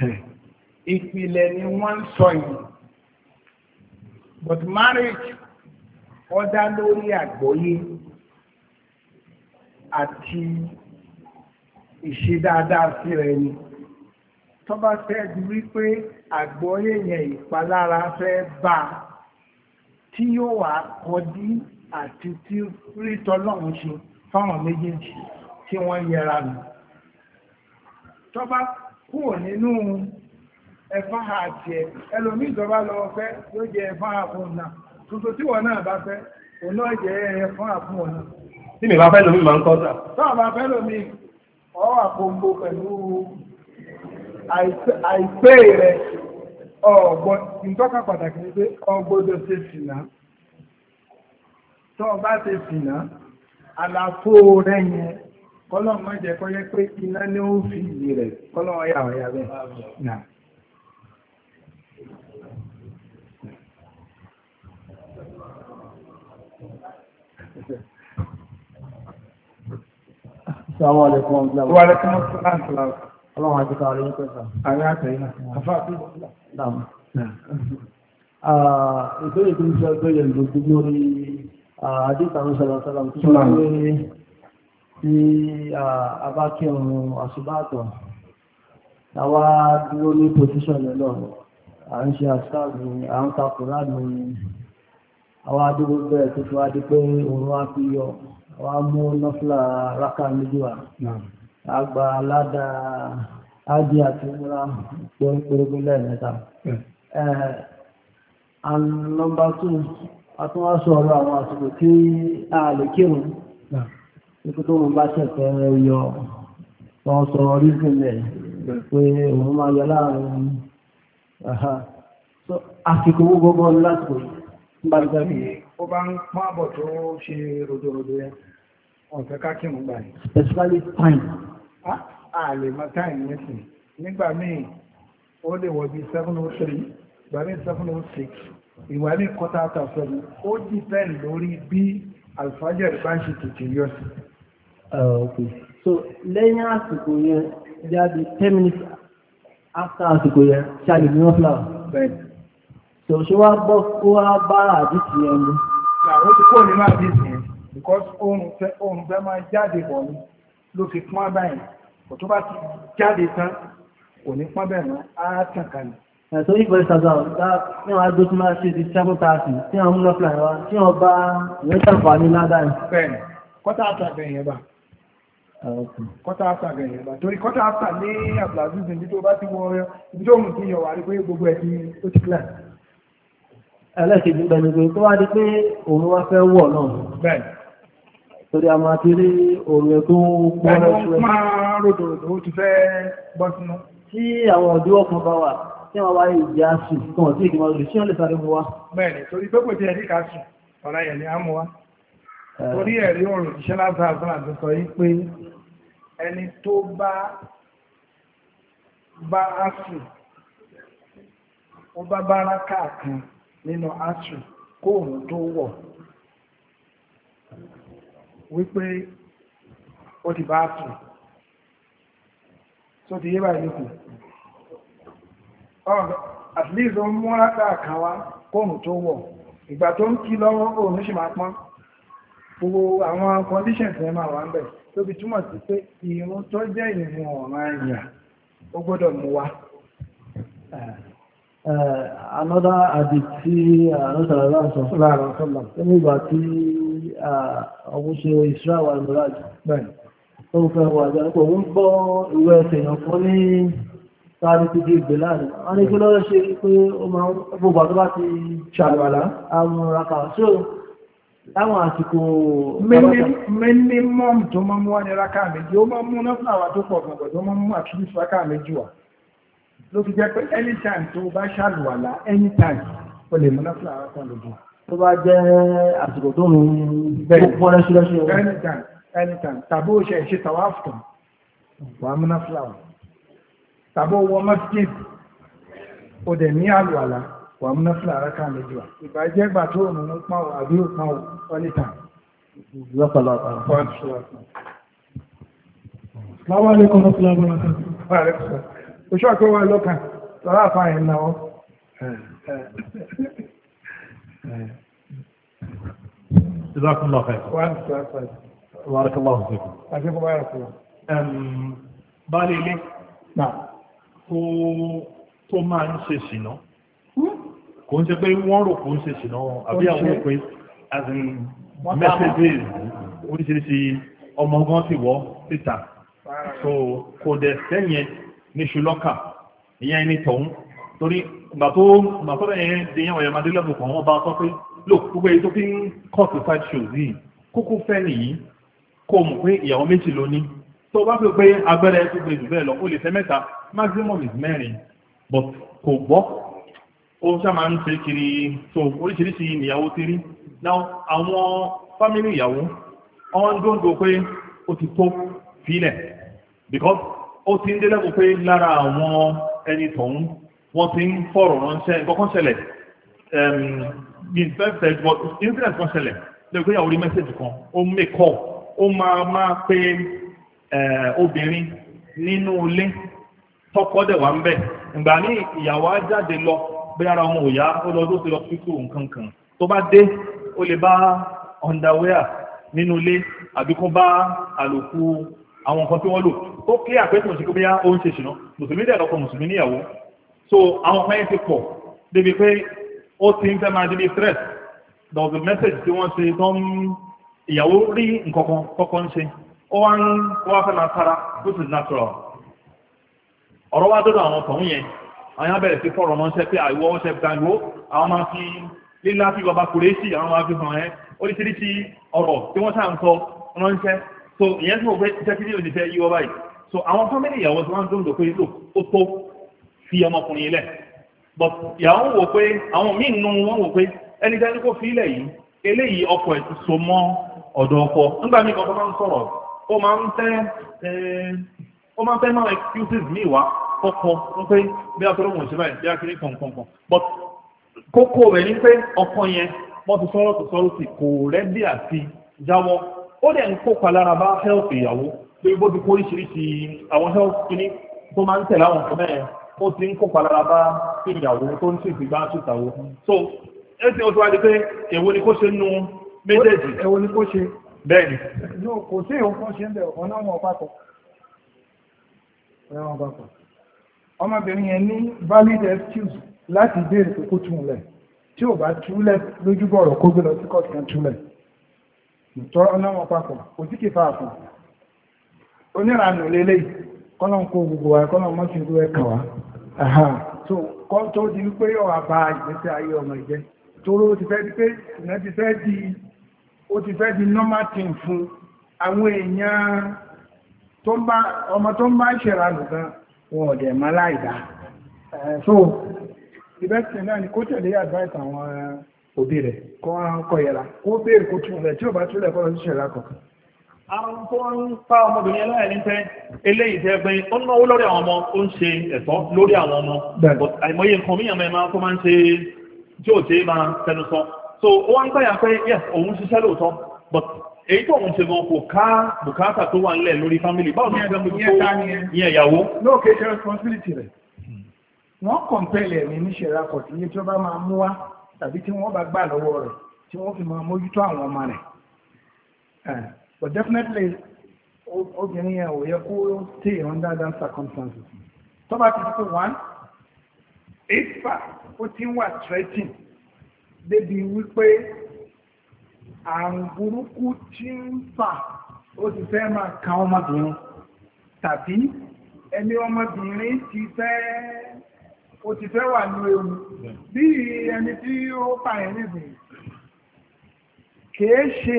ti [LAUGHS] ìpìlẹ̀ ni wọ́n ń sọ yìí but marriage ó dá lórí àgbọ́yé àti ìṣe dáadáa sí rẹ̀ ni tó bá fẹ́ di wípé àgbọ́yé yẹn ìpalára fẹ́ bá tí yóò wà kọdí àti tí rítọ́lọ́run ṣe fáwọn méjèèjì tí wọ́n yẹra nù tó bá kúrò nínú ẹ̀fán àti ẹ̀ ẹlòmí ìjọba lọ fẹ́ yóò jẹ ẹ̀fán àfún ọ̀nà tuntun tí wọ́n náà bá fẹ́ òun náà jẹ ẹ̀fán àfún ọ̀nà. tí mi bá fẹ́ lómi máa ń kọ́ sà. tọ́wọ́ bá fẹ́ lómi ọ̀ àpòǹgbò pẹ̀lú àìpé rẹ̀ ọ̀gbọ́n ìtọ́ka pàtàkì ni pé ọgbọ́dọ̀ ṣe sìnà tọ́ bá ṣe sìnà àlàfo rẹ̀ yẹn kọ́lọ́ kọ́ yẹ pé iná ni ó fi yìí rẹ̀ kọ́lọ́ ọ̀yà ọ̀yà bẹ́ẹ̀. Assalamu alaikum warahmatullahi wabarakatuh. Ọlọ́run àti káàrí ń pẹ̀sà. Àrí àtẹ̀yìn náà. Àfáà tó lọ. Dàmù. Ìbéèrè tó ń ṣe ọjọ́ yẹn lòdì lórí àdéhùn sọ̀rọ̀sọ̀rọ̀ tó sọ pé tí a bá kí ọrùn àṣùbàtọ̀ àwa dúró ní pòsíṣọ̀n lọ́lọ́ à ń ṣe àṣìkáàbù à ń ka kùránù àwọn adúgbò bẹ̀rẹ̀ tó fi wá di pé òun wá fi yọ àwọn mú nọ́fìlà rákà méjì wá àgbà aládà ájí àti múra pẹ̀lú lẹ́ẹ̀mẹ́ta and number two àtúnwá sọ̀rọ̀ àwọn àsìkò tí a lè kírun nípa tó wọn bá ṣẹ̀fẹ́ yọ wọ́n orí sílẹ̀ gbogbo lásìkò ó bá ń pọ́n àbọ̀ tó ṣe ròdòròdò yẹn ọ̀fẹ́ kákìmù gbà yìí. especially time. a time nísìn nígbà míì ó lè wọ bí seven oh three ìgbà míì 706. oh six ìwà míì quarter after seven ó depend lórí bí alfajẹ́ bá ń ṣe tètè yọ sí. Ah, so lẹ́yìn àsìkò yẹn jáde 10 minutes after àsìkò yẹn ṣáà lè ní wọ́n flower tó ṣe wá bọ́ kó wá bá àdìsí yẹn mú. àwọn ti kó ní máa bí sí because oòrùn fẹ́ máa jáde bọ̀ ni ló fi pọ́n báyìí kò tó bá ti jáde tán kò ní pọ́n bẹ́ẹ̀ náà á tàn kalẹ̀. ẹ̀tọ́ yìí pẹ̀lú ṣàgbà ọ̀gá ní wọn adó tí máa ṣe ti seven thirty tí wọn mú lọ́pìlà wa tí wọn bá ìwé ṣàǹfà ní ládàá yìí. bẹ́ẹ̀ni kọ́tà àtàgbẹ̀ yẹn bá ah, kọ́tà àtàgbẹ̀ yẹn bá torí kọ́tà àtà ní abdulaziz níbi tó bá ti wọ ibi tó mú ti yọ wà rí pé gbogbo ẹ̀ ti ó ti kílẹ̀ ẹlẹ́kejì gbẹnugbẹ tó wá di pé òun wá fẹ́ wọ̀ náà torí a máa ti rí omi tó pọ́nrọ́ sí ẹ̀. máa ròdò ròdò ti fẹ́ bọ́ sínú. tí àwọn ọ̀dọ́ ọkàn bá wà tí wọ́n wá ìjà sùn tó wọ́n sí ìgbìmọ̀ lòdì sí ọ̀lẹ́ sáré mu wá. bẹ́ẹ̀ni torí pé kò tiẹ̀ níka sùn ọ̀la yẹ̀lẹ̀ á mú bára káàkan. nínú asri kóòrùn tó wọ̀ wípé ó ti bá so tó ti yé báyìí nìkù at least mú rákà kan kóòrùn tó wọ̀ ìgbà tó ń kí lọ́wọ́ òun sì máa pọ́n gbogbo àwọn conditions ẹ máa wà ń bẹ̀ tó fi túmọ̀ sí pé ìrún tó jẹ́ ìrún ọ̀rọ̀ ẹ̀yà ó gbọ́dọ̀ mú another hadith tí àrùsàrà sọ̀rọ̀ nígbà tí uh, ọmọ ṣe Israel wà Miraj tó ń fẹ́ wà jẹ́ pọ̀ ń gbọ́ ìwé ẹ̀sẹ̀ èèyàn fún ní sáré ti di ìgbè láàrin wọ́n ní kí lọ́rọ̀ ṣe pé ó máa ń gbogbo àtọ́bá ti ṣàlùwàlá àwọn raka so láwọn àsìkò minimum tó máa mú wá ní raka méjì ó máa mú náà fún àwà tó pọ̀ gbọ̀ngbọ̀ tó máa mú àtúnṣe raka méjì wà ló fi jẹ́ pé anytime tó bá ṣàlùwàlá anytime o lè mú náfìlà ara kan lójú. tó bá jẹ́ àsìkò tó ń bọ́ lẹ́sílẹ́sí ọ̀rọ̀. anytime anytime tàbí o ṣe ṣe tàwáfù tán wàá mú náfìlà wọn tàbí o wọ masjid o dẹ̀ ní àlùwàlá wàá mú náfìlà ara kan lójú wa. ìbàjẹ́ gbà tó ń mú pọ́n àbí ò pọ́n anytime. lọ́pọ̀lọpọ̀ àwọn. Assalamu alaikum warahmatullahi wabarakatuh oṣù àkọwà lọ́kàn tọ́lá àfà ẹ̀ náà جزاكم الله خير وأنت بارك الله فيكم أجيب بارك الله بالي لي نعم tó máa ń ṣe ṣìnà hmm? kò ń ṣe pé wọ́n rò kò ń ṣe ṣìnà àbí àwọn òpin as in messages oríṣiríṣi ọmọ gan ti wọ́ síta so kò dẹ̀ sẹ́yìn níṣu lọ́kà ìyẹn ẹni tọ̀hún torí gbàtọ́rọ̀ ẹ̀yẹn dèyàn ọ̀yà máa délẹ́bù kan wọ́n bá sọ pé lò gbogbo èyí tó fi ń kọ́ọ̀tù side shows yìí kókó fẹ́ nìyí kó mọ̀ pé ìyàwó méjì ló ní tó bá fi pé agbẹ́rẹ́ tó gbé jù bẹ́ẹ̀ lọ ó lè fẹ́ mẹ́ta maximum is mẹ́rin but kò gbọ́ ó ṣá máa ń ṣe kiri so oríṣiríṣi ìyàwó ti rí now àwọn fámìlì ìyàwó ọ̀n dóńdó pé ó ti tó fílẹ̀ because ó ti ń délẹ́kùn pé lára àwọn ẹni tọ̀hún wọ́n ti ń fọ̀rọ̀ ránṣẹ́ nǹkan ṣẹlẹ̀ incident kan ṣẹlẹ̀ lẹ́yìn pé ìyàwó rí mẹ́sẹ̀jì kan ó mẹ́kọ̀ ó máa máa pé obìnrin nínú ilé tọkọ dẹ̀ wá ń bẹ̀ ìgbà ní ìyàwó á jáde lọ bí ara wọn ò yá ó lọ tó fífò nǹkan kan tó bá dé ó lè bá underwear nínú ilé àbí bá àlòkù àwọn nǹkan tí wọ́n lò ó kí àpẹ́kùn sí kúbíyá ó ń ṣe ṣìnà mùsùlùmí dẹ̀ lọ́kọ̀ mùsùlùmí níyàwó so àwọn kan yẹn ti pọ̀ débi pé ó ti ń fẹ́ máa débi stress there was message tí wọ́n ṣe tó ń ìyàwó rí nǹkan kọ́kọ́ ń ṣe ó wá ń wá fẹ́ máa tara which is natural ọ̀rọ̀ wá dọ́dọ̀ àwọn tọ̀hún yẹn àwọn abẹ́rẹ̀ sí fọ́rọ̀ ránṣẹ́ pé àìwọ́ ah, ọ̀ṣẹ́ gbàgbó àwọn máa fi lílá fi bàbá kùrẹ́sì àwọn máa fi hàn ẹ́ oríṣiríṣi ọ̀rọ̀ tí wọ́n sáà ránṣẹ́ so ìyẹn tí mo fẹ́ jẹ́ kí ní òṣìṣẹ́ yíwọ́ báyìí so àwọn fámìlì ìyàwó tí wọ́n ń dòǹdò pé lò ó tó fi ọmọkùnrin ilẹ̀ but ìyàwó wò pé àwọn míì nù wọ́n wò pé ẹni tí ẹni kò fi ilẹ̀ yìí eléyìí ọkọ ẹ̀ ti so mọ́ ọ̀dọ̀ ọkọ nígbà míì kan tó máa ń sọ̀rọ̀ ó máa ń fẹ́ ó máa ń fẹ́ máa excuses míì wá kọ́kọ́ wọ́n pé bí a tọ́rọ mọ̀ sí báyìí bí a kiri kọ̀ǹkọ̀ǹkọ̀ but kókó rẹ̀ ní pé ọkọ yẹn wọ́n ti sọ̀rọ̀ tó sọ̀rọ̀ sí kò rẹ́dí àti jáwọ́ ó dẹ̀ ń kópa lára bá health ìyàwó pé bóbi kó oríṣiríṣi àwọn health tó máa ń tẹ̀lé àwọn ọ̀sán mẹ́rin ó ti ń kópa lára bá ìyàwó tó ń ṣèṣì gbá ṣèṣàwó so ẹsẹ̀ oṣù wájú pé èwo ni kó ṣe nú méjèèjì èwo ni kó ṣe bẹ́ẹ̀ni kò sí èwo kó ṣe ń bẹ̀ ọ̀nà ọmọ papọ̀ ọmọbìnrin yẹn ní valid excuse láti béèrè pé kó túnlẹ̀ tí ò bá túnlẹ̀ lójúbọ̀rọ̀ kó gbé lọ sí kọ́ọ̀tù kan túnlẹ̀ oníranù lélẹ̀ kọ́lọ̀n gbogbo wa kọ́lọ̀n mọ́ sí ìlú ẹ̀kà so tó di wípé ọ̀wà bá ìgbésẹ̀ ayé ọmọ ìjẹ́ ti fẹ́ di pé ìná ti fẹ́ di ó ti fẹ́ di normal thing fún àwọn èèyàn ọmọ tó ń bá ìṣẹ̀ranù gan wọn ò dẹ̀ láìdá so ìbẹ́sẹ̀ náà ni kó tẹ̀lé advice àwọn òbí rẹ̀ kọ́ àrùn tó ń pa ọmọbìnrin ẹlẹ́yìn ní pé eléyìí tẹ́ pé ó náwó lórí àwọn ọmọ ó ń ṣe ẹ̀tọ́ lórí àwọn ọmọ àìmọye nǹkan míyàn mẹ́ máa tó máa ń ṣe tí ò ṣe máa tẹnu sọ so ó wá ń gbàyà pé yes òun ṣiṣẹ́ lóòótọ́ but èyí tó òun ṣe gan kò ká bùkátà tó wà nílẹ̀ lórí family báwo ni ẹgbẹ́ responsibility rẹ̀ wọ́n kọ̀ǹpẹ́lẹ̀ mi ní ṣẹ̀ra kọ̀ tí tó bá máa mú wá tàbí tí wọ́n bá tí wọ́n fi máa mójútó àwọn ọmọ rẹ̀ but definitely obìnrin yẹn ò yẹ kó stay under that circumstances tó bá ti pé one ifa ó ti ń wà threatening débi wípé àrùn burúkú ti ń fà ó ti fẹ́ máa kan ọmọbìnrin tàbí ẹni ọmọbìnrin ti fẹ́ ó ti fẹ́ wà ní ewu bí ẹni tí ó pààyàn nìbìyàn kìí ṣe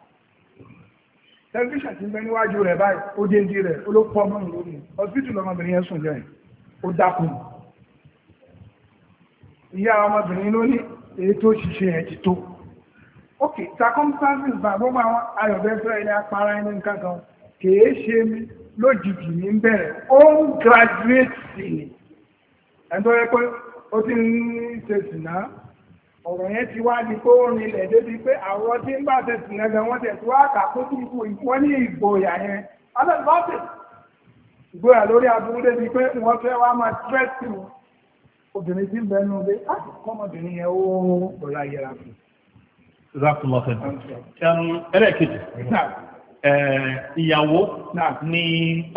tẹlifíṣàn ti ń bẹ níwájú rẹ̀ báyìí ó dé ndí rẹ̀ ó ló pọ̀ mọ́ lónìí hospital ọmọbìnrin yẹn sùn jẹ́ ó dákun ìyá ọmọbìnrin ló ní èyí tó ṣiṣẹ́ ẹ̀ ti tó ok circumstances bá gbogbo àwọn ayọ̀bẹ́fẹ́ ilé apara ẹni nǹkan kan kìí ṣe mi lójijì ní bẹ̀rẹ̀ ó ń graduate sí ni ẹni tó yẹ pé ó ti ń ṣe sìnà ọ̀rọ̀ yẹn ti wá di pé ó rinlẹ̀ débi pé àwọn tí ń bá wọ́n tẹ̀sí wá kàkókò ìbò wọ́n ní ìgboyà yẹn alẹ́bàtẹ̀ ìgboyà lórí aburú débi pé wọ́n fẹ́ wá máa tírẹ́sì obìnrin tí ń bẹ nù lé ah, yẹn ó bọ̀lá yẹra fún. ìyàwó ni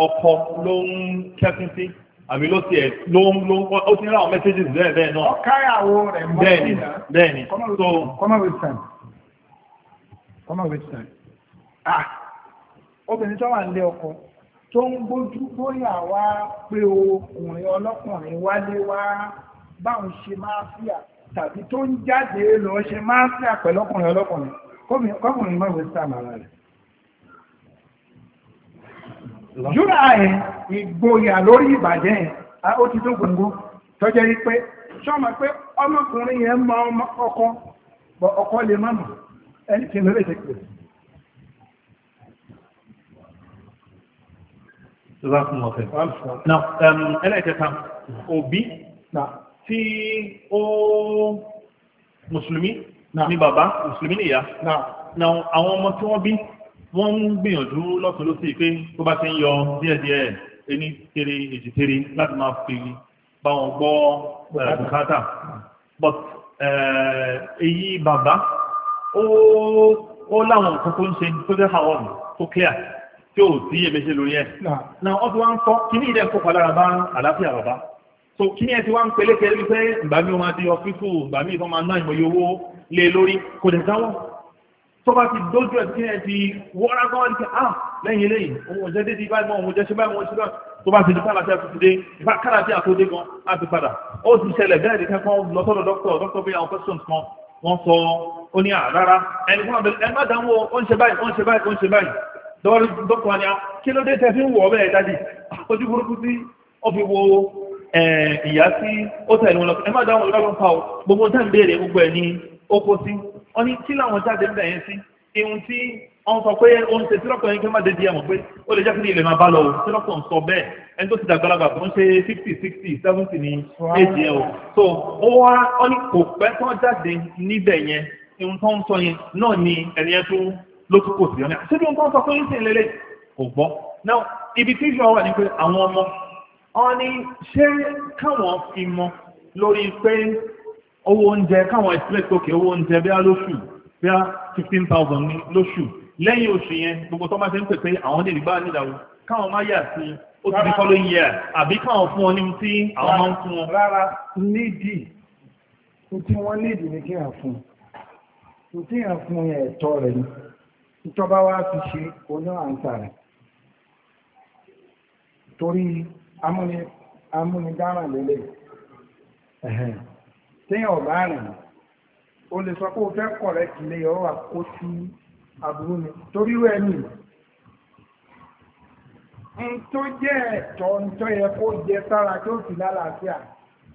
ọkọ ló ń kẹ́sìn sí. àbí ló ti ẹ̀ ló ń ló ń kọ́ ó ti ń ráwọn messages bẹ́ẹ̀ bẹ́ẹ̀ náà. ọ̀káyàwó rẹ̀ mọ́ bẹ́ẹ̀ni bẹ́ẹ̀ni so. common with time common with time ah obìnrin tó wà nílé ọkọ tó ń gbójú bóyá wá pé ọkùnrin ọlọ́kùnrin wálé wá báwọn ṣe máa fíà tàbí tó ń jáde lọ ṣe máa fíà pẹ̀lọ́kùnrin ọlọ́kùnrin kọ́kùnrin mọ́ with time ara rẹ̀ júrà ẹ̀ ìgboyà lórí ìbàjẹ́ ẹ̀ ó ti tó gbogbo tọ́jẹ́ rí pé ṣọ́mọ pé ọmọkùnrin yẹn mọ ọkọ bọ ọkọ lè má mọ̀ ẹni tí lórí ìṣẹ́ pé. Um, ẹlẹ́kẹta òbí tí ó mùsùlùmí ni bàbá mùsùlùmí ni ìyá àwọn ọmọ tí wọ́n bí wọ́n ń gbìyànjú lọ́sùn lósì pé tó bá ti ń yọ díẹ̀díẹ̀ ẹni tèrè èjì tèrè láti máa fi bá wọn gbọ́ bùkátà but èyí bàbá ó láwọn nǹkan tó ń ṣe tó jẹ́ àwọn tó clear tí ó sí èméjì lórí ẹ̀ na wọ́n ti wá ń kọ́ kí ní ilẹ̀ ń kópa lára bá àlàáfíà bàbá so kí ní ẹ ti wá ń pelékẹ́ wípé ìgbàmí wọn máa di ọfíìsù ìgbàmí ìfọ́n máa ná ìmọ̀ye tó bá ti dójú ẹ̀ tí ẹ ti wọ́ra gan ní ká ah, lẹ́yìn lẹ́yìn òun òjẹ́ dédé báyìí mọ́ òun òjẹ́ ṣe báyìí mọ́ ṣe báyìí tó bá ti di pàlàtí àtúntò dé ìfà káràtí àtúndé gan láti padà ó ti ṣẹlẹ̀ bẹ́ẹ̀ ni kẹ́kọ̀ọ́ lọ sọ́dọ̀ dókítà dókítà bí àwọn questions kan wọ́n sọ ó ní àrárá ẹni fún àbẹ̀lẹ̀ ẹ má dánwò ó ń ṣe báyìí ó ń ṣe báyìí ó ń ṣe báyìí dọ́rí dókítà ni kí ló dé tẹ́ fi ń wọ̀ ọ́ bẹ́ẹ̀ dájú ojú burúkú tí ó fi wo ìyá sí ó tẹ̀lé wọn lọ ẹ má dánwò lọ́gbọ̀n pa gbogbo tẹ́ ń béèrè gbogbo ẹ̀ ní ó kó sí wọ́n ní kí làwọn jáde níbẹ̀ yẹn sí ihun tí wọ́n sọ pé ó ń ṣe tírọ́pù yẹn kí wọ́n má dédìí ẹ̀mọ̀ pé ó lè jẹ́ kí ni ilẹ̀ máa bá lọ o tírọ́pù ń sọ bẹ́ẹ̀ ẹni tó ti dàgbàlagbà tó ń ṣe fifty sixty seventy ní èjì ẹ̀ o so ó wá wọ́n ní kò pẹ́ tó jáde níbẹ̀ yẹn ihun tó ń sọ yẹn náà ni ẹni yẹn tó ló tún kò sí ọ̀nà àti bí ohun tó ń sọ pé ń sìn lélẹ̀ kò gbọ́ now ibi tí ìṣòro wà ní pé àwọn ọmọ wọ́n ní ṣé káwọn fi mọ lórí pé owó oúnjẹ káwọn expect òkè owó oúnjẹ bí á lóṣù bí á fifteen thousand ní lóṣù lẹ́yìn oṣù yẹn gbogbo tó máa ṣe ń pè pé àwọn lè gbá nídàwó káwọn máa yà sí ó ti di following year àbí káwọn fún ọ ní tí àwọn máa ń fún wọn. rárá nídìí tí wọ́n nídìí ni kí n fún un tí n fún un ẹ̀tọ́ rẹ̀ ni ìjọba wa fi ṣe oní àǹtà rẹ̀ torí amúnidáràn lélẹ̀ téèyàn ọ̀bá rìn o lè sọ pé o fẹ́ kọ̀rẹ́tì lè yọ wà kó sí àbúrò mi torí rẹ̀ nì n tó jẹ́ ẹ̀tọ́ n tó yẹ kó jẹ sára tó sì lálàáfíà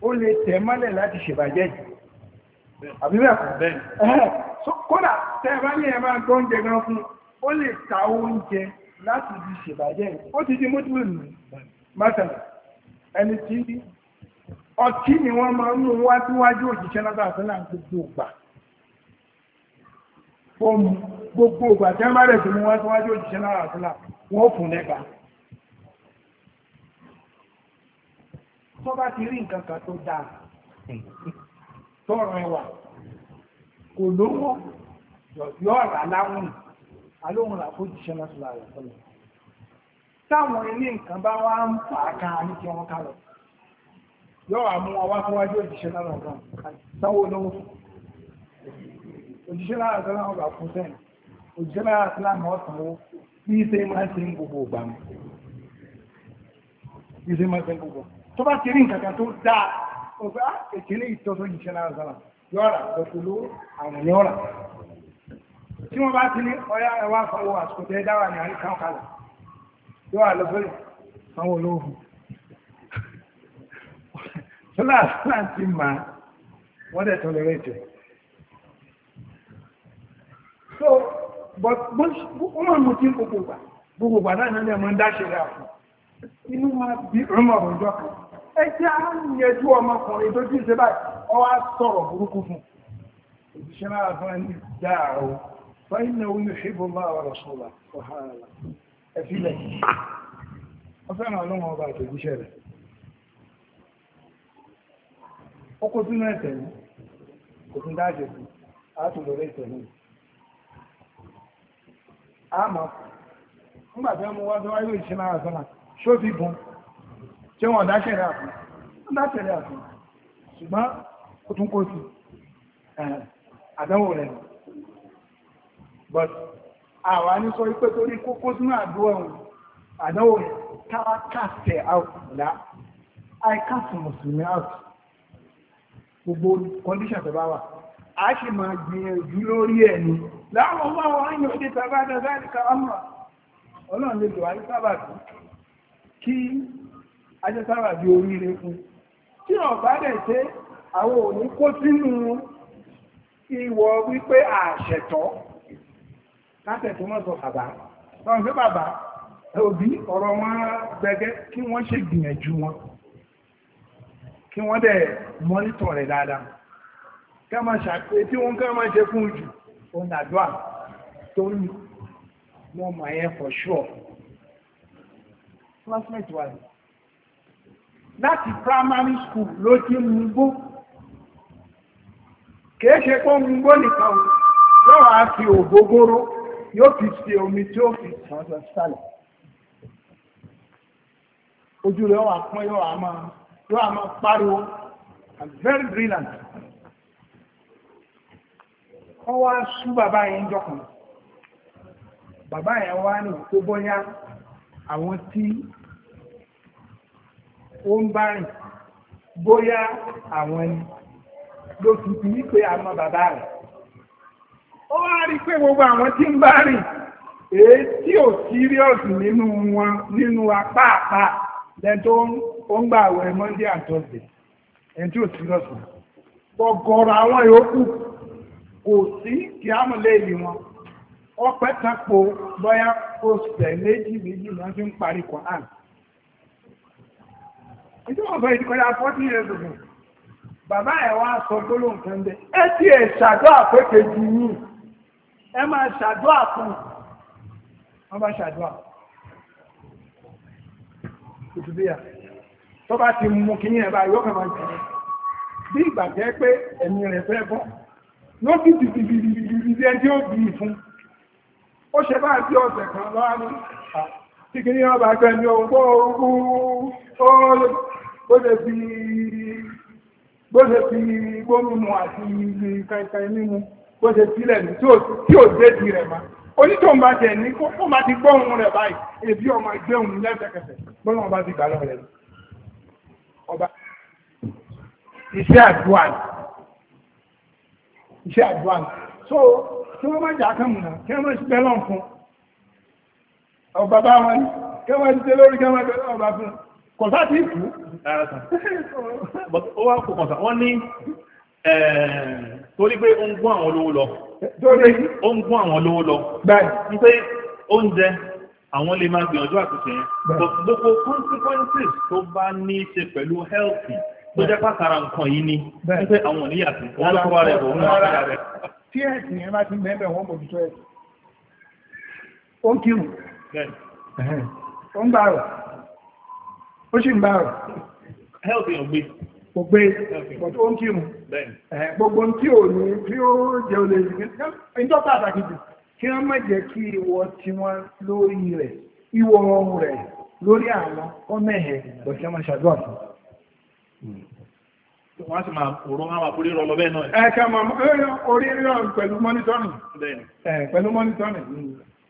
ó lè tẹ̀ mọ́lẹ̀ láti ṣèbàjẹ́ jù àbí bẹ́ẹ̀ kọ́ bẹ́ẹ̀ kódà tẹ́ ẹ bá ní ẹ máa tó oúnjẹ gan fún ó lè ta oúnjẹ láti fi ṣèbàjẹ́ ó ti di mọ́tò lù mọ́tò ẹni tí ọtí ni wọ́n máa ń mú wá síwájú òjíṣẹ́ látàtàlá gbogbo ògbà fóòmù gbogbo ògbà tí wọ́n bá rẹ̀ sí mú wá síwájú òjíṣẹ́ látàtàlá wọ́n fún lẹ́gbà tó bá ti rí nǹkan kan tó dáa tọ́rọ ẹwà kò lówó yóò rà láwọn alóhùn àkójíṣẹ́ látàtàlá táwọn ilé nǹkan bá wá ń fà á ká ká lọ yóò àmú ọwá fúnwájú òjíṣẹ́ lára ọ̀gá sanwó lówó òjíṣẹ́ lára ọ̀gá ọ̀gá fún sẹ́yìn òjíṣẹ́ lára ọ̀gá ọ̀sánwó bí i ṣe máa ṣe ń gbogbo ògbà mi bí i ṣe máa ṣe ń gbogbo tó bá ti rí nǹkan kan tó dáa ó fẹ́ ah, èkéle ìtọ́sọ́ òjíṣẹ́ lára ọ̀gá yọ́ra pẹ̀lú àwọn yọ́ra tí wọ́n bá ti ní ọya ẹwà sanwó àsìkò tẹ́ dáwà ní àríkà ọ̀kadà yóò àlọ́fẹ́lẹ̀ sanwó olóògùn kíláàsì láti máa wọ́n dẹ̀ tún lè rètè. so but wọ́n máa mú tí gbogbo gbà gbogbo gbà náà nílẹ̀ máa ń dáṣe rà fún inú máa bí ọmọ ọ̀rọ̀jọ́ kan ẹ jẹ́ àyẹ̀jú ọmọkùnrin tó jíṣe báyìí ọwọ́ á sọ̀rọ̀ burúkú fún òṣìṣẹ́ náà fún ẹni dáa o fáyín náà ó yóò máa wà lọ́sọ̀lá ọ̀hánà ẹ̀fílẹ̀ ọ̀fẹ́ràn ọlọ́run ọba àtòjíṣẹ́ rẹ̀ ó kó sínú ẹ̀sẹ̀ ní kò fún dáàjẹ̀ sí látòlórí ẹ̀sẹ̀ ní àmọ́ nígbà tí wọ́n tó wáyé ìṣẹ́ náà sọ́nà ṣó fi bùn tí wọ́n dáṣẹ̀rẹ̀ àfún wọ́n àfún ṣùgbọ́n ó tún kó sí àdánwò rẹ̀ but àwa ní sọ pé torí kókó sínú àdúrà out i out gbogbo condition tó bá wà a ṣe máa gbìyànjú lórí ẹ̀ ni láwọn ọmọ àwọn ayọ̀ òde tàbá dáadáa nìkan ọmọ ọlọ́run lè lò ayé sábà tó kí ajé sábà di oríire fún tí ọ̀bá dẹ̀ ṣe àwọn òní kó sínú ìwọ̀ wípé àṣẹ̀tọ́ kásẹ̀ tó mọ́ sọ bàbá sọ pé bàbá òbí ọ̀rọ̀ wọn gbẹgẹ́ kí wọ́n ṣe gbìyànjú wọn tí wọ́n dẹ̀ mọ́nítọ̀ rẹ̀ dáadáa kẹ́mà ṣàpé tí wọ́n kẹ́mà ṣe fún jù òun àdúrà tó ń mọ́ for sure classmate wa láti primary school ló ti kìí ṣe nìkan fi ògógóró yóò fi ṣe omi tí ó fi tàn lọ sálẹ̀ ojú rẹ̀ wà yóò àmọ́ pariwo and very brilliant wọ́n wá sú bàbá yẹn jọkàn bàbá yẹn wá ní òkú bọ́yá àwọn tí ó ń bá rìn bóyá àwọn ni ló fi fi wípé àmọ́ bàbá rẹ̀ ó wá rí pé gbogbo àwọn tí ń bá rìn èyí tí ò sírìọ́sì nínú wọn nínú apá àpá lẹ́tọ́ o àwẹ̀ monday and thursday ẹni tí ò sí lọ́sàn ọ̀gọ̀rọ̀ àwọn yòókù kò sí kí á mọ̀ léèlì wọn ọpẹ́ tapo bọ́yá oṣù méjì méjì lọ́n fi ń parí Quran ìdí wọn fẹ́ ìdíkọ́lá years ago bàbá ẹ̀ wá sọ gbólóhùn kan bẹ́ẹ̀ ẹ tí ẹ ṣàdúrà tó bá ti mú kí ní ẹ̀bá yóò kàmà jẹ́ bí ìgbà jẹ́ pé ẹ̀mí rẹ̀ fẹ́ bọ́ ló fi dìdìdìdìdì ẹni tí ó bí i fún ó ṣe bá àti ọ̀sẹ̀ kan lọ́wọ́ ní tí kì ní ọba ẹgbẹ́ ní ọgbọ́ ogun ó lè fi gbómìmù àti kankan mímu bó ṣe sílẹ̀ ní tí ò dé di rẹ̀ máa onítọ̀ bá jẹ̀ ní kó má ti gbọ́ ohun rẹ̀ báyìí èbí ọmọ ìgbé òun lẹ́sẹ̀kẹsẹ̀ gbọ́nà ọba ti gbà lọ́rẹ̀ ọba iṣẹ́ àdúrà iṣẹ́ àdúrà so tí wọ́n má jà kàn múnà kí wọ́n sì bẹ́lọ̀ fún ọba bá wọn ní kí wọ́n ti tẹ lórí kí wọ́n bẹ́lọ̀ ọba fún kọ̀sá ti kú. ó wá kó kọ̀sá torí pé ó ń gún àwọn olówó lọ. torí ó ń gún àwọn olówó lọ. báyìí. ní pé oúnjẹ àwọn lè máa gbìyànjú àtúnṣe yẹn but gbogbo consequences tó bá ní í ṣe pẹ̀lú healthy tó jẹ́ pàtàkì nǹkan yìí ni wípé àwọn oníyà sí wọ́n ló kọ́ra rẹ̀ bọ̀ wọ́n lọ́ra rẹ̀. tí ẹ̀sìn yẹn bá ti bẹ́ẹ̀ wọ́n mójútó ẹ̀sìn ó ń kírun ó ń gbà rọ̀ ó sì ń gbà rọ̀. healthy ò gbé. ò gbé but ó ń kírun gbogbo tí ò ní tí ó jẹ́ olè ìjọba àtàkì jù. kí wọ́n má jẹ́ kí ìwọ tiwọn lórí rẹ̀ ìwọ ọrùn rẹ̀ lórí àwọn ọmọ ẹ̀hẹ̀ bọ̀ṣẹ́ máa ṣàdúrà fún wọ́n á sì máa òrùn máa máa forí bẹ́ẹ̀ náà ẹ̀ ká máa pẹ̀lú mọ́nítọ́nì pẹ̀lú mọ́nítọ́nì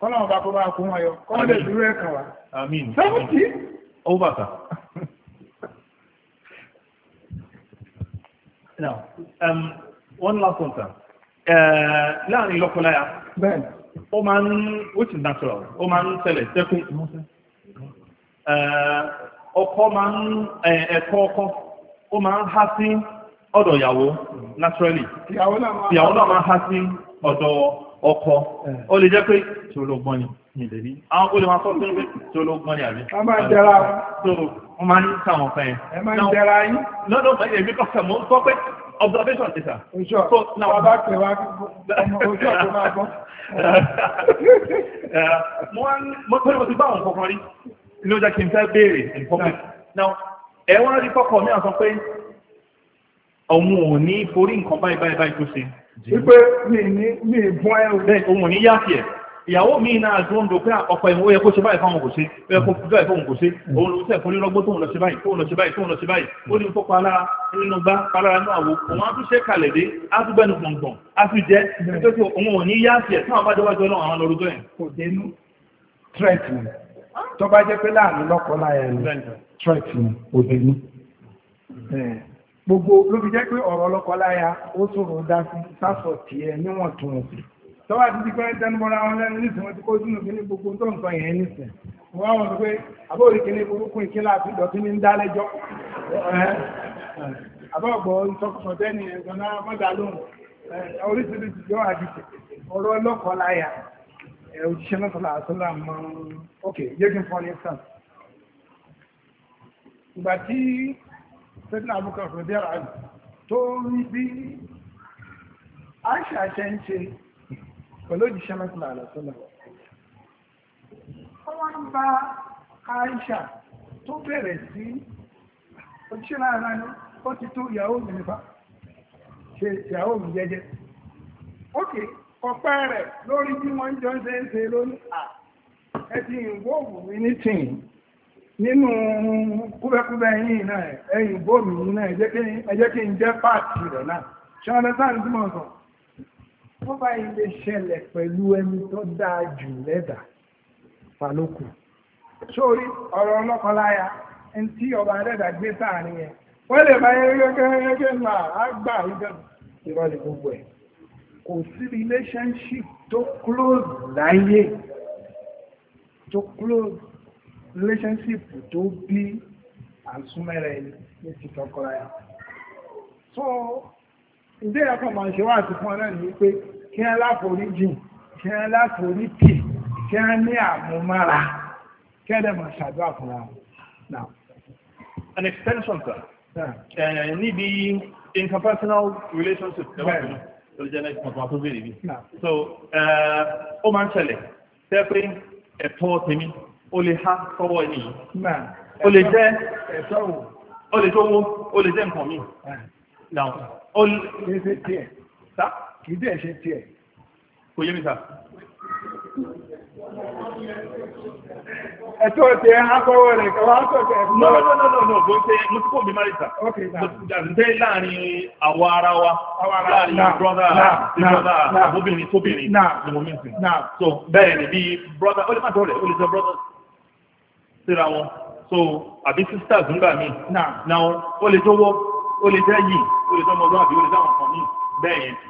ọba kó bá kún um, one last one uh, láàrin ó máa ń which is natural ó máa ń tẹ̀lẹ̀ tẹ́kùn ọkọ máa ń ẹ̀kọ́ ọkọ ó máa ń há sí ọ̀dọ̀ ìyàwó naturally ìyàwó náà máa ń há sí ọ̀dọ̀ ọkọ ó lè jẹ́ pé tí ó ni ìlérí àwọn olè máa sọ́dún pé tí ó ló àrí. wọ́n máa ń sáwọn fẹ́ ẹ máa ń jẹra yín. lọ́dọ̀ observation ti sà. so now ọba pè wá ojú ọ̀dọ́ máa gbọ́. [LAUGHS] Uh, mo wá mo pẹ́lú mo ti bá àwọn kankan rí ló jẹ́ kí n fẹ́ béèrè in public. now ẹ wọ́n rí kọ́kọ́ mi àwọn pé òun ò ní forí nǹkan báyìí báyìí báyìí tó ṣe. wípé mi ní mi ìbọn ẹ o. bẹ́ẹ̀ òun ò ní yáàfì ẹ̀ ìyàwó mi náà tó ń do pé ọkọ̀ ìwọ̀n yẹ kó ṣe báyìí fáwọn kò ṣe yẹ kó báyìí fóun kò ṣe òun ló tẹ̀ fún nílọ́gbọ́n tóun lọ ṣe báyìí tóun lọ ṣe báyìí tóun lọ ṣe báyìí ó ní kó palára nínú bá palára náà wò òun á tún ṣe kalẹ̀ dé á tún bẹ́nu gbọ̀ngbọ̀n á tún jẹ́ pé kí òun ò ní yá sí ẹ̀ táwọn bá jẹ́ wájú ọlọ́run àwọn lọ́rùjọ́ yẹn. kò dénú threat ni tó bá jẹ́ pé láàrin lọ́kọ láyà ni threat ni kò dénú. gbogbo ló fi jẹ́ pé ọ̀rọ̀ lọ́kọ láyà ó ṣòro tọ́wọ́ àti ti pẹ́ẹ́ tẹnu bọ́ra wọn lẹ́nu nísìnyí wọn ti kó sínú kíní gbogbo tó nǹkan yẹn nísìnyí wọ́n wọ́n sọ pé àbórí kíní burúkú ìkílá àti ìdọ̀tí ní ń dá lẹ́jọ́ àbọ̀gbọ̀ ìtọ́kùsọ̀ tẹ́ni ẹ̀gbọ́n mọ́dà lóhùn oríṣiríṣi yọ àdìsẹ̀ ọ̀rọ̀ ọlọ́kọ̀ láyà òṣìṣẹ́ mọ́sálà àṣọlá mọ́ ok yé kí n fọ́ ní sàn. ìgbà tí sẹ́tìlá abúkọ̀ fún díẹ̀ rà tó rí bí àṣà ṣe ń ṣe pẹ̀lú òjíṣẹ́ mẹ́sìlá àlọ́sọ́lá ó wá ń bá Aisha tó bẹ̀rẹ̀ sí òjíṣẹ́ lára ní ó ti tó ìyàwó mi nípa ṣe ìyàwó mi jẹ́jẹ́ ókè ọ̀pẹ́ rẹ̀ lórí bí wọ́n jọ ń ṣe ń ṣe lónìí à ẹ ti ìwọ́ọ̀bù mi ní tìǹ nínú kúbẹ́kúbẹ́ yìí náà ẹ̀yìn bóòmù yìí náà ẹ jẹ́ kí n jẹ́ páàtì rẹ̀ náà ṣé wọn sáà ní tí mo tó bá ilé ṣẹlẹ̀ pẹ̀lú ẹni tó dáa jù lẹ́dà falókù sórí ọ̀rọ̀ ọlọ́kọláya ẹni tí ọba lẹ́dà gbé sáàrin yẹn wọ́n lè bá yẹ́gẹ́gẹ́gẹ́ náà á gbà ìjọba ìrọ̀lẹ̀ gbogbo ẹ̀ kò sí relationship tó close láyé tó close relationship tó bí àsúnmẹ́rẹ̀ ní ti tọkọláya so ìdí ẹ̀kọ́ màá ṣe wá àti fún ọ náà ní pé kí wọ́n láforíjìn kí wọ́n láforítì kí wọ́n ní àmúmára kí wọ́n dẹ̀mọ̀ ṣàdúrà fún wa. an extension sir eh, níbi interpersonal relationship so eh, ó máa ń ṣẹlẹ̀ tẹ́ pé ẹ̀tọ́ tèmi ó lè há sọ́wọ́ ẹni yìí ó lè jẹ́ ẹ̀tọ́ wò ó lè tó wó ó lè jẹ́ nǹkan míì. now ó lè ṣe tiẹ̀. kì í dẹ̀ ṣe kò yé akọ́wọ́ rẹ̀ so àbí sisters náà lè lè jẹ́ yìí lè ọdún àbí lè kan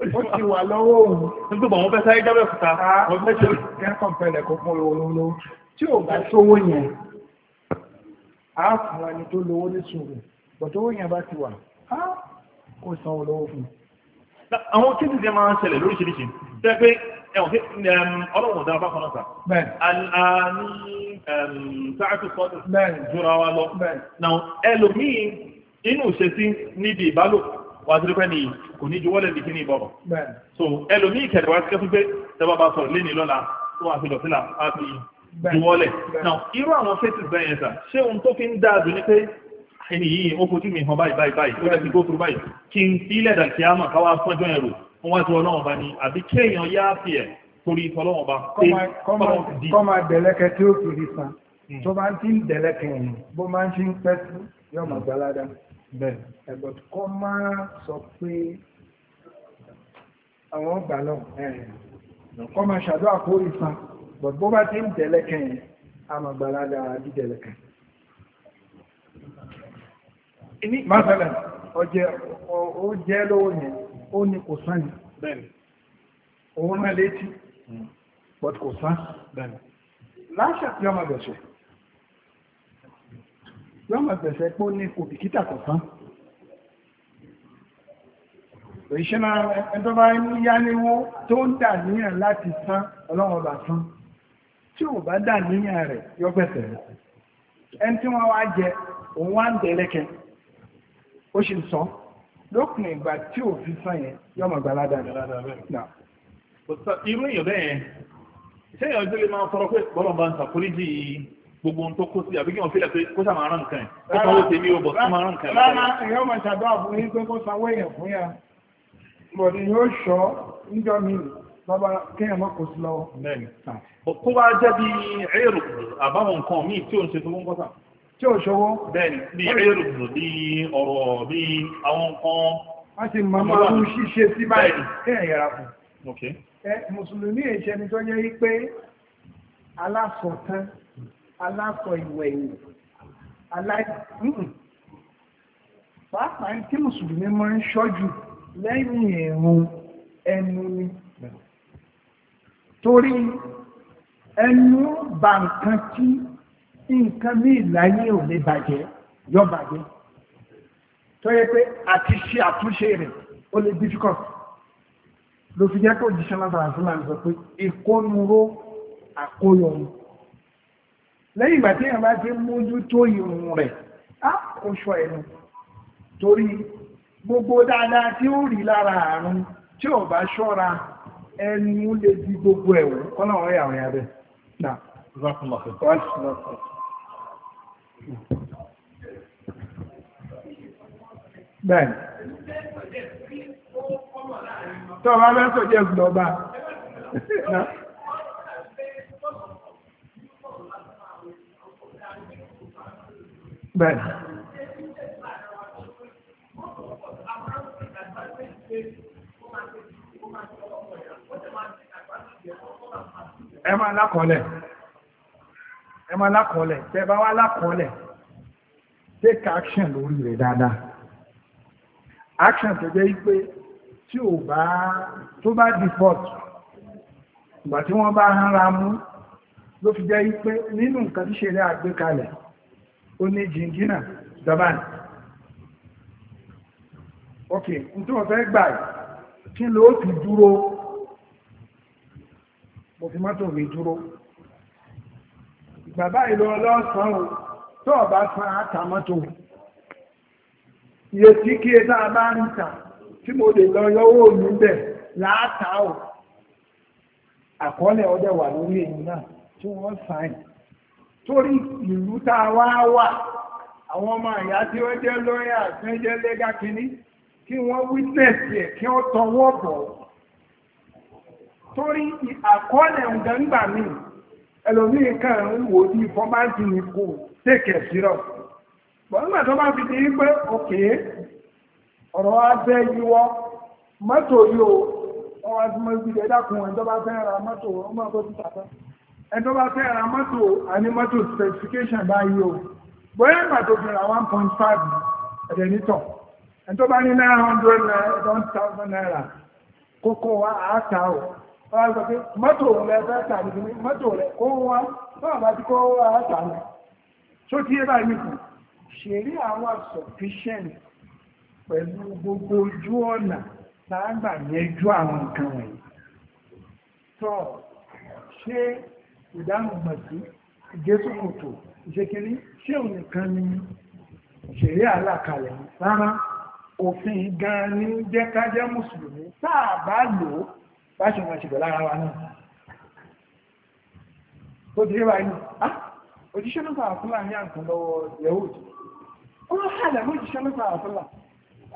ó ti wà lọ́wọ́ òun. nígbà wọn fẹ́ sáré dábẹ́ fúta wọn fẹ́ ṣe kẹ́kọ̀ọ́ pẹ̀lẹ́ kó fún lówó lówó tí ò bá sówó yẹn á fún ẹni tó lówó ní sùúrù bọ̀tówó yẹn bá ti wà á kó san owó lówó fún un. àwọn kí nìyẹn máa ń ṣẹlẹ̀ lóríṣiríṣi tẹ́ pé ọlọ́run ọ̀dà bákan náà sà. àní sáàtù sọ́dọ̀ jura wa lọ wà á ti pẹ́ ní kò ní juwọ́lẹ̀ ní kíní ìbọ̀rọ̀ so ẹlòmíì kẹ̀lẹ̀ wá kẹ́kọ́ pé tẹ́wọ́ bá sọ̀rọ̀ lé ní lọ́la tó wà á fi lọ sílà á fi juwọ́lẹ̀ now irú àwọn faces bẹ́ẹ̀ yẹn sà ṣé ohun tó fi ń dáa dùn ní pé ẹni yìí ó fojú mi hàn báyìí báyìí báyìí ó lẹ́sìn gófúrú báyìí kí n sí ilẹ̀ dàkí àmà káwá sọ́jọ́ ẹ̀rù wọ́n wá ju ọlọ́wọ́n bá ní àbí kéèyàn yá fi ẹ̀ torí ìtọ́lọ́wọ́n bá pé kọ́ máa dẹ̀lẹ́kẹ́ tí ó torí san hmm. tó máa ń tí ń dẹ̀lẹ́kẹ́ yìí bó máa ń ṣe ń pẹ́ sí yọ̀mọ̀ gbáládá ẹ̀gbọ́n eh, kọ́ máa sọ pé àwọn ọgbà náà eh, kọ́ máa ṣàdúrà kó ìfà bọ̀ bó bá ti ń tẹ̀lẹ́kẹ̀ yẹn a máa gbàládà dídẹ̀lẹ́kẹ̀. ní mọ́sálẹ̀ ọjẹ́ ó jẹ́ lówó yẹn ó ní kò sán yìí òun náà létí hmm. but kò sán láṣà tí ọmọ bẹ̀ṣẹ̀ yọ́ mọ̀ bẹ̀sẹ̀ pé ó ní òbìkítà kọ̀ọ̀kan òṣìṣẹ́ máa ẹjọ́ bá ń yáléwó tó ń dà níyàn láti san ọlọ́run ọba san tí ò bá dà níyàn rẹ̀ yọ bẹ̀sẹ̀ rẹ̀ ẹni tí wọ́n wá jẹ òun wá ń dẹ̀lẹ́kẹ ó sì sọ lópin ìgbà tí ò fi san yẹn yọ mọ̀ gbà ládàá rẹ̀. irú èèyàn bẹ́ẹ̀ ṣé èèyàn délé máa ń fọ́rọ́ pé bọ́lọ̀ bá ń sàkóríjì gbogbo ohun tó kó sí àbí kí wọ́n fílẹ̀ pé kó sàmà rán nǹkan ẹ̀ kó sanwó tèmi ò bọ̀ sàmà rán nǹkan ẹ̀. rárá èèyàn máa ṣàdúrà fún yín pé kó sanwó èèyàn fún yà bọ̀dé yóò ṣọ́ níjọ́ mi bàbá kéèyàn má kó sí lọ́wọ́. bẹ́ẹ̀ni kó bá jẹ́ bí ẹ̀rù àbáwọn nǹkan míì tí ò ń ṣe tó ń kọ́sà. tí ò ṣòwò. bẹ́ẹ̀ni bí ẹ̀rù bí ọ̀rọ̀ bí àwọn nǹkan. wọ́n ti mọ máa ń ṣiṣẹ́ sí báyìí kéèyàn yẹra fún. mùsùlùmí ìṣẹ́ni alákọ̀ ìwẹ̀ ìwẹ̀ aláìkùnkùn pàápàá tí mùsùlùmí máa ń ṣọ́jú lẹ́yìn ẹ̀rùn ẹnu ni torí ẹnu bà nǹkan tí nǹkan ní ìláyé ò lè bàjẹ́ yọ bàjẹ́ tó yẹ pé àti ṣe àtúnṣe rẹ̀ ó lè difficult ló jẹ́ kó jíṣẹ́ lábàrá fúlàní sọ pé ìkónuró àkóyọrùn lẹ́yìn ìgbà tí èèyàn bá ti mójú tó irun rẹ̀ á kò sọ ẹnu torí gbogbo dáadáa tí ó rí lára àrùn tí ò bá ṣọ́ra ẹnu lè di gbogbo ẹ̀wù kọ́nà ọ̀rẹ́ àwọn ẹ̀yà rẹ̀ Bẹ́ẹ̀ni. Tọ́ba mẹ́sàn-án jẹ́ gbọ́ba. bẹ́ẹ̀ ẹ máa lákọọ́lẹ̀ ẹ máa lákọọ́lẹ̀ tẹ́ bá wá lákọọ́lẹ̀ take action lórí rẹ̀ dáadáa action tó jẹ́ pé tí ò bá tó bá default ìgbà tí wọ́n bá ń ra mú ló fi jẹ́ pé nínú nǹkan tí ṣe rẹ̀ àgbékalẹ̀ ó ní jìngínà zaman ok tí wọ́n fẹ́ gbà kí ló ti dúró mo fi mọ́tò dúró bàbá ìlú o tó ọba san átàmọ́tò iye tí kí ẹ náà bá ń tà tí mo lè lọ yọwọ́ mi bẹ̀ láàtà o àkọọ́lẹ̀ ọdẹ wà lórí èyí náà tí wọ́n torí ìlú tá a wá wà àwọn ọmọ àyà tí wọ́n jẹ́ lọ́yà tí wọ́n jẹ́ lẹ́gà kí wọ́n wítẹ̀sì ẹ̀ kí wọ́n tọwọ́ bọ̀ torí àkọọ́lẹ̀ ǹgbàǹgbà mi ẹlòmíì kan wò ní kò tẹ̀kẹ̀ sírọ̀ gbọ́ngbà tó bá fi òkè mọ́tò yóò bá ẹ̀tọ́ bá fẹ́ ra mọ́tò àní mọ́tò specification bá yíò bóyá ìgbà tó fi ra 1.5 ẹ̀dẹ̀ nítọ̀ ẹ̀tọ́ bá ní 900 naira kókó wa àátà ò wọ́n sọ pé mọ́tò rẹ̀ fẹ́ tàbí kí mọ́tò rẹ̀ kó wá náà bá ti kó wá àátà rẹ̀ tó tí ẹ bá yìí sufficient pẹ̀lú gbogbo ojú ọ̀nà láàgbà yẹjú àwọn nǹkan wọ̀nyí. Ṣé ìdáhùn gbàtí ìgésùkòtò ìṣekiri ṣé òun nìkan ni ṣeré àlàkalẹ̀ rárá òfin gan ní jẹ́ ká jẹ́ mùsùlùmí sáà bá lò ó bá ṣe wọn ṣègbè lára wa náà tó ti rí wa inú òjíṣẹ́ mẹ́fà àfúlà ní àǹkan lọ́wọ́ yahoo ó lọ́ hàlẹ̀ mọ́ òjíṣẹ́ mẹ́fà àfúlà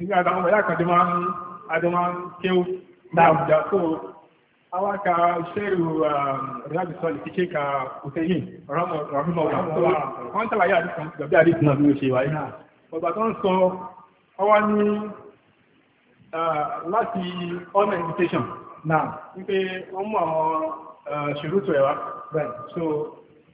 ìgbà àtàwọn ọmọ ìyákan dẹmọ́ adẹmọ́ kéwú láàbùjá tó awáka ṣẹ́rù rẹ́bì sọ́lì kíké ka òtẹ́yìn um, uh, rọ́mọ̀ wọ́n tàbí àdìsàn gbàbí àdìsàn náà bí ó ṣe wáyé ọgbà tó ń sọ ọwá ní uh, láti ọmọ invitation náà wípé wọ́n mú àwọn uh, ṣùrùtù ẹ̀wà so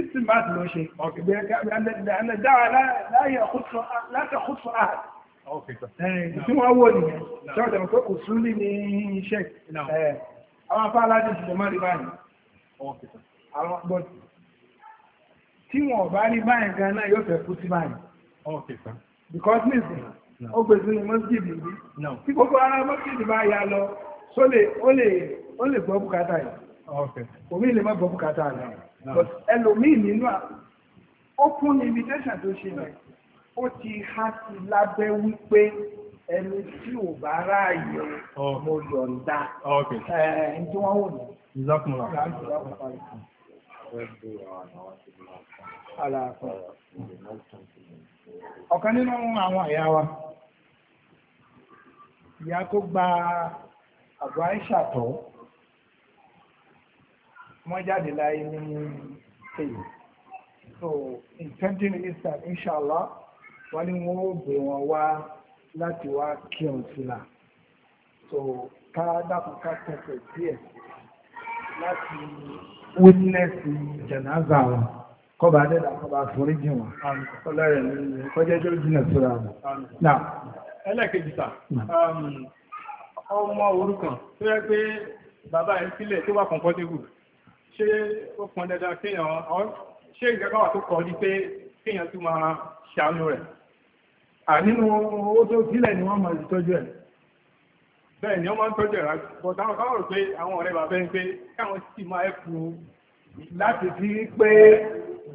istinbat ló ṣe ọ̀kẹ̀gbẹ̀ dáwà láyé látàkùtù لا tí wọ́n wò ní ṣọ́ọ̀tẹ̀ pé kò sún lè ní iṣẹ́ àwọn afá alájẹ́ ìṣẹ̀lẹ̀ mọ́ rí báyìí àwọn bọ́ọ̀tì tí wọ́n bá rí báyìí gan náà yóò fẹ́ kú sí báyìí because nísìn ó gbèsè ní mọ́sídìí bí tí gbogbo ara mọ́sídìí bá yá lọ ó lè gbọ́ bùkátà yìí òmí lè má gbọ́ bùkátà yìí but ẹlòmíì nínú open invitation tó ṣe yẹn ó ti há sí lábẹ́ wípé ẹni tí ò bá ráàyè mo yọ̀ǹda ẹni tí wọ́n wò ní. ìlọ́kùnrin ọ̀kan nínú àwọn ẹ̀yà wa ìyá tó gba àbọ̀ àìṣàtọ̀ wọ́n jáde láyé ní èyí so in twenty minutes time inshallah wọ́n ní wọ́n ó gbé wọn wá láti wá kí ọ̀n sílá so ká dákun ká tẹ̀sẹ̀ díẹ̀ láti witness jẹ̀nàzà wọn kọba adẹ́dà kọba àforíjì wọn ọlọ́rẹ̀ kọjẹ́jọ́ jìnà síra wọn. ẹlẹ́kejì sà ọmọ òrukàn tó yẹ pé bàbá ẹ̀ sílẹ̀ tó wà comfortable ṣé ó pọn dandan kéèyàn ṣé ìjọba wà tó kọ́ ní pé kéèyàn tún máa ṣàánú rẹ̀ ànínú owó tó sílẹ̀ ni wọ́n máa tọ́jú ẹ̀ bẹ́ẹ̀ ni wọ́n máa ń tọ́jú ẹ̀ bọ̀dá àwọn káwọn rò pé àwọn ọ̀rẹ́ bàbá ń pé káwọn sì máa ẹ̀ fún láti fi pé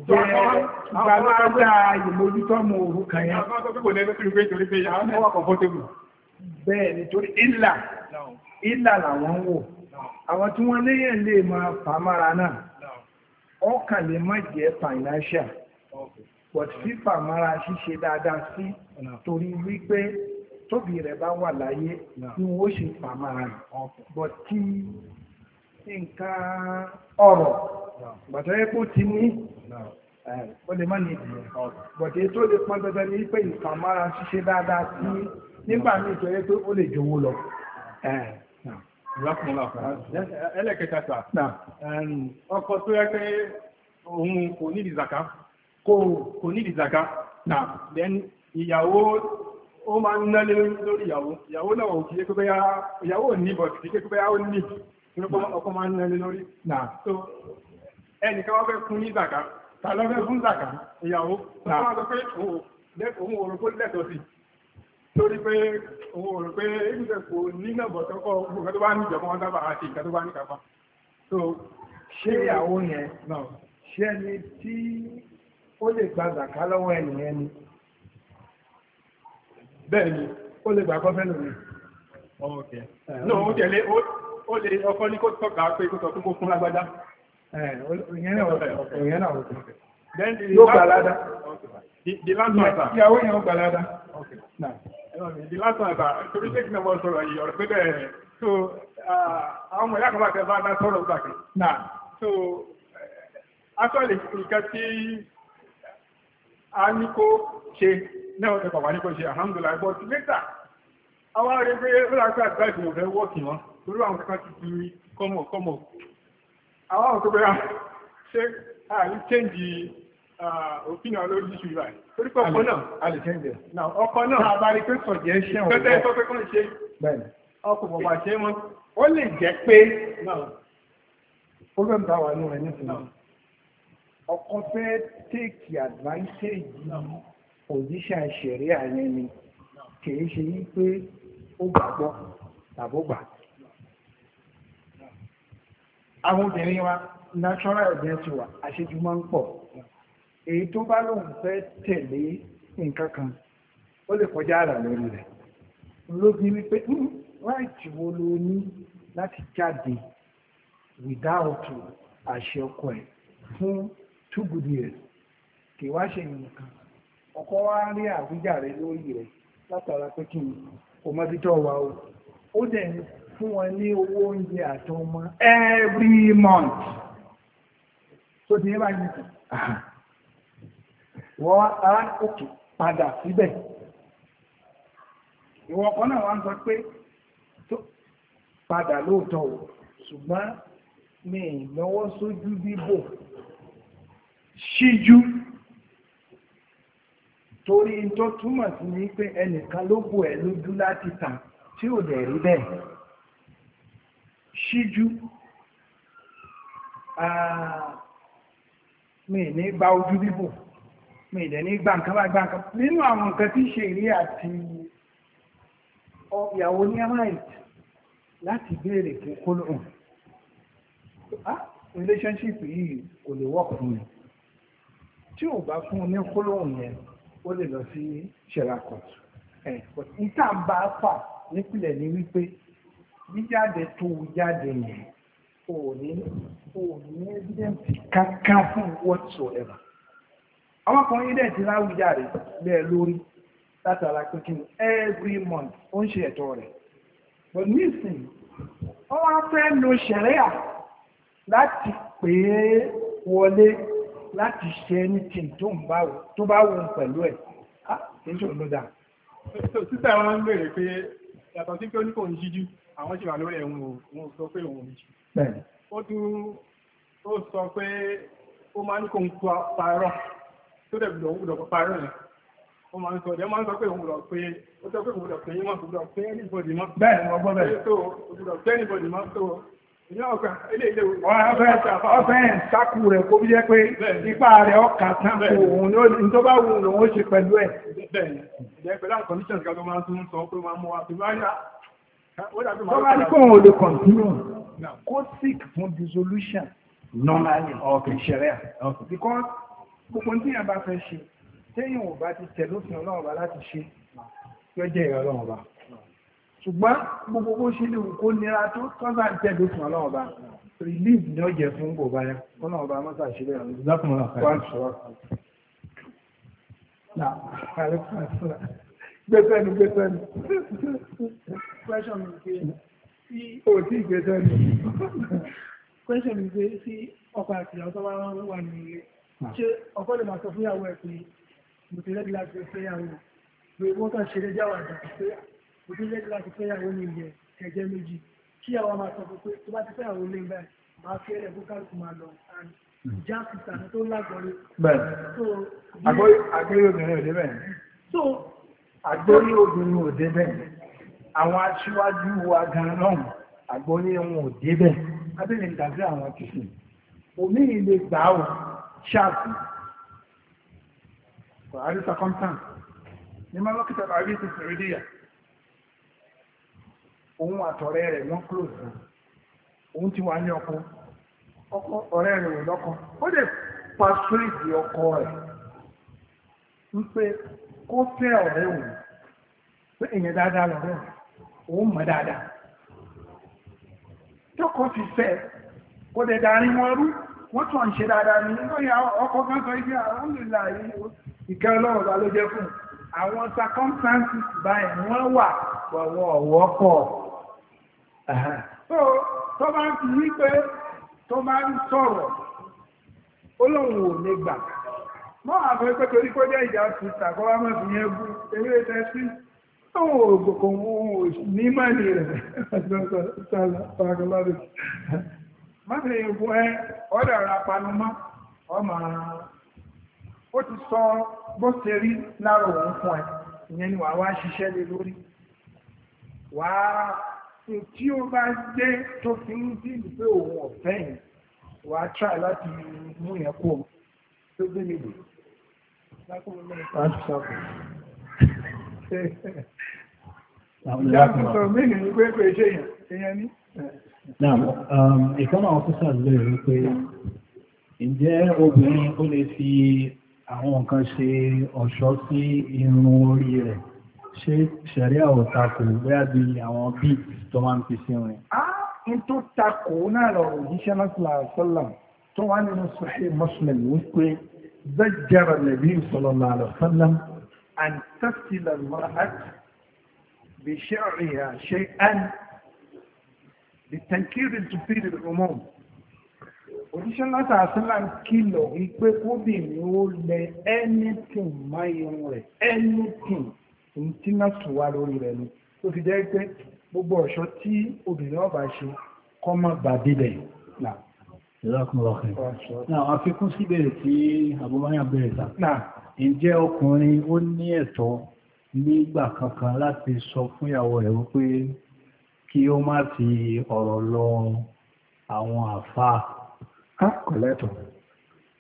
Ìgbàlágbà ìmójútọ́ mọ̀ òru àwọn tí wọ́n léyẹ̀ lè máa fàmára náà ọkàn lè má jẹ́ financial but fífà mára ṣíṣe dáadáa sí torí wípé tóbi rẹ̀ bá wà láyé ni wọ́n ṣe fàmára but kí nǹkan ọ̀rọ̀ bàtà epo ti ní ó lè má ní ìdílé but èyí tó lè pọn dandan ní pé ìfàmára ṣíṣe dáadáa sí nígbà míì tó yẹ pé ó lè jowó lọ ẹlẹ́kẹtàtà ọkọ tó yẹ pé òun kò nídìí zaka kò nídìí zaka náà then ìyàwó ó máa ń ná lórí ìyàwó ìyàwó náà ò kìí pé ìyàwó ní bọ̀ kìí pé ó ní ọkọ máa ń ná lórí náà so ẹnìkan wọ́n fẹ́ fún ní zaka ta ló fẹ́ fún zaka ìyàwó tó máa sọ pé òun òrùkó lẹ́tọ̀ọ́ sí i torí pé òun rò pé ìgbésẹ̀ kò nígbàgbọ́ tọ́kọ́ gbogbo tó bá ní ìjọba wọn sábà àti ìkà tó bá ní kàfà. so ṣé ìyàwó yẹn ṣé ẹni tí ó lè gba zàká lọ́wọ́ ẹnìyẹn ni bẹ́ẹ̀ ni ó lè gbà kọ́ fẹ́ lómi. ok no ó tẹ̀lé ó lè ọkọ ní kó tọ́ka pé kó sọ fún kó fún lágbádá. ìyẹn náà ìyẹn náà ó tẹ̀lé. yóò gbà ládá. ìyàwó yẹn ó gbà ládá. ok now ìdí lásán àbá torí pé kí ni mo sọ̀rọ̀ yìí ọ̀rọ̀ pé bẹ́ẹ̀ so uh, àwọn ọmọ ìyá kan bá fẹ́ bá dá sọ̀rọ̀ gbàgbé náà so uh, actually nǹkan tí a ní kó ṣe náà ọ̀sẹ̀ bàbá ní kó ṣe alhamdulillah but later àwọn arẹ pé ó rà pé àgbà ìgbìmọ̀ fẹ́ wọ́ọ̀kì wọn torí àwọn kankan ti di kọ́mọ̀ kọ́mọ̀ àwọn òkú bẹ́ẹ̀ ṣe àrí change Uh, òfin àwọn olórí ìṣù ìbáyìí torí pé ọkọ náà alìkẹ́ǹdẹ̀ náà ọkọ náà abárí pé suggestion ọ̀rẹ́ tẹ́tẹ́ sọ pé kọ́ ṣe ọkọ̀ bọ̀bà ṣe mọ́ ó lè jẹ́ pé ó lóun táwa ní rẹ̀ nísìnyí ọkọ fẹ́ take advantage position ṣẹ̀rí àyẹn ni kìí ṣe yí pé ó gbàgbọ́ tàbó gbà àwọn obìnrin wa natural ẹ̀jẹ̀ ti wà àṣejù máa ń pọ̀ èyí tó bá lóun fẹ́ tẹ̀lé nǹkan kan ó lè kọjá àrà lórí rẹ̀ lóbi wípé hmm, ráìtì wo ló ní láti jáde without àṣẹ ọkọ ẹ̀ fún two good years kì wá ṣe nǹkan ọkọ wa rí àwíjàre lórí rẹ̀ látara pé kí n kò mọ títọ́ wa o ó dẹ̀ fún wọn ní owó oúnjẹ àtọmọ every month tó ti ní bá wọ́n á òkè padà síbẹ̀ ìwọ ọkọ̀ náà wá ń sọ pé tó padà lóòótọ́ o ṣùgbọ́n mi ìnáwó sójú bíbò ṣíjú torí tó túmọ̀ sí ni pé ẹnìkan ló bò ẹ́ lójú láti tàn tí ò dẹ̀ rí bẹ́ẹ̀ ṣíjú mi ní bá ojú bíbò mi ìdẹ̀ ní gbàǹkan bá gbàǹkan nínú àwọn nǹkan tí ṣe ìrí àti ìyàwó ní amáìtì láti béèrè fún kólóhùn relationship yìí kò lè work fún mi tí ò bá fún ní kólóhùn yẹn ó lè lọ sí ṣẹlakọtù ẹ níta bá fà nípìnlẹ̀ ní wípé jíjáde tó jáde yẹn ò ní ò ní evidence kankan fún whatsoever àwọn kan yí dẹ̀ ti láwùjáre lẹ́ lórí látara pínpín every month ó ń ṣe ẹ̀tọ́ rẹ̀ but nísìn wọ́n wá fẹ́ lo ṣẹ̀ríà láti pè é wọlé láti ṣe anything tó ń bá tó bá wọn pẹ̀lú ẹ̀ kì í ṣe olódà. sísè wọn ń béèrè pé yàtọ̀ sí pé ó ní kò ń ṣíjú àwọn ṣì wà lórí ẹ̀hún òun sọ pé òun ò ní ṣíjú. ó tún ó sọ pé ó máa ń kó ń pa irọ́ tó dẹ̀ gbọ́dọ̀ òun gbọ́dọ̀ parọ́ yẹn ó máa ń sọ ọ̀dẹ́ máa ń sọ pé òun gbọ́dọ̀ pé ó sọ pé òun gbọ́dọ̀ pé yín mọ́ gbọ́dọ̀ pé anybody mọ́ bẹ́ẹ̀ ni wọ́n gbọ́ bẹ́ẹ̀ tó gbọ́dọ̀ pé anybody mọ́ tó ìyá ọ̀gá ilé ilé ọ̀fẹ́ ìtakù rẹ̀ kó bí jẹ́ pé ipá rẹ̀ ọkà tán kò òun tó bá wù lòun ó ṣe pẹ̀lú ẹ̀. bẹ́ẹ̀ni ìjẹ́ pẹ̀lú àwọn conditions kan tó máa ń tún sọ pé máa mú wa fi máa yá. tó bá ní kó òun lè continue kó seek fún dissolution normally of ìṣẹ̀rẹ̀ because gbogbo tí yàn bá fẹ́ ṣe téyàn ò bá ti tẹ̀lé òfin ọlọ́run ọba láti ṣe yóò jẹ́ ìrọ̀ ọlọ́run ọba ṣùgbọ́n gbogbo bó ṣe lè wù kó nira tó tọ́sà ń tẹ̀lé òfin ọlọ́run ọba relief ni ó jẹ fún kò bá yá ọlọ́run ọ̀rọ̀ o tí gbẹ́sẹ̀nu question mi ṣe ọkọ lè máa sọ fún ìyàwó ẹ̀ pé mo ti rẹ́dí láti fẹ́ ìyàwó pé wọ́n kàn ṣe rẹ́dí àwọn àjà pé mo ti rẹ́dí láti fẹ́ ìyàwó ní ilẹ̀ ẹ̀jẹ̀ méjì kí àwọn máa sọ pé tó bá ti fẹ́ ìyàwó lé báyìí máa fi ẹ̀rẹ̀ fún kálukú máa lọ hmm. ìjà kìtà tó àwọn aṣíwájú wa gan-an náà wọn ò dé abẹ́lẹ̀ ìdàgbé àwọn kìsìn òmíì lè gbà شافي وعريس قمتان لما close wọ́n tàn ń ṣe dáadáa ní lóyìn ọkọ̀ kan sọ ibi alhamdulillah ìkẹ́ ọlọ́run bá ló jẹ́ fún àwọn circumstances báyìí wọ́n wà pọ̀wọ́ ọ̀wọ́ pọ̀ tó bá ń fi wípé tó bá ń sọ̀rọ̀ olóhùn ò lè gbà mọ́ àwọn ẹgbẹ́ torí kó jẹ́ ìjà sí tàbí wá mọ́ sí yẹn bú eré tẹ́sí àwọn òògùn kò mú ní mọ́ ní rẹ̀ mọ́tò ìwọ ẹ ọ̀dọ̀ ara panumọ́ ọmọ ó ti sọ bó ṣe rí lára òun fún ẹ ìyẹn ni wàá wá ṣiṣẹ́ lé lórí wàá tí ó bá dé tó fi ń dìlù pé òun ọ̀fẹ́ yìí wàá try láti mú yẹn kó tó gbé mi lò lákòókò mẹ́rin ìgbésẹ̀ èèyàn ní. Now, um, ìkan àwọn tó sàlẹ̀ rẹ̀ pé ǹjẹ́ obìnrin ó lè fi àwọn nǹkan ṣe ọ̀ṣọ́ sí irun orí rẹ̀ ṣe ṣẹ̀rí àwọ̀ takò bóyá bí àwọn bíi tó máa ń fi sí rìn. Ah, n tó takò náà lọ òjíṣẹ́ náà sọ́lá tó wá nínú Sahih bìtẹ̀kìrì tó fi rè rọmọ òṣìṣẹ́ láti àṣìlá ń kìlọ̀ wípé kóbìnrin ó lẹ anything má irun rẹ̀ anything èyí tí náà tù wá lórí rẹ̀ ni ó fi jẹ́ pé gbogbo ọ̀ṣọ́ tí obìnrin ọba ṣe kọ́ mọ́ gbàdébẹ̀ náà. Ìlọ́kùnlọ́kùn. Náà, àfikún síbẹ̀rẹ̀ tí Abúmáyà bẹ̀rẹ̀ sá. Náà. Ǹjẹ́ ọkùnrin ó ní ẹ̀tọ́ nígbà kankan láti sọ fún ìyàwó rẹ̀ kí ó má fi ọ̀rọ̀ lọ àwọn àfáà á kọ̀ lẹ́tọ̀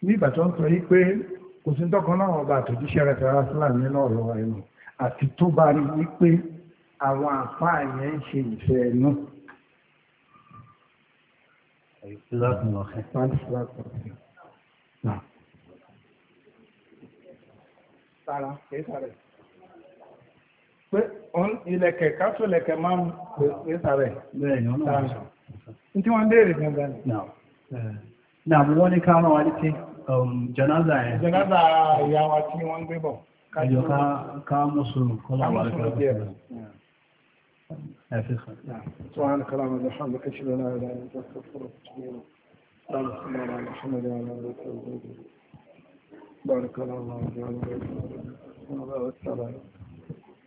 ní ìgbà tó ń sọ yí pé kò sí tọkàn náà ọba àtòjíṣẹ́ rẹ̀ tẹ̀ra sílà nínú ọ̀rọ̀ ẹnu àti tó bá rí i pé àwọn àfáà yẹn ń ṣe ìfẹ́ ẹnu. Sara, kìí sáré pé ilẹ̀kẹ̀ kásò lẹ̀kẹ̀ máa ń pè sàrẹ̀ tí wọ́n léèrè gangan náà eh, wọ́n ní ká máa wà ní tí jọ̀nàzà ẹ̀ jọ̀nàzà ìyá wa tí wọ́n gbé bọ̀ kájọ ká mọ́sùn kọ́lá wà لك بارك الله فيك وبارك الله